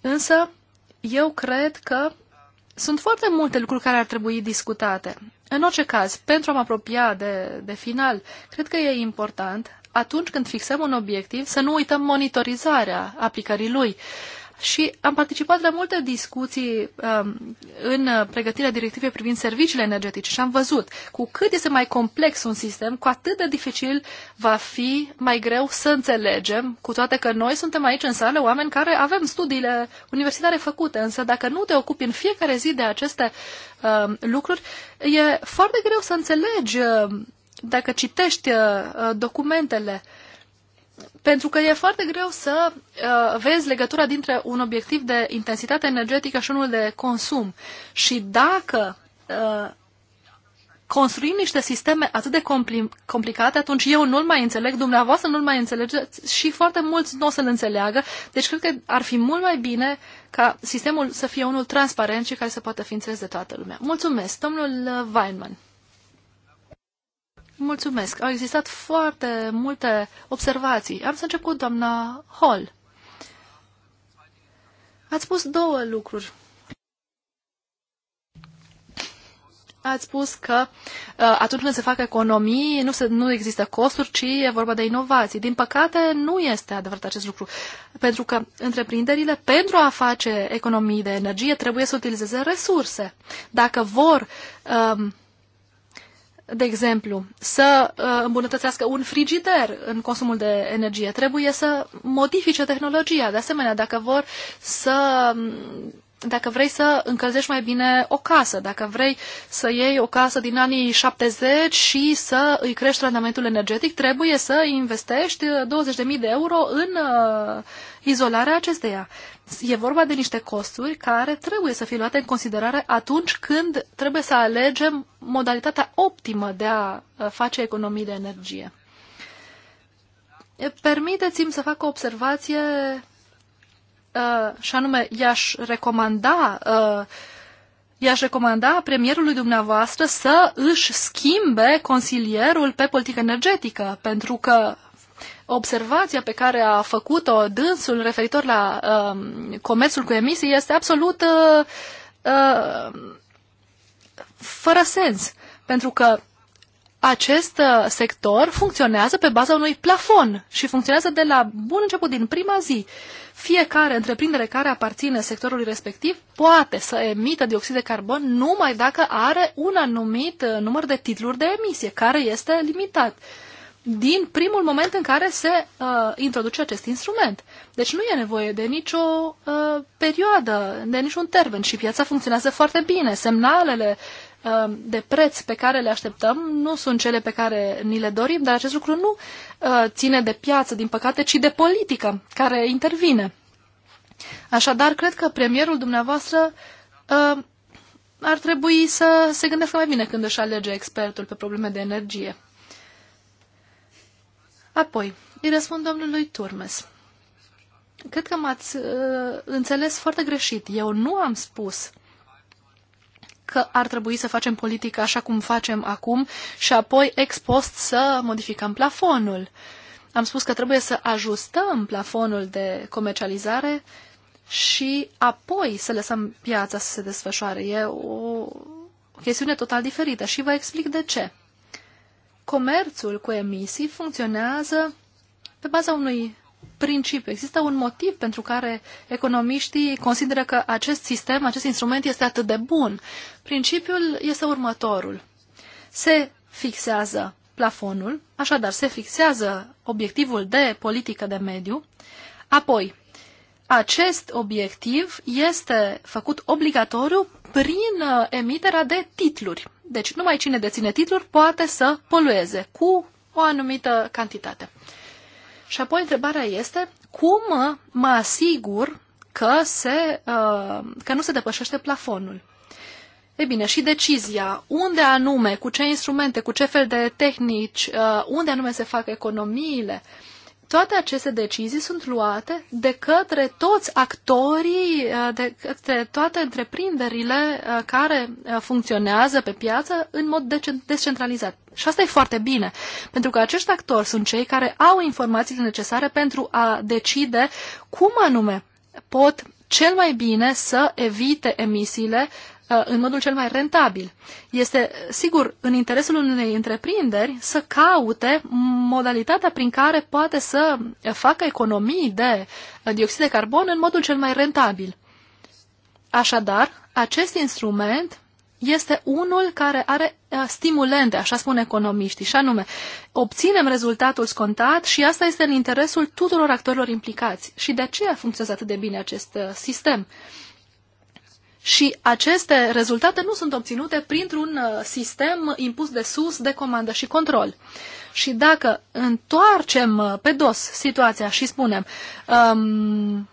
Însă, eu cred că sunt foarte multe lucruri care ar trebui discutate. În orice caz, pentru a mă apropia de, de final, cred că e important, atunci când fixăm un obiectiv, să nu uităm monitorizarea aplicării lui și am participat la multe discuții um, în uh, pregătirea directivei privind serviciile energetice și am văzut cu cât este mai complex un sistem, cu atât de dificil va fi mai greu să înțelegem, cu toate că noi suntem aici în sală oameni care avem studiile universitare făcute, însă dacă nu te ocupi în fiecare zi de aceste um, lucruri, e foarte greu să înțelegi uh, dacă citești uh, uh documentele uh, pentru că e foarte greu să uh, vezi legătura dintre un obiectiv de intensitate energetică și unul de consum. Și dacă uh, construim niște sisteme atât de compli- complicate, atunci eu nu-l mai înțeleg, dumneavoastră nu-l mai înțelegeți și foarte mulți nu o să-l înțeleagă. Deci cred că ar fi mult mai bine ca sistemul să fie unul transparent și care să poată fi înțeles de toată lumea. Mulțumesc, domnul Weinman. Mulțumesc. Au existat foarte multe observații. Am să încep cu doamna Hall. Ați spus două lucruri. Ați spus că uh, atunci când se fac economii nu, se, nu există costuri, ci e vorba de inovații. Din păcate, nu este adevărat acest lucru, pentru că întreprinderile, pentru a face economii de energie, trebuie să utilizeze resurse. Dacă vor Uh, de exemplu, să uh, îmbunătățească un frigider în consumul de energie. Trebuie să modifice tehnologia. De asemenea, dacă vor să dacă vrei să încălzești mai bine o casă, dacă vrei să iei o casă din anii 70 și să îi crești randamentul energetic, trebuie să investești 20.000 de euro în uh, izolarea acesteia. E vorba de niște costuri care trebuie să fie luate în considerare atunci când trebuie să alegem modalitatea optimă de a face economii de energie. Permiteți-mi să fac o observație și anume, i-aș recomanda i-aș recomanda premierului dumneavoastră să își schimbe consilierul pe politică energetică, pentru că observația pe care a făcut-o dânsul referitor la uh, comerțul cu emisii este absolut uh, uh fără sens, pentru că acest uh, sector funcționează pe baza unui plafon și funcționează de la bun început, din prima zi. Fiecare întreprindere care aparține sectorului respectiv poate să emită dioxid de carbon numai dacă are un anumit uh, număr de titluri de emisie, care este limitat. Uh, din primul moment în care se uh, introduce acest instrument. Deci nu e nevoie de nicio uh, perioadă, de niciun termen și piața funcționează foarte bine. Semnalele uh, de preț pe care le așteptăm nu sunt cele pe care ni le dorim, dar acest lucru nu uh, ține de piață, din păcate, ci de politică care intervine. Așadar, cred că premierul dumneavoastră uh, ar trebui să se gândească mai bine când își alege expertul pe probleme de energie. Apoi, îi răspund domnului Turmes. Cred că m-ați uh, înțeles foarte greșit. Eu nu am spus că ar trebui să facem politică așa cum facem acum și apoi ex post să modificăm plafonul. Am spus că trebuie să ajustăm plafonul de comercializare și apoi să lăsăm piața să se desfășoare. E o chestiune total diferită și vă explic de ce comerțul cu emisii funcționează pe baza unui principiu. Există un motiv pentru care economiștii consideră că acest sistem, acest instrument este atât de bun. Principiul este următorul. Se fixează plafonul, așadar se fixează obiectivul de politică de mediu, apoi acest obiectiv este făcut obligatoriu prin uh, emiterea de titluri. Deci numai cine deține titluri poate să polueze cu o anumită cantitate. Și apoi întrebarea este cum mă asigur că, se, uh, că nu se depășește plafonul. E bine, și decizia, unde anume, cu ce instrumente, cu ce fel de tehnici, uh, unde anume se fac economiile, uh, toate aceste decizii sunt luate de către toți actorii, uh, de către toate întreprinderile uh, care uh, funcționează pe piață în mod descentralizat. Și asta e foarte bine, pentru că acești actori sunt cei care au informațiile necesare pentru a decide cum anume pot cel mai bine să evite emisiile Uh, în modul cel mai rentabil. Este, sigur, în interesul unei întreprinderi să caute modalitatea prin care poate să facă economii de uh, dioxid de carbon în modul cel mai rentabil. Așadar, acest instrument este unul care are uh, stimulente, așa spun economiștii, și anume, obținem rezultatul scontat și asta este în interesul tuturor actorilor implicați. Și de aceea funcționează atât de bine acest sistem. Uh, și aceste rezultate nu sunt obținute printr-un uh, sistem impus de sus de comandă și control. Și dacă întoarcem uh, pe dos situația și spunem, um,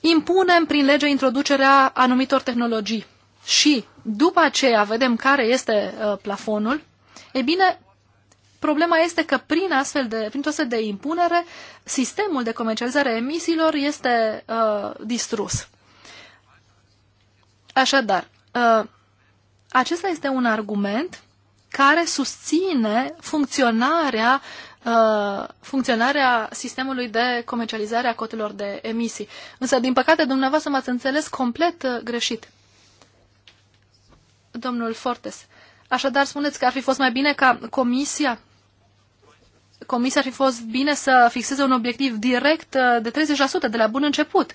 impunem prin lege introducerea anumitor tehnologii și după aceea vedem care este uh, plafonul, e bine, problema este că prin astfel de, prin astfel de impunere, sistemul de comercializare a emisiilor este uh, distrus. Așadar, uh, acesta este un argument care susține funcționarea, uh, funcționarea sistemului de comercializare a cotelor de emisii. Însă, din păcate, dumneavoastră m-ați înțeles complet uh, greșit. Domnul Fortes, așadar spuneți că ar fi fost mai bine ca comisia Comisia ar fi fost bine să fixeze un obiectiv direct de 30% de la bun început.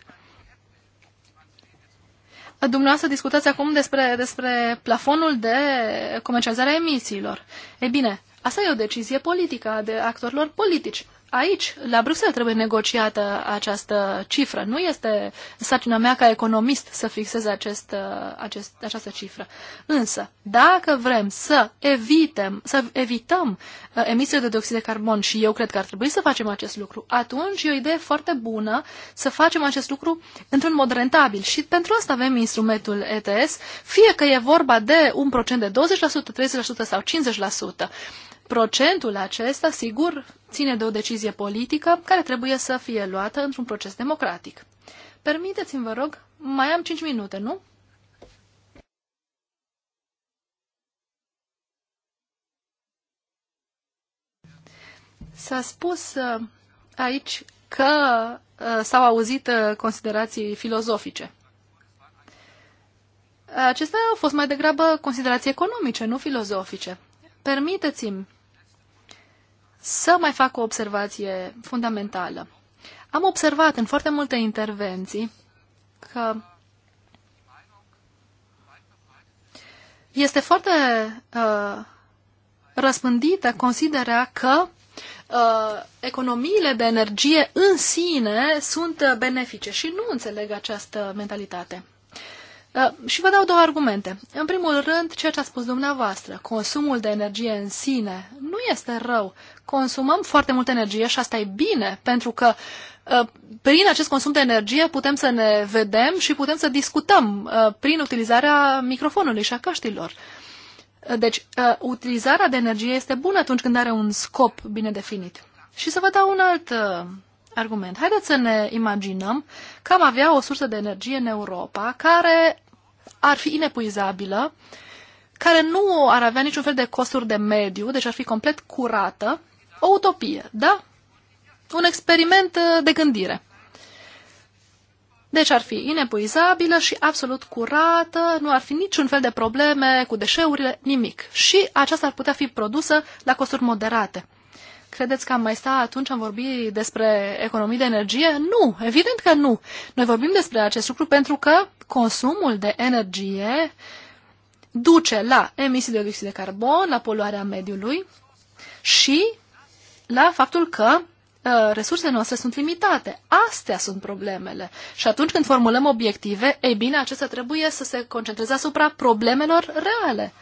Dumneavoastră discutați acum despre, despre plafonul de comercializare a emisiilor. E bine, asta e o decizie politică de actorilor politici aici, la Bruxelles, trebuie negociată această cifră. Nu este sarcina mea ca economist să fixeze acest, uh, acest, această cifră. Însă, dacă vrem să, evitem, să evităm uh, emisiile de dioxid de carbon și eu cred că ar trebui să facem acest lucru, atunci e o idee foarte bună să facem acest lucru într-un mod rentabil. Și pentru asta avem instrumentul ETS, fie că e vorba de un procent de 20%, 30% sau 50% procentul acesta, sigur, ține de o decizie politică care trebuie să fie luată într-un proces democratic. Permiteți-mi, vă rog, mai am 5 minute, nu? S-a spus uh, aici că uh, s-au auzit uh, considerații filozofice. Acestea au fost mai degrabă considerații economice, nu filozofice. Permiteți-mi să mai fac o observație fundamentală. Am observat în foarte multe intervenții că este foarte uh, răspândită considerea că uh, economiile de energie în sine sunt uh, benefice și nu înțeleg această mentalitate. Uh, și vă dau două argumente. În primul rând, ceea ce a spus dumneavoastră, consumul de energie în sine nu este rău. Consumăm foarte multă energie și asta e bine, pentru că uh, prin acest consum de energie putem să ne vedem și putem să discutăm uh, prin utilizarea microfonului și a căștilor. Deci, utilizarea de energie este bună atunci când are un scop bine definit. Și să vă dau un alt argument. Haideți să ne imaginăm că am avea o sursă de energie în Europa care ar fi inepuizabilă, care nu ar avea niciun fel de costuri de mediu, deci ar fi complet curată, o utopie, da? Un experiment uh, de gândire. Deci ar fi inepuizabilă și absolut curată, nu ar fi niciun fel de probleme cu deșeurile, nimic. Și aceasta ar putea fi produsă la costuri moderate. Credeți că am mai sta atunci am vorbit despre economii de energie? Nu, evident că nu. Noi vorbim despre acest lucru pentru că consumul de energie duce la emisii de dioxid de carbon, la poluarea mediului și la faptul că uh, resursele noastre sunt limitate. Astea sunt problemele. Și atunci când formulăm obiective, ei bine, acestea trebuie să se concentreze asupra problemelor reale.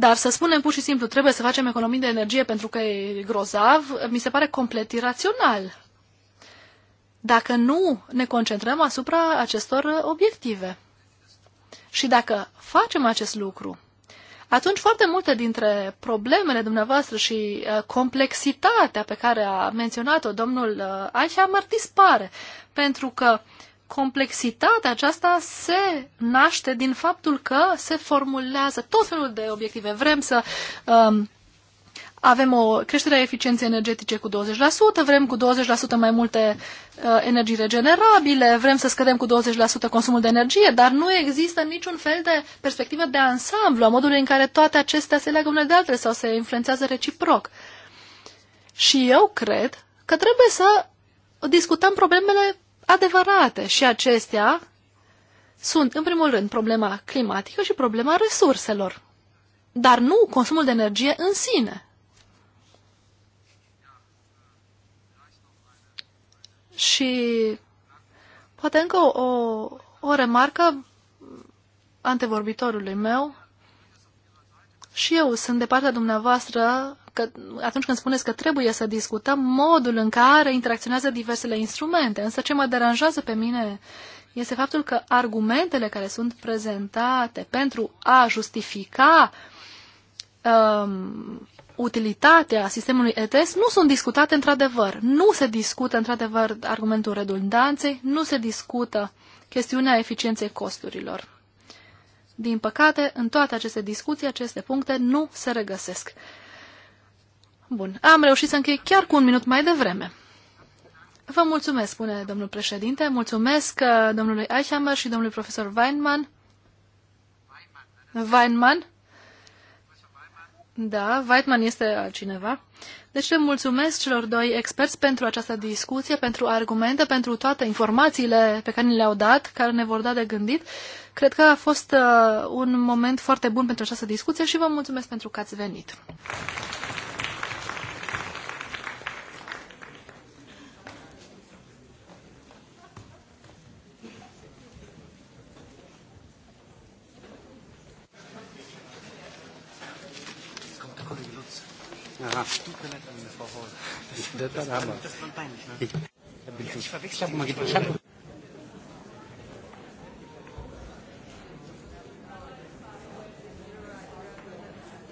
Dar să spunem pur și simplu, trebuie să facem economii de energie pentru că e grozav, mi se pare complet irațional. Dacă nu ne concentrăm asupra acestor obiective. Și dacă facem acest lucru, atunci foarte multe dintre problemele dumneavoastră și uh, complexitatea pe care a menționat-o domnul uh, dispare. Pentru că uh, complexitatea aceasta se naște din faptul că se formulează tot felul de obiective. Vrem să um, avem o creștere a eficienței energetice cu 20%, vrem cu 20% mai multe uh, energii regenerabile, vrem să scădem cu 20% consumul de energie, dar nu există niciun fel de perspectivă de ansamblu a modului în care toate acestea se leagă unele de altele sau se influențează reciproc. Și eu cred că trebuie să discutăm problemele adevărate și acestea sunt, în primul rând, problema climatică și problema resurselor, dar nu consumul de energie în sine. Și poate încă o, o, o remarcă antevorbitorului meu. Și eu sunt de partea dumneavoastră că atunci când spuneți că trebuie să discutăm modul în care interacționează diversele instrumente. Însă ce mă deranjează pe mine este faptul că argumentele care sunt prezentate pentru a justifica um, utilitatea sistemului ETS nu sunt discutate într-adevăr. Nu se discută într-adevăr argumentul redundanței, nu se discută chestiunea eficienței costurilor. Din păcate, în toate aceste discuții, aceste puncte nu se regăsesc. Bun, am reușit să închei chiar cu un minut mai devreme. Vă mulțumesc, spune domnul președinte, mulțumesc uh, domnului Eichhammer și domnului profesor Weinmann. Weinmann? Da, Weinmann este altcineva. Deci le mulțumesc celor doi experți pentru această discuție, pentru argumente, pentru toate informațiile pe care ni le-au dat, care ne vor da de gândit. Cred că a fost uh, un moment foarte bun pentru această discuție și vă mulțumesc pentru că ați venit.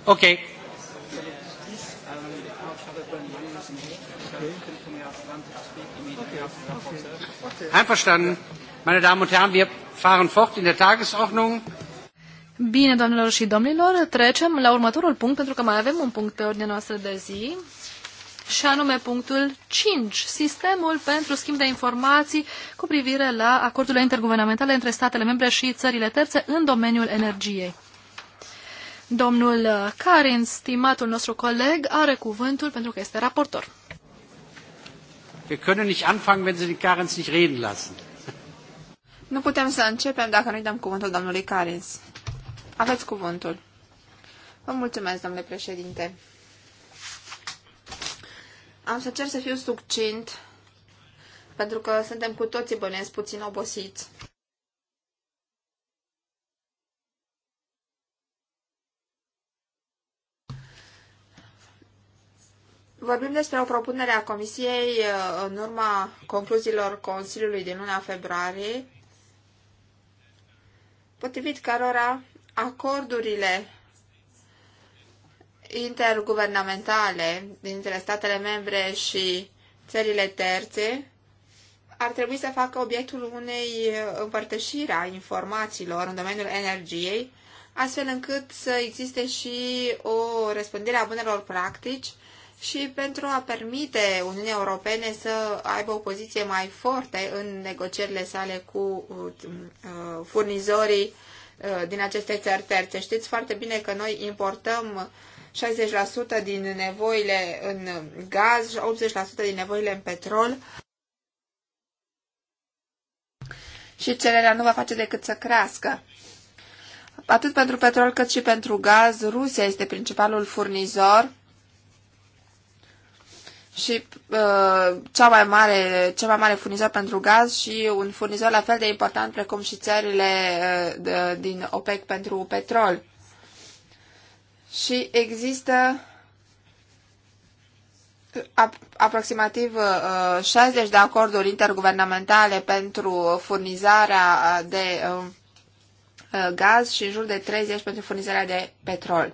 Ok. Einverstanden. Meine Damen und Herren, wir fahren fort in der Tagesordnung. Bine, doamnelor și domnilor, trecem la următorul punct, pentru că mai avem un punct pe ordinea noastră de zi, și anume punctul 5, sistemul pentru schimb de informații cu privire la acordurile interguvernamentale între statele membre și țările terțe în domeniul energiei. Domnul Karin, stimatul nostru coleg, are cuvântul pentru că este raportor. Wir können nicht anfangen, wenn Sie die Karins nicht reden lassen. Nu putem să începem dacă nu-i dăm cuvântul domnului Karins. Aveți cuvântul. Vă mulțumesc, domnule președinte. Am să cer să fiu succint, pentru că suntem cu toții bănesc puțin obosiți. Vorbim despre o propunere a Comisiei uh, în urma concluziilor Consiliului din luna februarie, potrivit cărora acordurile interguvernamentale dintre statele membre și țările terțe ar trebui să facă obiectul unei împărtășiri a informațiilor în domeniul energiei, astfel încât să existe și o răspândire a bunelor practici și pentru a permite Uniunii Europene să aibă o poziție mai forte în negocierile sale cu uh, furnizorii Uh, din aceste țări terțe. Știți foarte bine că noi importăm 60% din nevoile în gaz și 80% din nevoile în petrol. Și cererea nu va face decât să crească. Atât pentru petrol cât și pentru gaz, Rusia este principalul furnizor și uh, cea mai mare, cea mai mare furnizor pentru gaz și un furnizor la fel de important precum și țările uh, de, din OPEC pentru petrol. Și există aproximativ 60 uh, de acorduri interguvernamentale pentru furnizarea de uh, uh, gaz și în jur de 30 pentru furnizarea de petrol.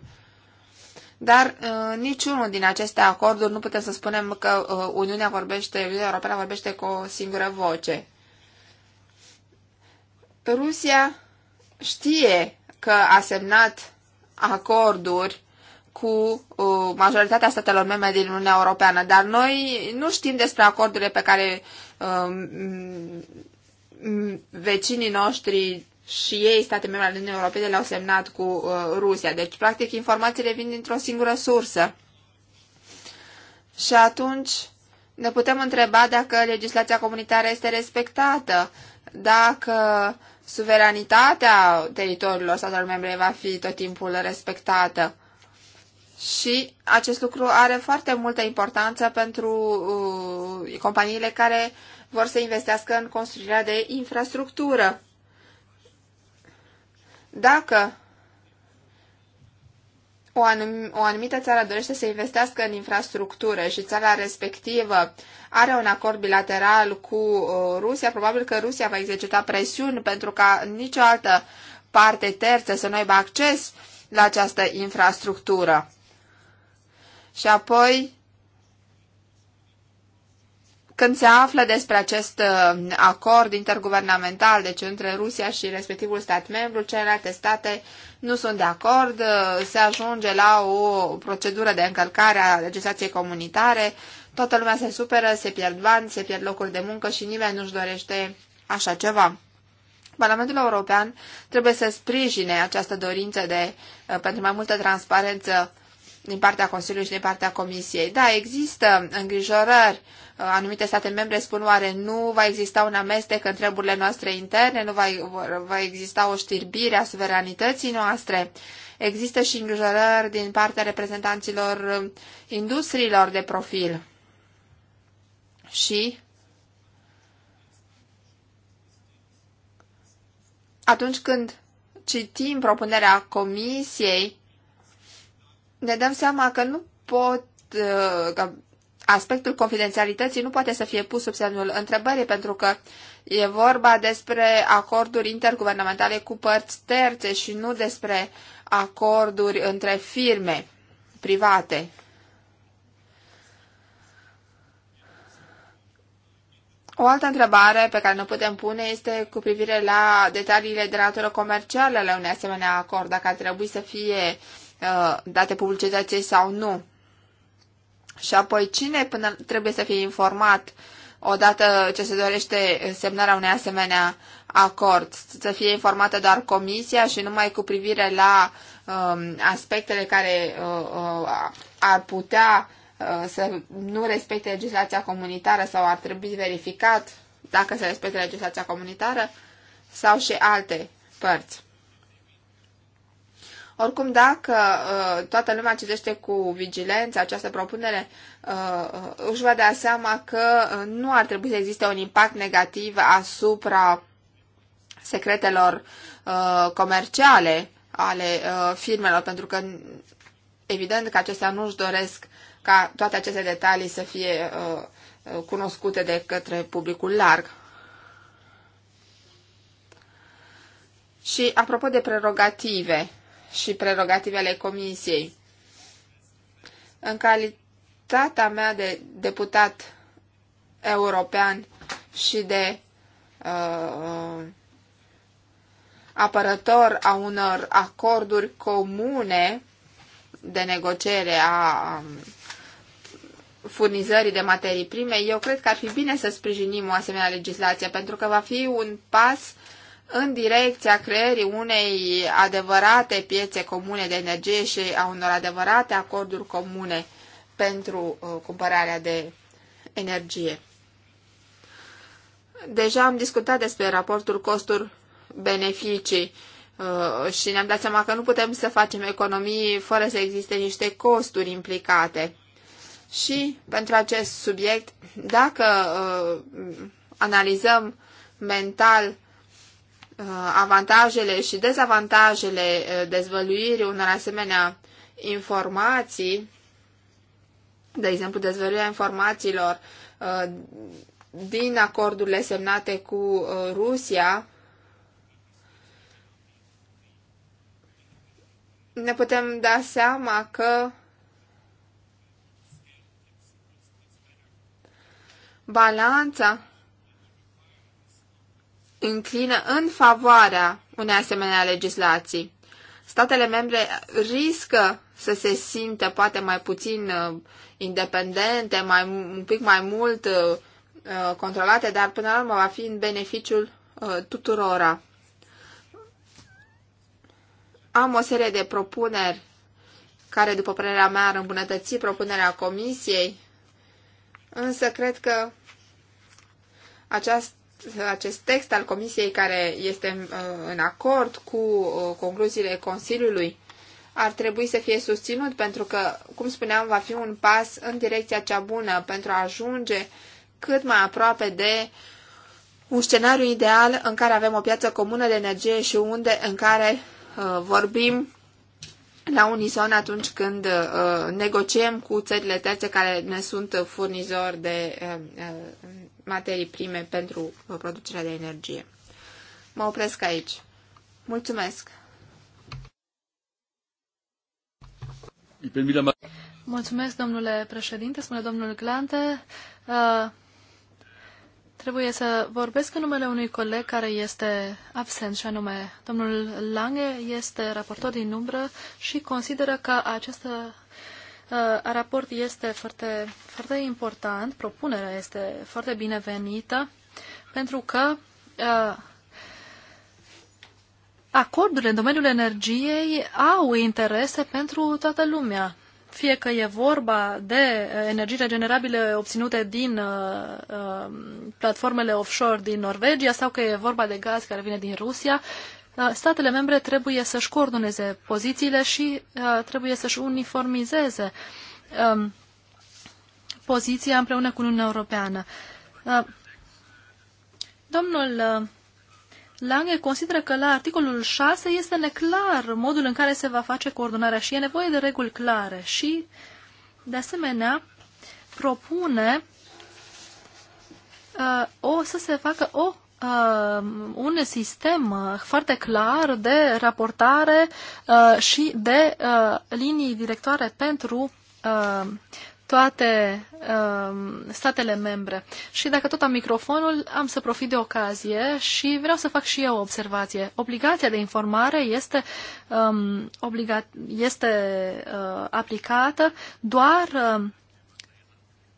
Dar uh, niciunul din aceste acorduri nu putem să spunem că uh, Uniunea vorbește, Uniunea Europeană vorbește cu o singură voce. Rusia știe că a semnat acorduri cu uh, majoritatea statelor membre din Uniunea Europeană, dar noi nu știm despre acordurile pe care uh, vecinii noștri și ei, state membre ale Uniunii Europene, le-au semnat cu uh, Rusia. Deci, practic, informațiile vin dintr-o singură sursă. Și atunci ne putem întreba dacă legislația comunitară este respectată, dacă suveranitatea teritoriilor statelor membre va fi tot timpul respectată. Și acest lucru are foarte multă importanță pentru uh, companiile care vor să investească în construirea de infrastructură. Dacă o, anum- o anumită țară dorește să investească în infrastructură și țara respectivă are un acord bilateral cu uh, Rusia, probabil că Rusia va exercita presiuni pentru ca nicio altă parte terță să nu aibă acces la această infrastructură. Și apoi când se află despre acest uh, acord interguvernamental, deci între Rusia și respectivul stat membru, celelalte state nu sunt de acord, uh, se ajunge la o procedură de încălcare a legislației comunitare, toată lumea se superă, se pierd bani, se pierd locuri de muncă și nimeni nu-și dorește așa ceva. Parlamentul European trebuie să sprijine această dorință de, uh, pentru mai multă transparență din partea Consiliului și din partea Comisiei. Da, există îngrijorări anumite state membre spun oare nu va exista un amestec în treburile noastre interne, nu va, va exista o știrbire a suveranității noastre. Există și îngrijorări din partea reprezentanților industriilor de profil. Și atunci când citim propunerea comisiei, ne dăm seama că nu pot, că aspectul confidențialității nu poate să fie pus sub semnul întrebării, pentru că e vorba despre acorduri interguvernamentale cu părți terțe și nu despre acorduri între firme private. O altă întrebare pe care nu putem pune este cu privire la detaliile de natură comercială la unei asemenea acord, dacă ar trebui să fie uh, date publicității sau nu. Și apoi cine până trebuie să fie informat odată ce se dorește semnarea unei asemenea acord? Să fie informată doar comisia și numai cu privire la um, aspectele care uh, uh, ar putea uh, să nu respecte legislația comunitară sau ar trebui verificat dacă se respectă legislația comunitară sau și alte părți. Oricum, dacă uh, toată lumea citește cu vigilență această propunere, uh, își va da seama că uh, nu ar trebui să existe un impact negativ asupra secretelor uh, comerciale ale uh, firmelor, pentru că evident că acestea nu își doresc ca toate aceste detalii să fie uh, uh cunoscute de către publicul larg. Și apropo de prerogative, și prerogativele comisiei. În calitatea mea de deputat european și de uh, apărător a unor acorduri comune de negociere a um, furnizării de materii prime, eu cred că ar fi bine să sprijinim o asemenea legislație, pentru că va fi un pas în direcția creării unei adevărate piețe comune de energie și a unor adevărate acorduri comune pentru uh, cumpărarea de energie. Deja am discutat despre raportul costuri-beneficii uh, și ne-am dat seama că nu putem să facem economii fără să existe niște costuri implicate. Și pentru acest subiect, dacă uh, analizăm mental Uh, avantajele și dezavantajele uh, dezvăluirii unor asemenea informații, de exemplu dezvăluirea informațiilor uh, din acordurile semnate cu Rusia, ne putem da seama că balanța înclină în favoarea unei asemenea legislații. Statele membre riscă să se simtă poate mai puțin uh, independente, mai, un pic mai mult uh, uh, controlate, dar până la urmă va fi în beneficiul tuturora. Am o serie de propuneri care, după părerea mea, ar îmbunătăți propunerea comisiei, însă cred că această acest text al Comisiei care este uh, în acord cu uh, concluziile Consiliului ar trebui să fie susținut pentru că, cum spuneam, va fi un pas în direcția cea bună pentru a ajunge cât mai aproape de un scenariu ideal în care avem o piață comună de energie și unde în care uh, vorbim la unison atunci când uh, negociem cu țările terțe care ne sunt furnizori de uh, uh materii prime pentru producerea de energie. Mă opresc aici. Mulțumesc! Mulțumesc, domnule președinte, spune domnul Glante. Uh, trebuie să vorbesc în numele unui coleg care este absent, și anume domnul Lange este raportor din umbră și consideră că această Uh, raport este foarte, foarte important, propunerea este foarte binevenită, pentru că uh, acordurile în domeniul energiei au interese pentru toată lumea. Fie că e vorba de energii regenerabile obținute din uh, uh platformele offshore din Norvegia sau că e vorba de gaz care vine din Rusia, Uh, statele membre trebuie să-și coordoneze pozițiile și uh, trebuie să-și uniformizeze um, poziția împreună cu Uniunea Europeană. Uh, domnul Lange consideră că la articolul 6 este neclar modul în care se va face coordonarea și e nevoie de reguli clare și, de asemenea, propune uh, o, să se facă o uh, un sistem uh, foarte clar de raportare uh, și de uh, linii directoare pentru uh, toate uh, statele membre. Și dacă tot am microfonul, am să profit de ocazie și vreau să fac și eu o observație. Obligația de informare este, um, obliga- este uh, aplicată doar uh,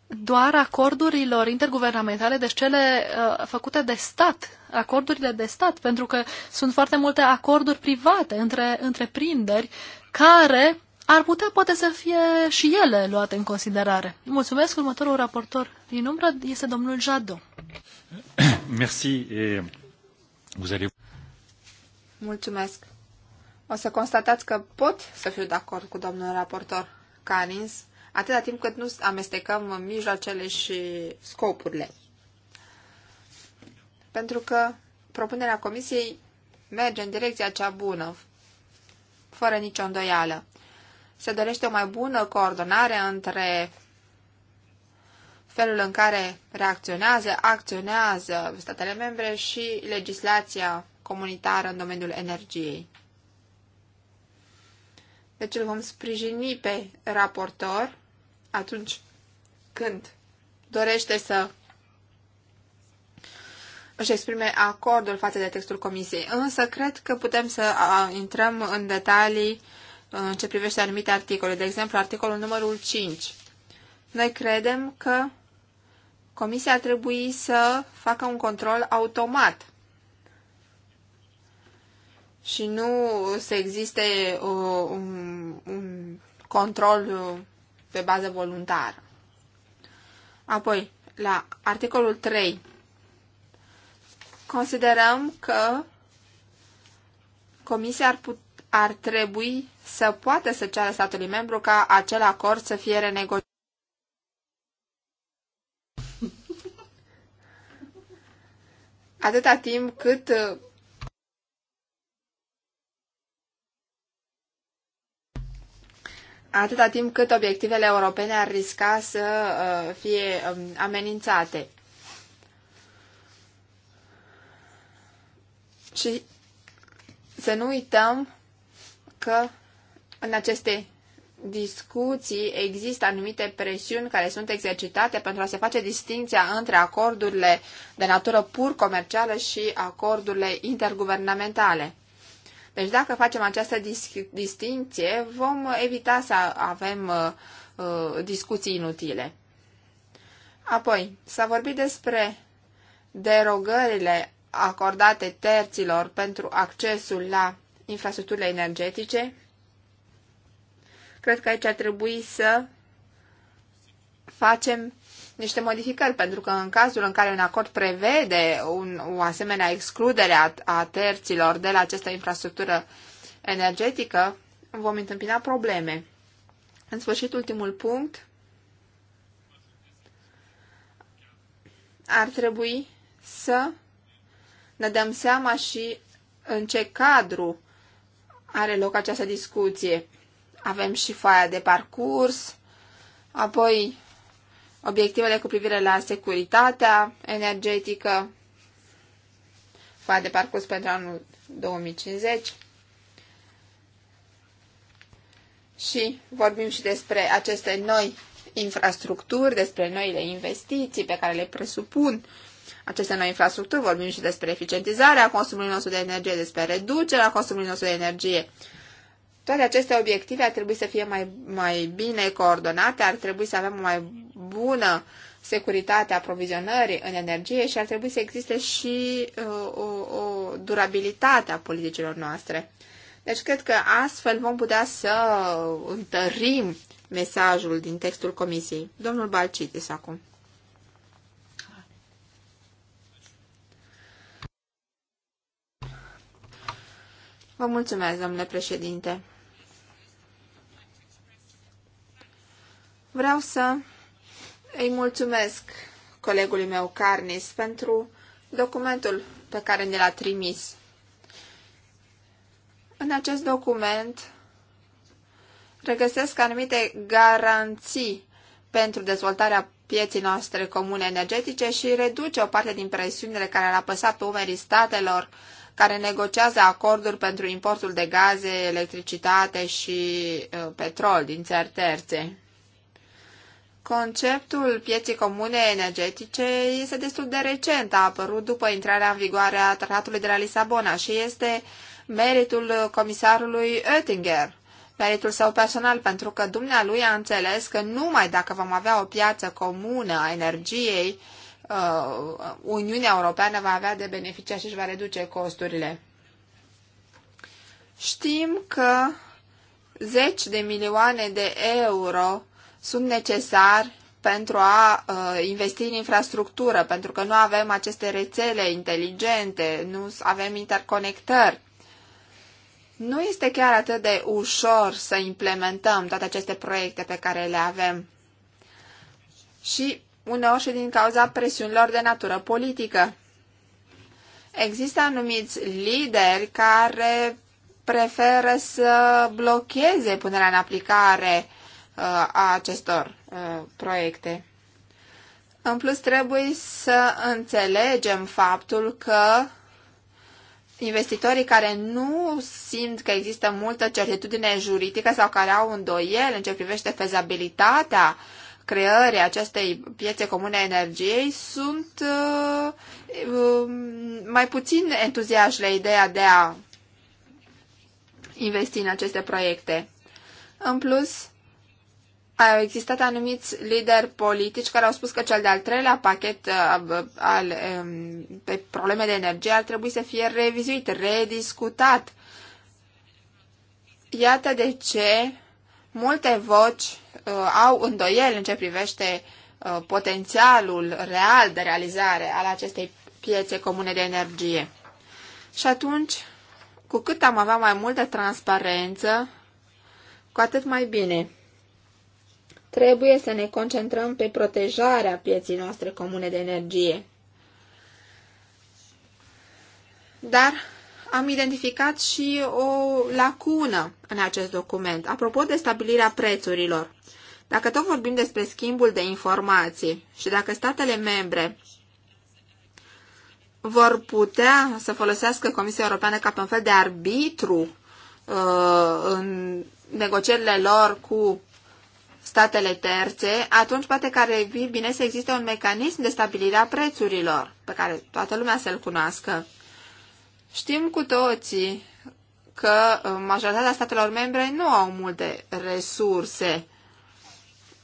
doar acordurilor interguvernamentale, deci cele uh, făcute de stat, acordurile de stat, pentru că sunt foarte multe acorduri private între întreprinderi care ar putea poate să fie și ele luate în considerare. Mulțumesc. Următorul raportor din umbră este domnul Jadot. [coughs] Merci. Mulțumesc. O să constatați că pot să fiu de acord cu domnul raportor Carins atâta timp cât nu amestecăm mijloacele și scopurile. Pentru că propunerea comisiei merge în direcția cea bună, fără nicio îndoială. Se dorește o mai bună coordonare între felul în care reacționează, acționează statele membre și legislația comunitară în domeniul energiei. Deci îl vom sprijini pe raportor atunci când dorește să își exprime acordul față de textul comisiei. Însă cred că putem să intrăm în detalii uh, în ce privește anumite articole. De exemplu, articolul numărul 5. Noi credem că comisia ar trebui să facă un control automat și nu să existe uh, un, un control uh, pe bază voluntară. Apoi, la articolul 3, considerăm că Comisia ar, put, ar trebui să poată să ceară statului membru ca acel acord să fie renegociat. Atâta timp cât atâta timp cât obiectivele europene ar risca să uh, fie um, amenințate. Și să nu uităm că în aceste discuții există anumite presiuni care sunt exercitate pentru a se face distinția între acordurile de natură pur comercială și acordurile interguvernamentale. Deci dacă facem această distinție, vom evita să avem uh, uh, discuții inutile. Apoi, s-a vorbit despre derogările acordate terților pentru accesul la infrastructurile energetice. Cred că aici ar trebui să facem niște modificări, pentru că în cazul în care un acord prevede un, o asemenea excludere a, a terților de la această infrastructură energetică, vom întâmpina probleme. În sfârșit, ultimul punct. Ar trebui să ne dăm seama și în ce cadru are loc această discuție. Avem și foaia de parcurs, apoi obiectivele cu privire la securitatea energetică, va de parcurs pentru anul 2050 și vorbim și despre aceste noi infrastructuri, despre noile investiții pe care le presupun aceste noi infrastructuri, vorbim și despre eficientizarea consumului nostru de energie, despre reducerea consumului nostru de energie toate aceste obiective ar trebui să fie mai, mai bine coordonate, ar trebui să avem o mai bună securitate a aprovizionării în energie și ar trebui să existe și uh, o, o durabilitate a politicilor noastre. Deci cred că astfel vom putea să întărim mesajul din textul comisiei. Domnul Balcitis acum. Vă mulțumesc, domnule președinte. Vreau să îi mulțumesc colegului meu, Carnis, pentru documentul pe care ne l-a trimis. În acest document regăsesc anumite garanții pentru dezvoltarea pieții noastre comune energetice și reduce o parte din presiunile care le-a apăsa pe umerii statelor care negociază acorduri pentru importul de gaze, electricitate și uh, petrol din țări terțe. Conceptul pieții comune energetice este destul de recent, a apărut după intrarea în vigoare a tratatului de la Lisabona și este meritul comisarului Oettinger, meritul său personal, pentru că dumnealui a înțeles că numai dacă vom avea o piață comună a energiei, uh, Uniunea Europeană va avea de beneficia și își va reduce costurile. Știm că zeci de milioane de euro sunt necesari pentru a uh, investi în infrastructură, pentru că nu avem aceste rețele inteligente, nu avem interconectări. Nu este chiar atât de ușor să implementăm toate aceste proiecte pe care le avem. Și uneori și din cauza presiunilor de natură politică. Există anumiți lideri care preferă să blocheze punerea în aplicare a acestor uh, proiecte. În plus, trebuie să înțelegem faptul că investitorii care nu simt că există multă certitudine juridică sau care au îndoiel în ce privește fezabilitatea creării acestei piețe comune a energiei sunt uh, um, mai puțin entuziași la ideea de a investi în aceste proiecte. În plus, au existat anumiți lideri politici care au spus că cel de-al treilea pachet uh, al, um, pe probleme de energie ar trebui să fie revizuit, rediscutat. Iată de ce multe voci uh, au îndoieli în ce privește uh, potențialul real de realizare al acestei piețe comune de energie. Și atunci, cu cât am avea mai multă transparență, cu atât mai bine. Trebuie să ne concentrăm pe protejarea pieții noastre comune de energie. Dar am identificat și o lacună în acest document, apropo de stabilirea prețurilor. Dacă tot vorbim despre schimbul de informații și dacă statele membre vor putea să folosească Comisia Europeană ca pe un fel de arbitru uh, în negocierile lor cu statele terțe, atunci poate că ar fi bine să existe un mecanism de stabilire a prețurilor, pe care toată lumea să-l cunoască. Știm cu toții că uh, majoritatea statelor membre nu au multe resurse.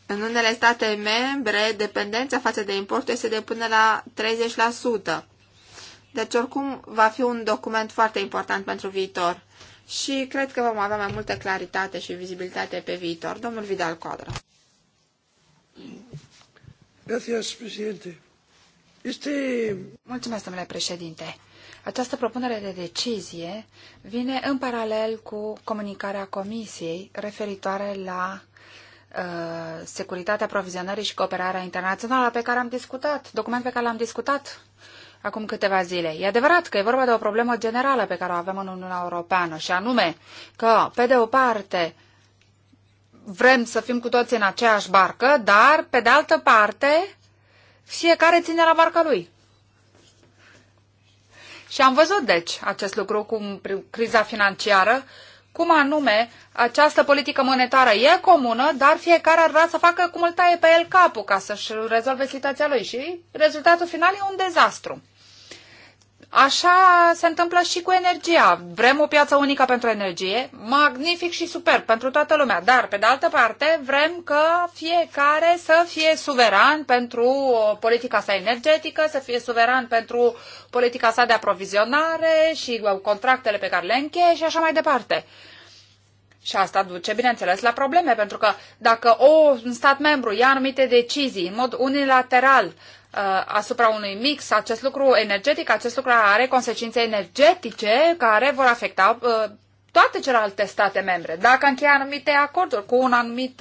În unele state membre, dependența față de import este de până la 30%. Deci, oricum, va fi un document foarte important pentru viitor și cred că vom avea mai multă claritate și vizibilitate pe viitor. Domnul Vidal Codra. Gracias, președinte. Este... Mulțumesc, domnule președinte. Această propunere de decizie vine în paralel cu comunicarea Comisiei referitoare la uh, securitatea aprovizionării și cooperarea internațională pe care am discutat, document pe care l-am discutat acum câteva zile. E adevărat că e vorba de o problemă generală pe care o avem în Uniunea Europeană și anume că, pe de o parte, vrem să fim cu toții în aceeași barcă, dar, pe de altă parte, fiecare ține la barca lui. Și am văzut, deci, acest lucru cu criza financiară, cum anume această politică monetară e comună, dar fiecare ar vrea să facă cum îl taie pe el capul ca să-și rezolve situația lui și rezultatul final e un dezastru. Așa se întâmplă și cu energia. Vrem o piață unică pentru energie, magnific și superb pentru toată lumea, dar pe de altă parte vrem că fiecare să fie suveran pentru uh, politica sa energetică, să fie suveran pentru politica sa de aprovizionare și uh, contractele pe care le încheie și așa mai departe. Și asta duce, bineînțeles, la probleme, pentru că dacă o, un stat membru ia anumite decizii în mod unilateral, Uh, asupra unui mix, acest lucru energetic, acest lucru are consecințe energetice care vor afecta uh, toate celelalte state membre. Dacă încheie anumite acorduri cu, un anumit,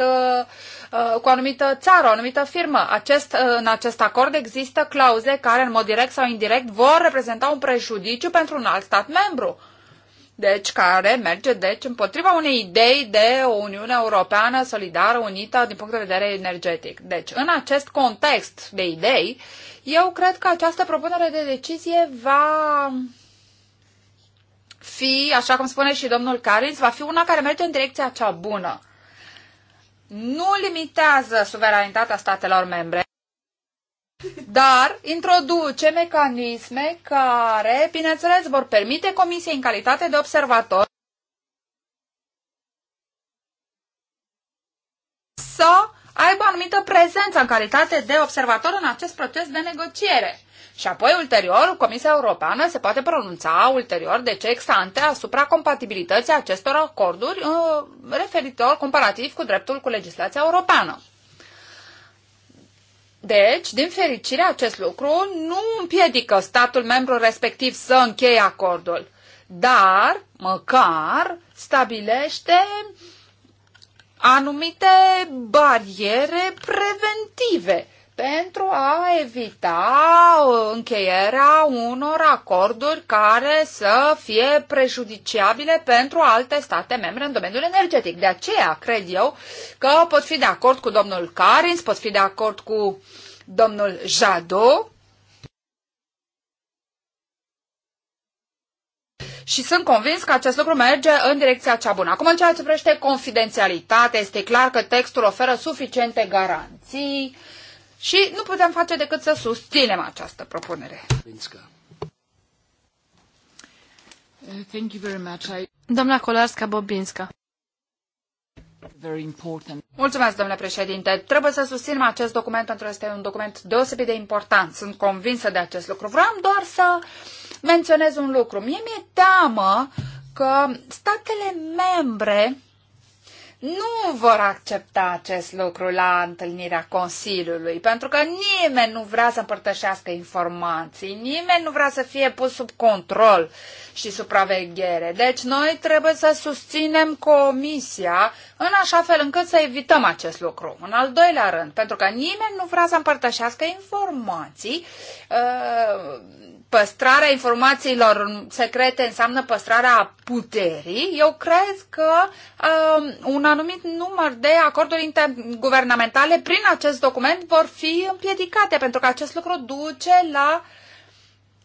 uh, cu o anumită țară, o anumită firmă, acest, în acest acord există clauze care, în mod direct sau indirect, vor reprezenta un prejudiciu pentru un alt stat membru deci care merge deci împotriva unei idei de o Uniune Europeană solidară, unită din punct de vedere energetic. Deci, în acest context de idei, eu cred că această propunere de decizie va fi, așa cum spune și domnul Carins, va fi una care merge în direcția cea bună. Nu limitează suveranitatea statelor membre dar introduce mecanisme care, bineînțeles, vor permite Comisiei în calitate de observator să aibă anumită prezență în calitate de observator în acest proces de negociere. Și apoi, ulterior, Comisia Europeană se poate pronunța ulterior de ce exante asupra compatibilității acestor acorduri uh, referitor comparativ cu dreptul cu legislația europeană. Deci, din fericire, acest lucru nu împiedică statul membru respectiv să încheie acordul, dar măcar stabilește anumite bariere preventive pentru a evita uh, încheierea unor acorduri care să fie prejudiciabile pentru alte state membre în domeniul energetic. De aceea cred eu că pot fi de acord cu domnul Carins, pot fi de acord cu domnul Jadot și sunt convins că acest lucru merge în direcția cea bună. Acum, în ceea ce privește confidențialitatea, este clar că textul oferă suficiente garanții, uh, și nu putem face decât să susținem această propunere. Thank you very much. Doamna Kolarska Bobinska. Very important. Mulțumesc, domnule președinte. Trebuie să susținem acest document pentru că este un document deosebit de important. Sunt convinsă de acest lucru. Vreau doar să menționez un lucru. Mie mi-e teamă că statele membre nu vor accepta acest lucru la întâlnirea Consiliului, pentru că nimeni nu vrea să împărtășească informații, nimeni nu vrea să fie pus sub control și supraveghere. Deci noi trebuie să susținem Comisia în așa fel încât să evităm acest lucru. În al doilea rând, pentru că nimeni nu vrea să împărtășească informații uh, păstrarea informațiilor secrete înseamnă păstrarea puterii, eu cred că um, un anumit număr de acorduri interguvernamentale prin acest document vor fi împiedicate, pentru că acest lucru duce la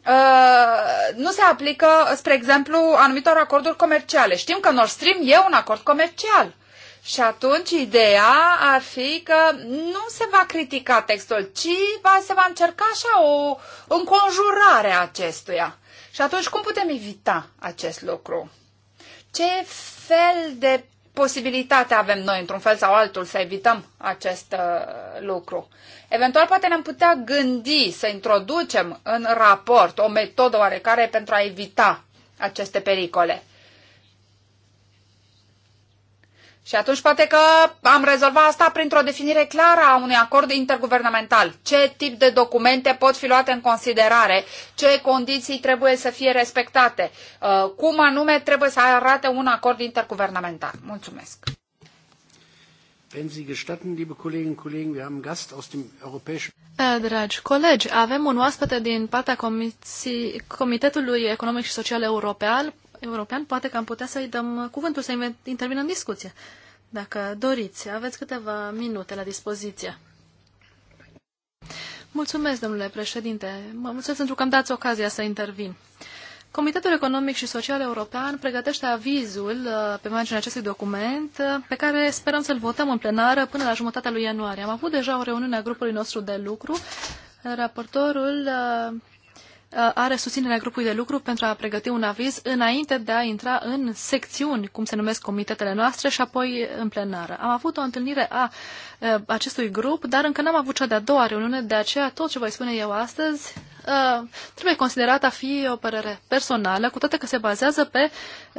Uh, nu se aplică, spre exemplu, anumitor acorduri comerciale. Știm că Nord Stream e un acord comercial. Uh, și atunci ideea ar fi că nu se va critica textul, ci va, se va încerca așa o înconjurare a acestuia. Și atunci cum putem evita acest lucru? Ce fel de posibilitate avem noi, într-un fel sau altul, să evităm acest uh, lucru. Eventual, poate ne-am putea gândi să introducem în raport o metodă oarecare pentru a evita aceste pericole. Și atunci poate că am rezolvat asta printr-o definire clară a unui acord interguvernamental. Ce tip de documente pot fi luate în considerare? Ce condiții trebuie să fie respectate? Uh, cum anume trebuie să arate un acord interguvernamental? Mulțumesc! Wenn Sie gestatten, liebe Kolleginnen und Kollegen, wir haben Gast aus dem europäischen uh, Dragi colegi, avem un oaspete din partea Comitetului Economic și Social European, European, poate că am putea să-i dăm cuvântul, să intervină în discuție. Dacă doriți, aveți câteva minute la dispoziție. Mulțumesc, domnule președinte. Mă mulțumesc pentru că am dat ocazia să intervin. Comitetul Economic și Social European pregătește avizul uh, pe marginea acestui document, uh, pe care sperăm să-l votăm în plenară până la jumătatea lui ianuarie. Am avut deja o reuniune a grupului nostru de lucru. Raportorul uh, Uh, are susținerea grupului de lucru pentru a pregăti un aviz înainte de a intra în secțiuni, cum se numesc comitetele noastre, și apoi în plenară. Am avut o întâlnire a uh, acestui grup, dar încă n-am avut cea de-a doua reuniune, de aceea tot ce voi spune eu astăzi uh, trebuie considerat a fi o părere personală, cu toate că se bazează pe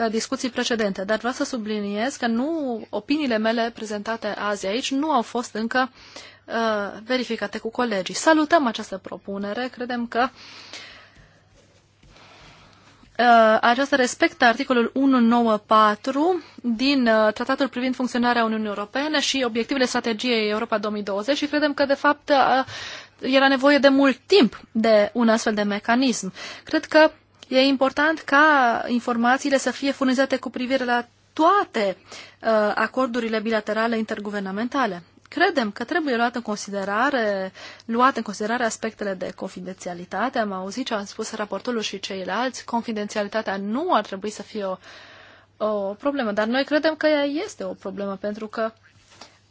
discuții precedente. Dar vreau să subliniez că nu opiniile mele prezentate azi aici nu au fost încă verificate cu colegii. Salutăm această propunere, credem că uh, Uh, aceasta respectă articolul 194 din uh, Tratatul privind funcționarea Uniunii Europene și obiectivele strategiei Europa 2020 și credem că, de fapt, uh, era nevoie de mult timp de un astfel de mecanism. Cred că e important ca informațiile să fie furnizate cu privire la toate acordurile bilaterale interguvernamentale. Credem că trebuie luat în considerare, luat în considerare aspectele de confidențialitate. Am auzit ce am spus raportorul și ceilalți. Confidențialitatea nu ar trebui să fie o, o problemă, dar noi credem că ea este o problemă, pentru că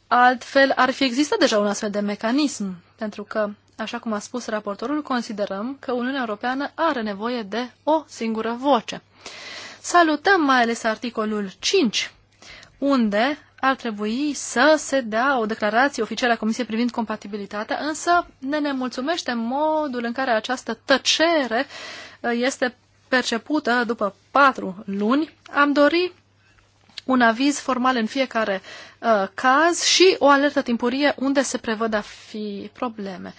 altfel ar fi existat deja un astfel de mecanism, pentru că, așa cum a spus raportorul, considerăm că Uniunea Europeană are nevoie de o singură voce. Salutăm mai ales articolul 5, unde ar trebui să se dea o declarație oficială a Comisiei privind compatibilitatea, însă ne nemulțumește modul în care această tăcere uh, este percepută după patru luni. Am dori un aviz formal în fiecare uh, caz și o alertă timpurie unde se prevăd a fi probleme.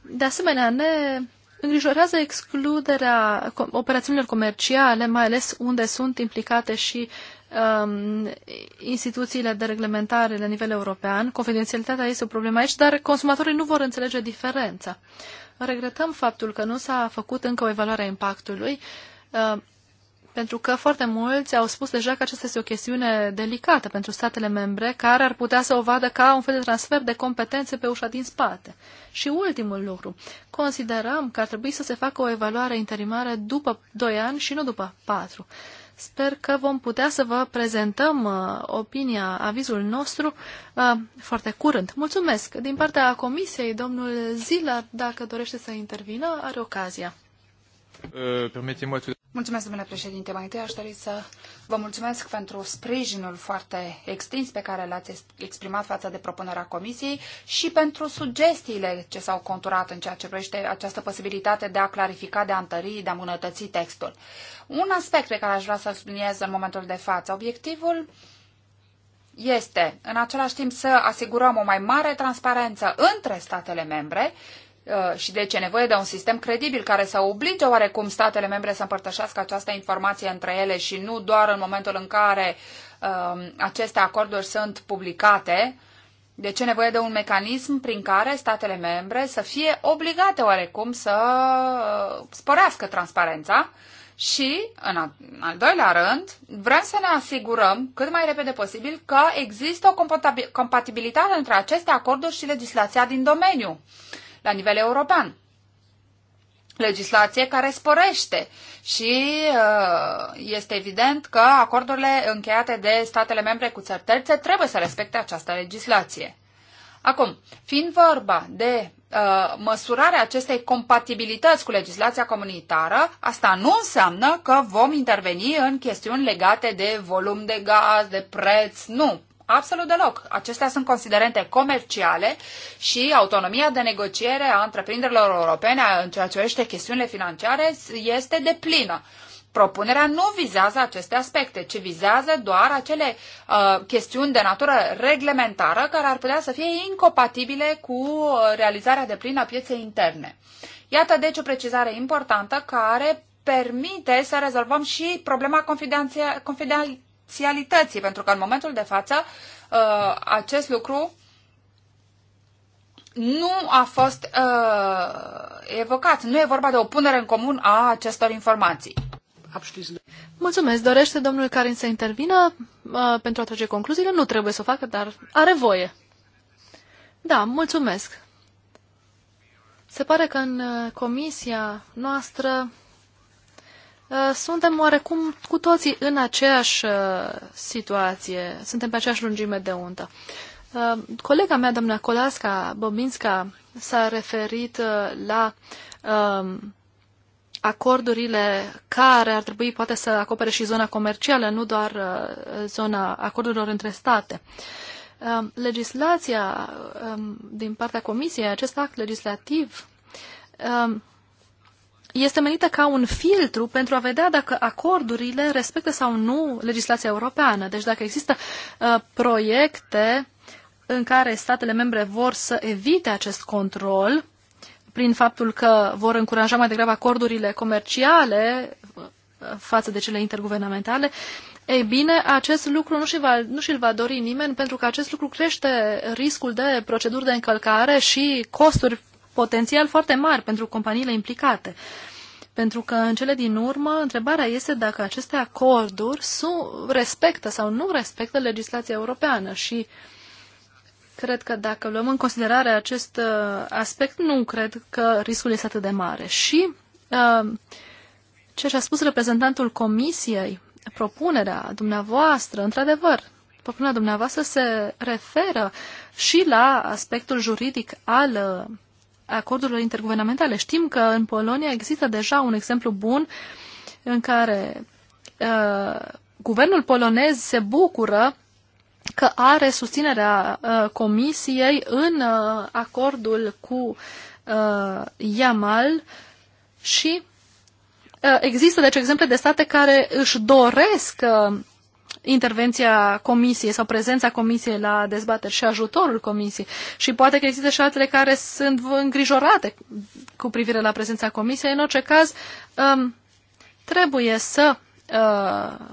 De asemenea, ne îngrijorează excluderea operațiunilor comerciale, mai ales unde sunt implicate și um, instituțiile de reglementare la nivel european. Confidențialitatea este o problemă aici, dar consumatorii nu vor înțelege diferența. Regretăm faptul că nu s-a făcut încă o evaluare a impactului, uh, pentru că foarte mulți au spus deja că aceasta este o chestiune delicată pentru statele membre, care ar putea să o vadă ca un fel de transfer de competențe pe ușa din spate. Și ultimul lucru, considerăm că ar trebui să se facă o evaluare interimară după 2 ani și nu după 4 Sper că vom putea să vă prezentăm uh, opinia, avizul nostru uh, foarte curând. Mulțumesc! Din partea Comisiei, domnul Zila, dacă dorește să intervină, are ocazia. Uh, Mulțumesc, domnule președinte. Mai întâi aș dori să Vă mulțumesc pentru sprijinul foarte extins pe care l-ați exprimat față de propunerea Comisiei și pentru sugestiile ce s-au conturat în ceea ce privește această posibilitate de a clarifica, de a întări, de a îmbunătăți textul. Un aspect pe care aș vrea să-l subliniez în momentul de față, obiectivul este, în același timp, să asigurăm o mai mare transparență între statele membre Uh, și deci e nevoie de un sistem credibil care să oblige oarecum statele membre să împărtășească această informație între ele și nu doar în momentul în care um, aceste acorduri sunt publicate. de ce nevoie de un mecanism prin care statele membre să fie obligate oarecum să uh, sporească transparența și, în al doilea rând, vrem să ne asigurăm cât mai repede posibil că există o compatibilitate între aceste acorduri și legislația din domeniu. Uh, la nivel european. Legislație care sporește și uh, este evident că acordurile încheiate de statele membre cu țări terțe trebuie să respecte această legislație. Acum, fiind vorba de uh, măsurarea acestei compatibilități cu legislația comunitară, asta nu înseamnă că vom interveni în chestiuni legate de volum de gaz, de preț, nu. Absolut deloc. Acestea sunt considerente comerciale și autonomia de negociere a întreprinderilor europene în ceea ce este chestiunile financiare este de plină. Propunerea nu vizează aceste aspecte, ci vizează doar acele uh, chestiuni de natură reglementară care ar putea să fie incompatibile cu uh, realizarea de plină a pieței interne. Iată deci o precizare importantă care permite să rezolvăm și problema confidenția, confidenția parțialității, pentru că în momentul de față uh, acest lucru nu a fost uh, evocat. Nu e vorba de o punere în comun a acestor informații. Mulțumesc. Dorește domnul Karin să intervină uh, pentru a trage concluziile? Nu trebuie să o facă, dar are voie. Da, mulțumesc. Se pare că în uh, comisia noastră Uh, suntem oarecum cu toții în aceeași uh, situație, suntem pe aceeași lungime de undă. Uh, colega mea, doamna Colasca Bobinska, s-a referit la um, acordurile care ar trebui poate să acopere și zona comercială, nu doar zona acordurilor între state. Um, legislația um, din partea Comisiei, acest act legislativ, um, este menită ca un filtru pentru a vedea dacă acordurile respectă sau nu legislația europeană. Deci dacă există uh, proiecte în care statele membre vor să evite acest control prin faptul că vor încuraja mai degrabă acordurile comerciale uh, față de cele interguvernamentale, ei bine, acest lucru nu și-l va, nu și va dori nimeni pentru că acest lucru crește riscul de proceduri de încălcare și costuri potențial foarte mari pentru companiile implicate. Pentru că, în cele din urmă, întrebarea este dacă aceste acorduri respectă sau nu respectă legislația europeană și cred că dacă luăm în considerare acest uh, aspect, nu cred că riscul este atât de mare. Și uh, ce a spus reprezentantul Comisiei, propunerea dumneavoastră, într-adevăr, propunerea dumneavoastră se referă și la aspectul juridic al uh, acordurilor interguvernamentale. Știm că în Polonia există deja un exemplu bun în care uh, guvernul polonez se bucură că are susținerea uh, comisiei în uh, acordul cu uh, Yamal și uh, există, deci, exemple de state care își doresc uh, intervenția comisiei sau prezența comisiei la dezbateri și ajutorul comisiei. Și poate că există și altele care sunt îngrijorate cu privire la prezența comisiei. În orice caz, um, trebuie să uh,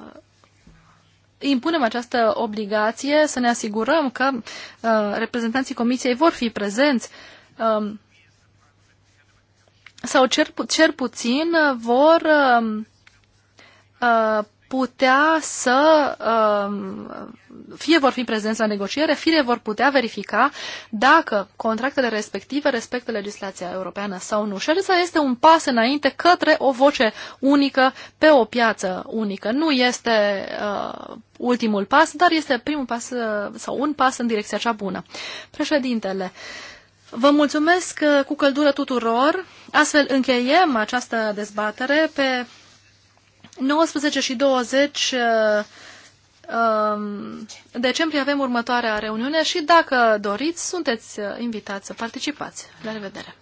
impunem această obligație, să ne asigurăm că uh, reprezentanții comisiei vor fi prezenți um, sau cer, cer puțin uh, vor um, uh, putea să um, fie vor fi prezenți la negociere, fie vor putea verifica dacă contractele respective respectă legislația europeană sau nu. Și acesta este un pas înainte către o voce unică pe o piață unică. Nu este uh, ultimul pas, dar este primul pas uh, sau un pas în direcția cea bună. Președintele, Vă mulțumesc uh, cu căldură tuturor. Astfel încheiem această dezbatere pe 19 și 20 în uh, um, decembrie avem următoarea reuniune și dacă doriți, sunteți uh, invitați să participați. La revedere!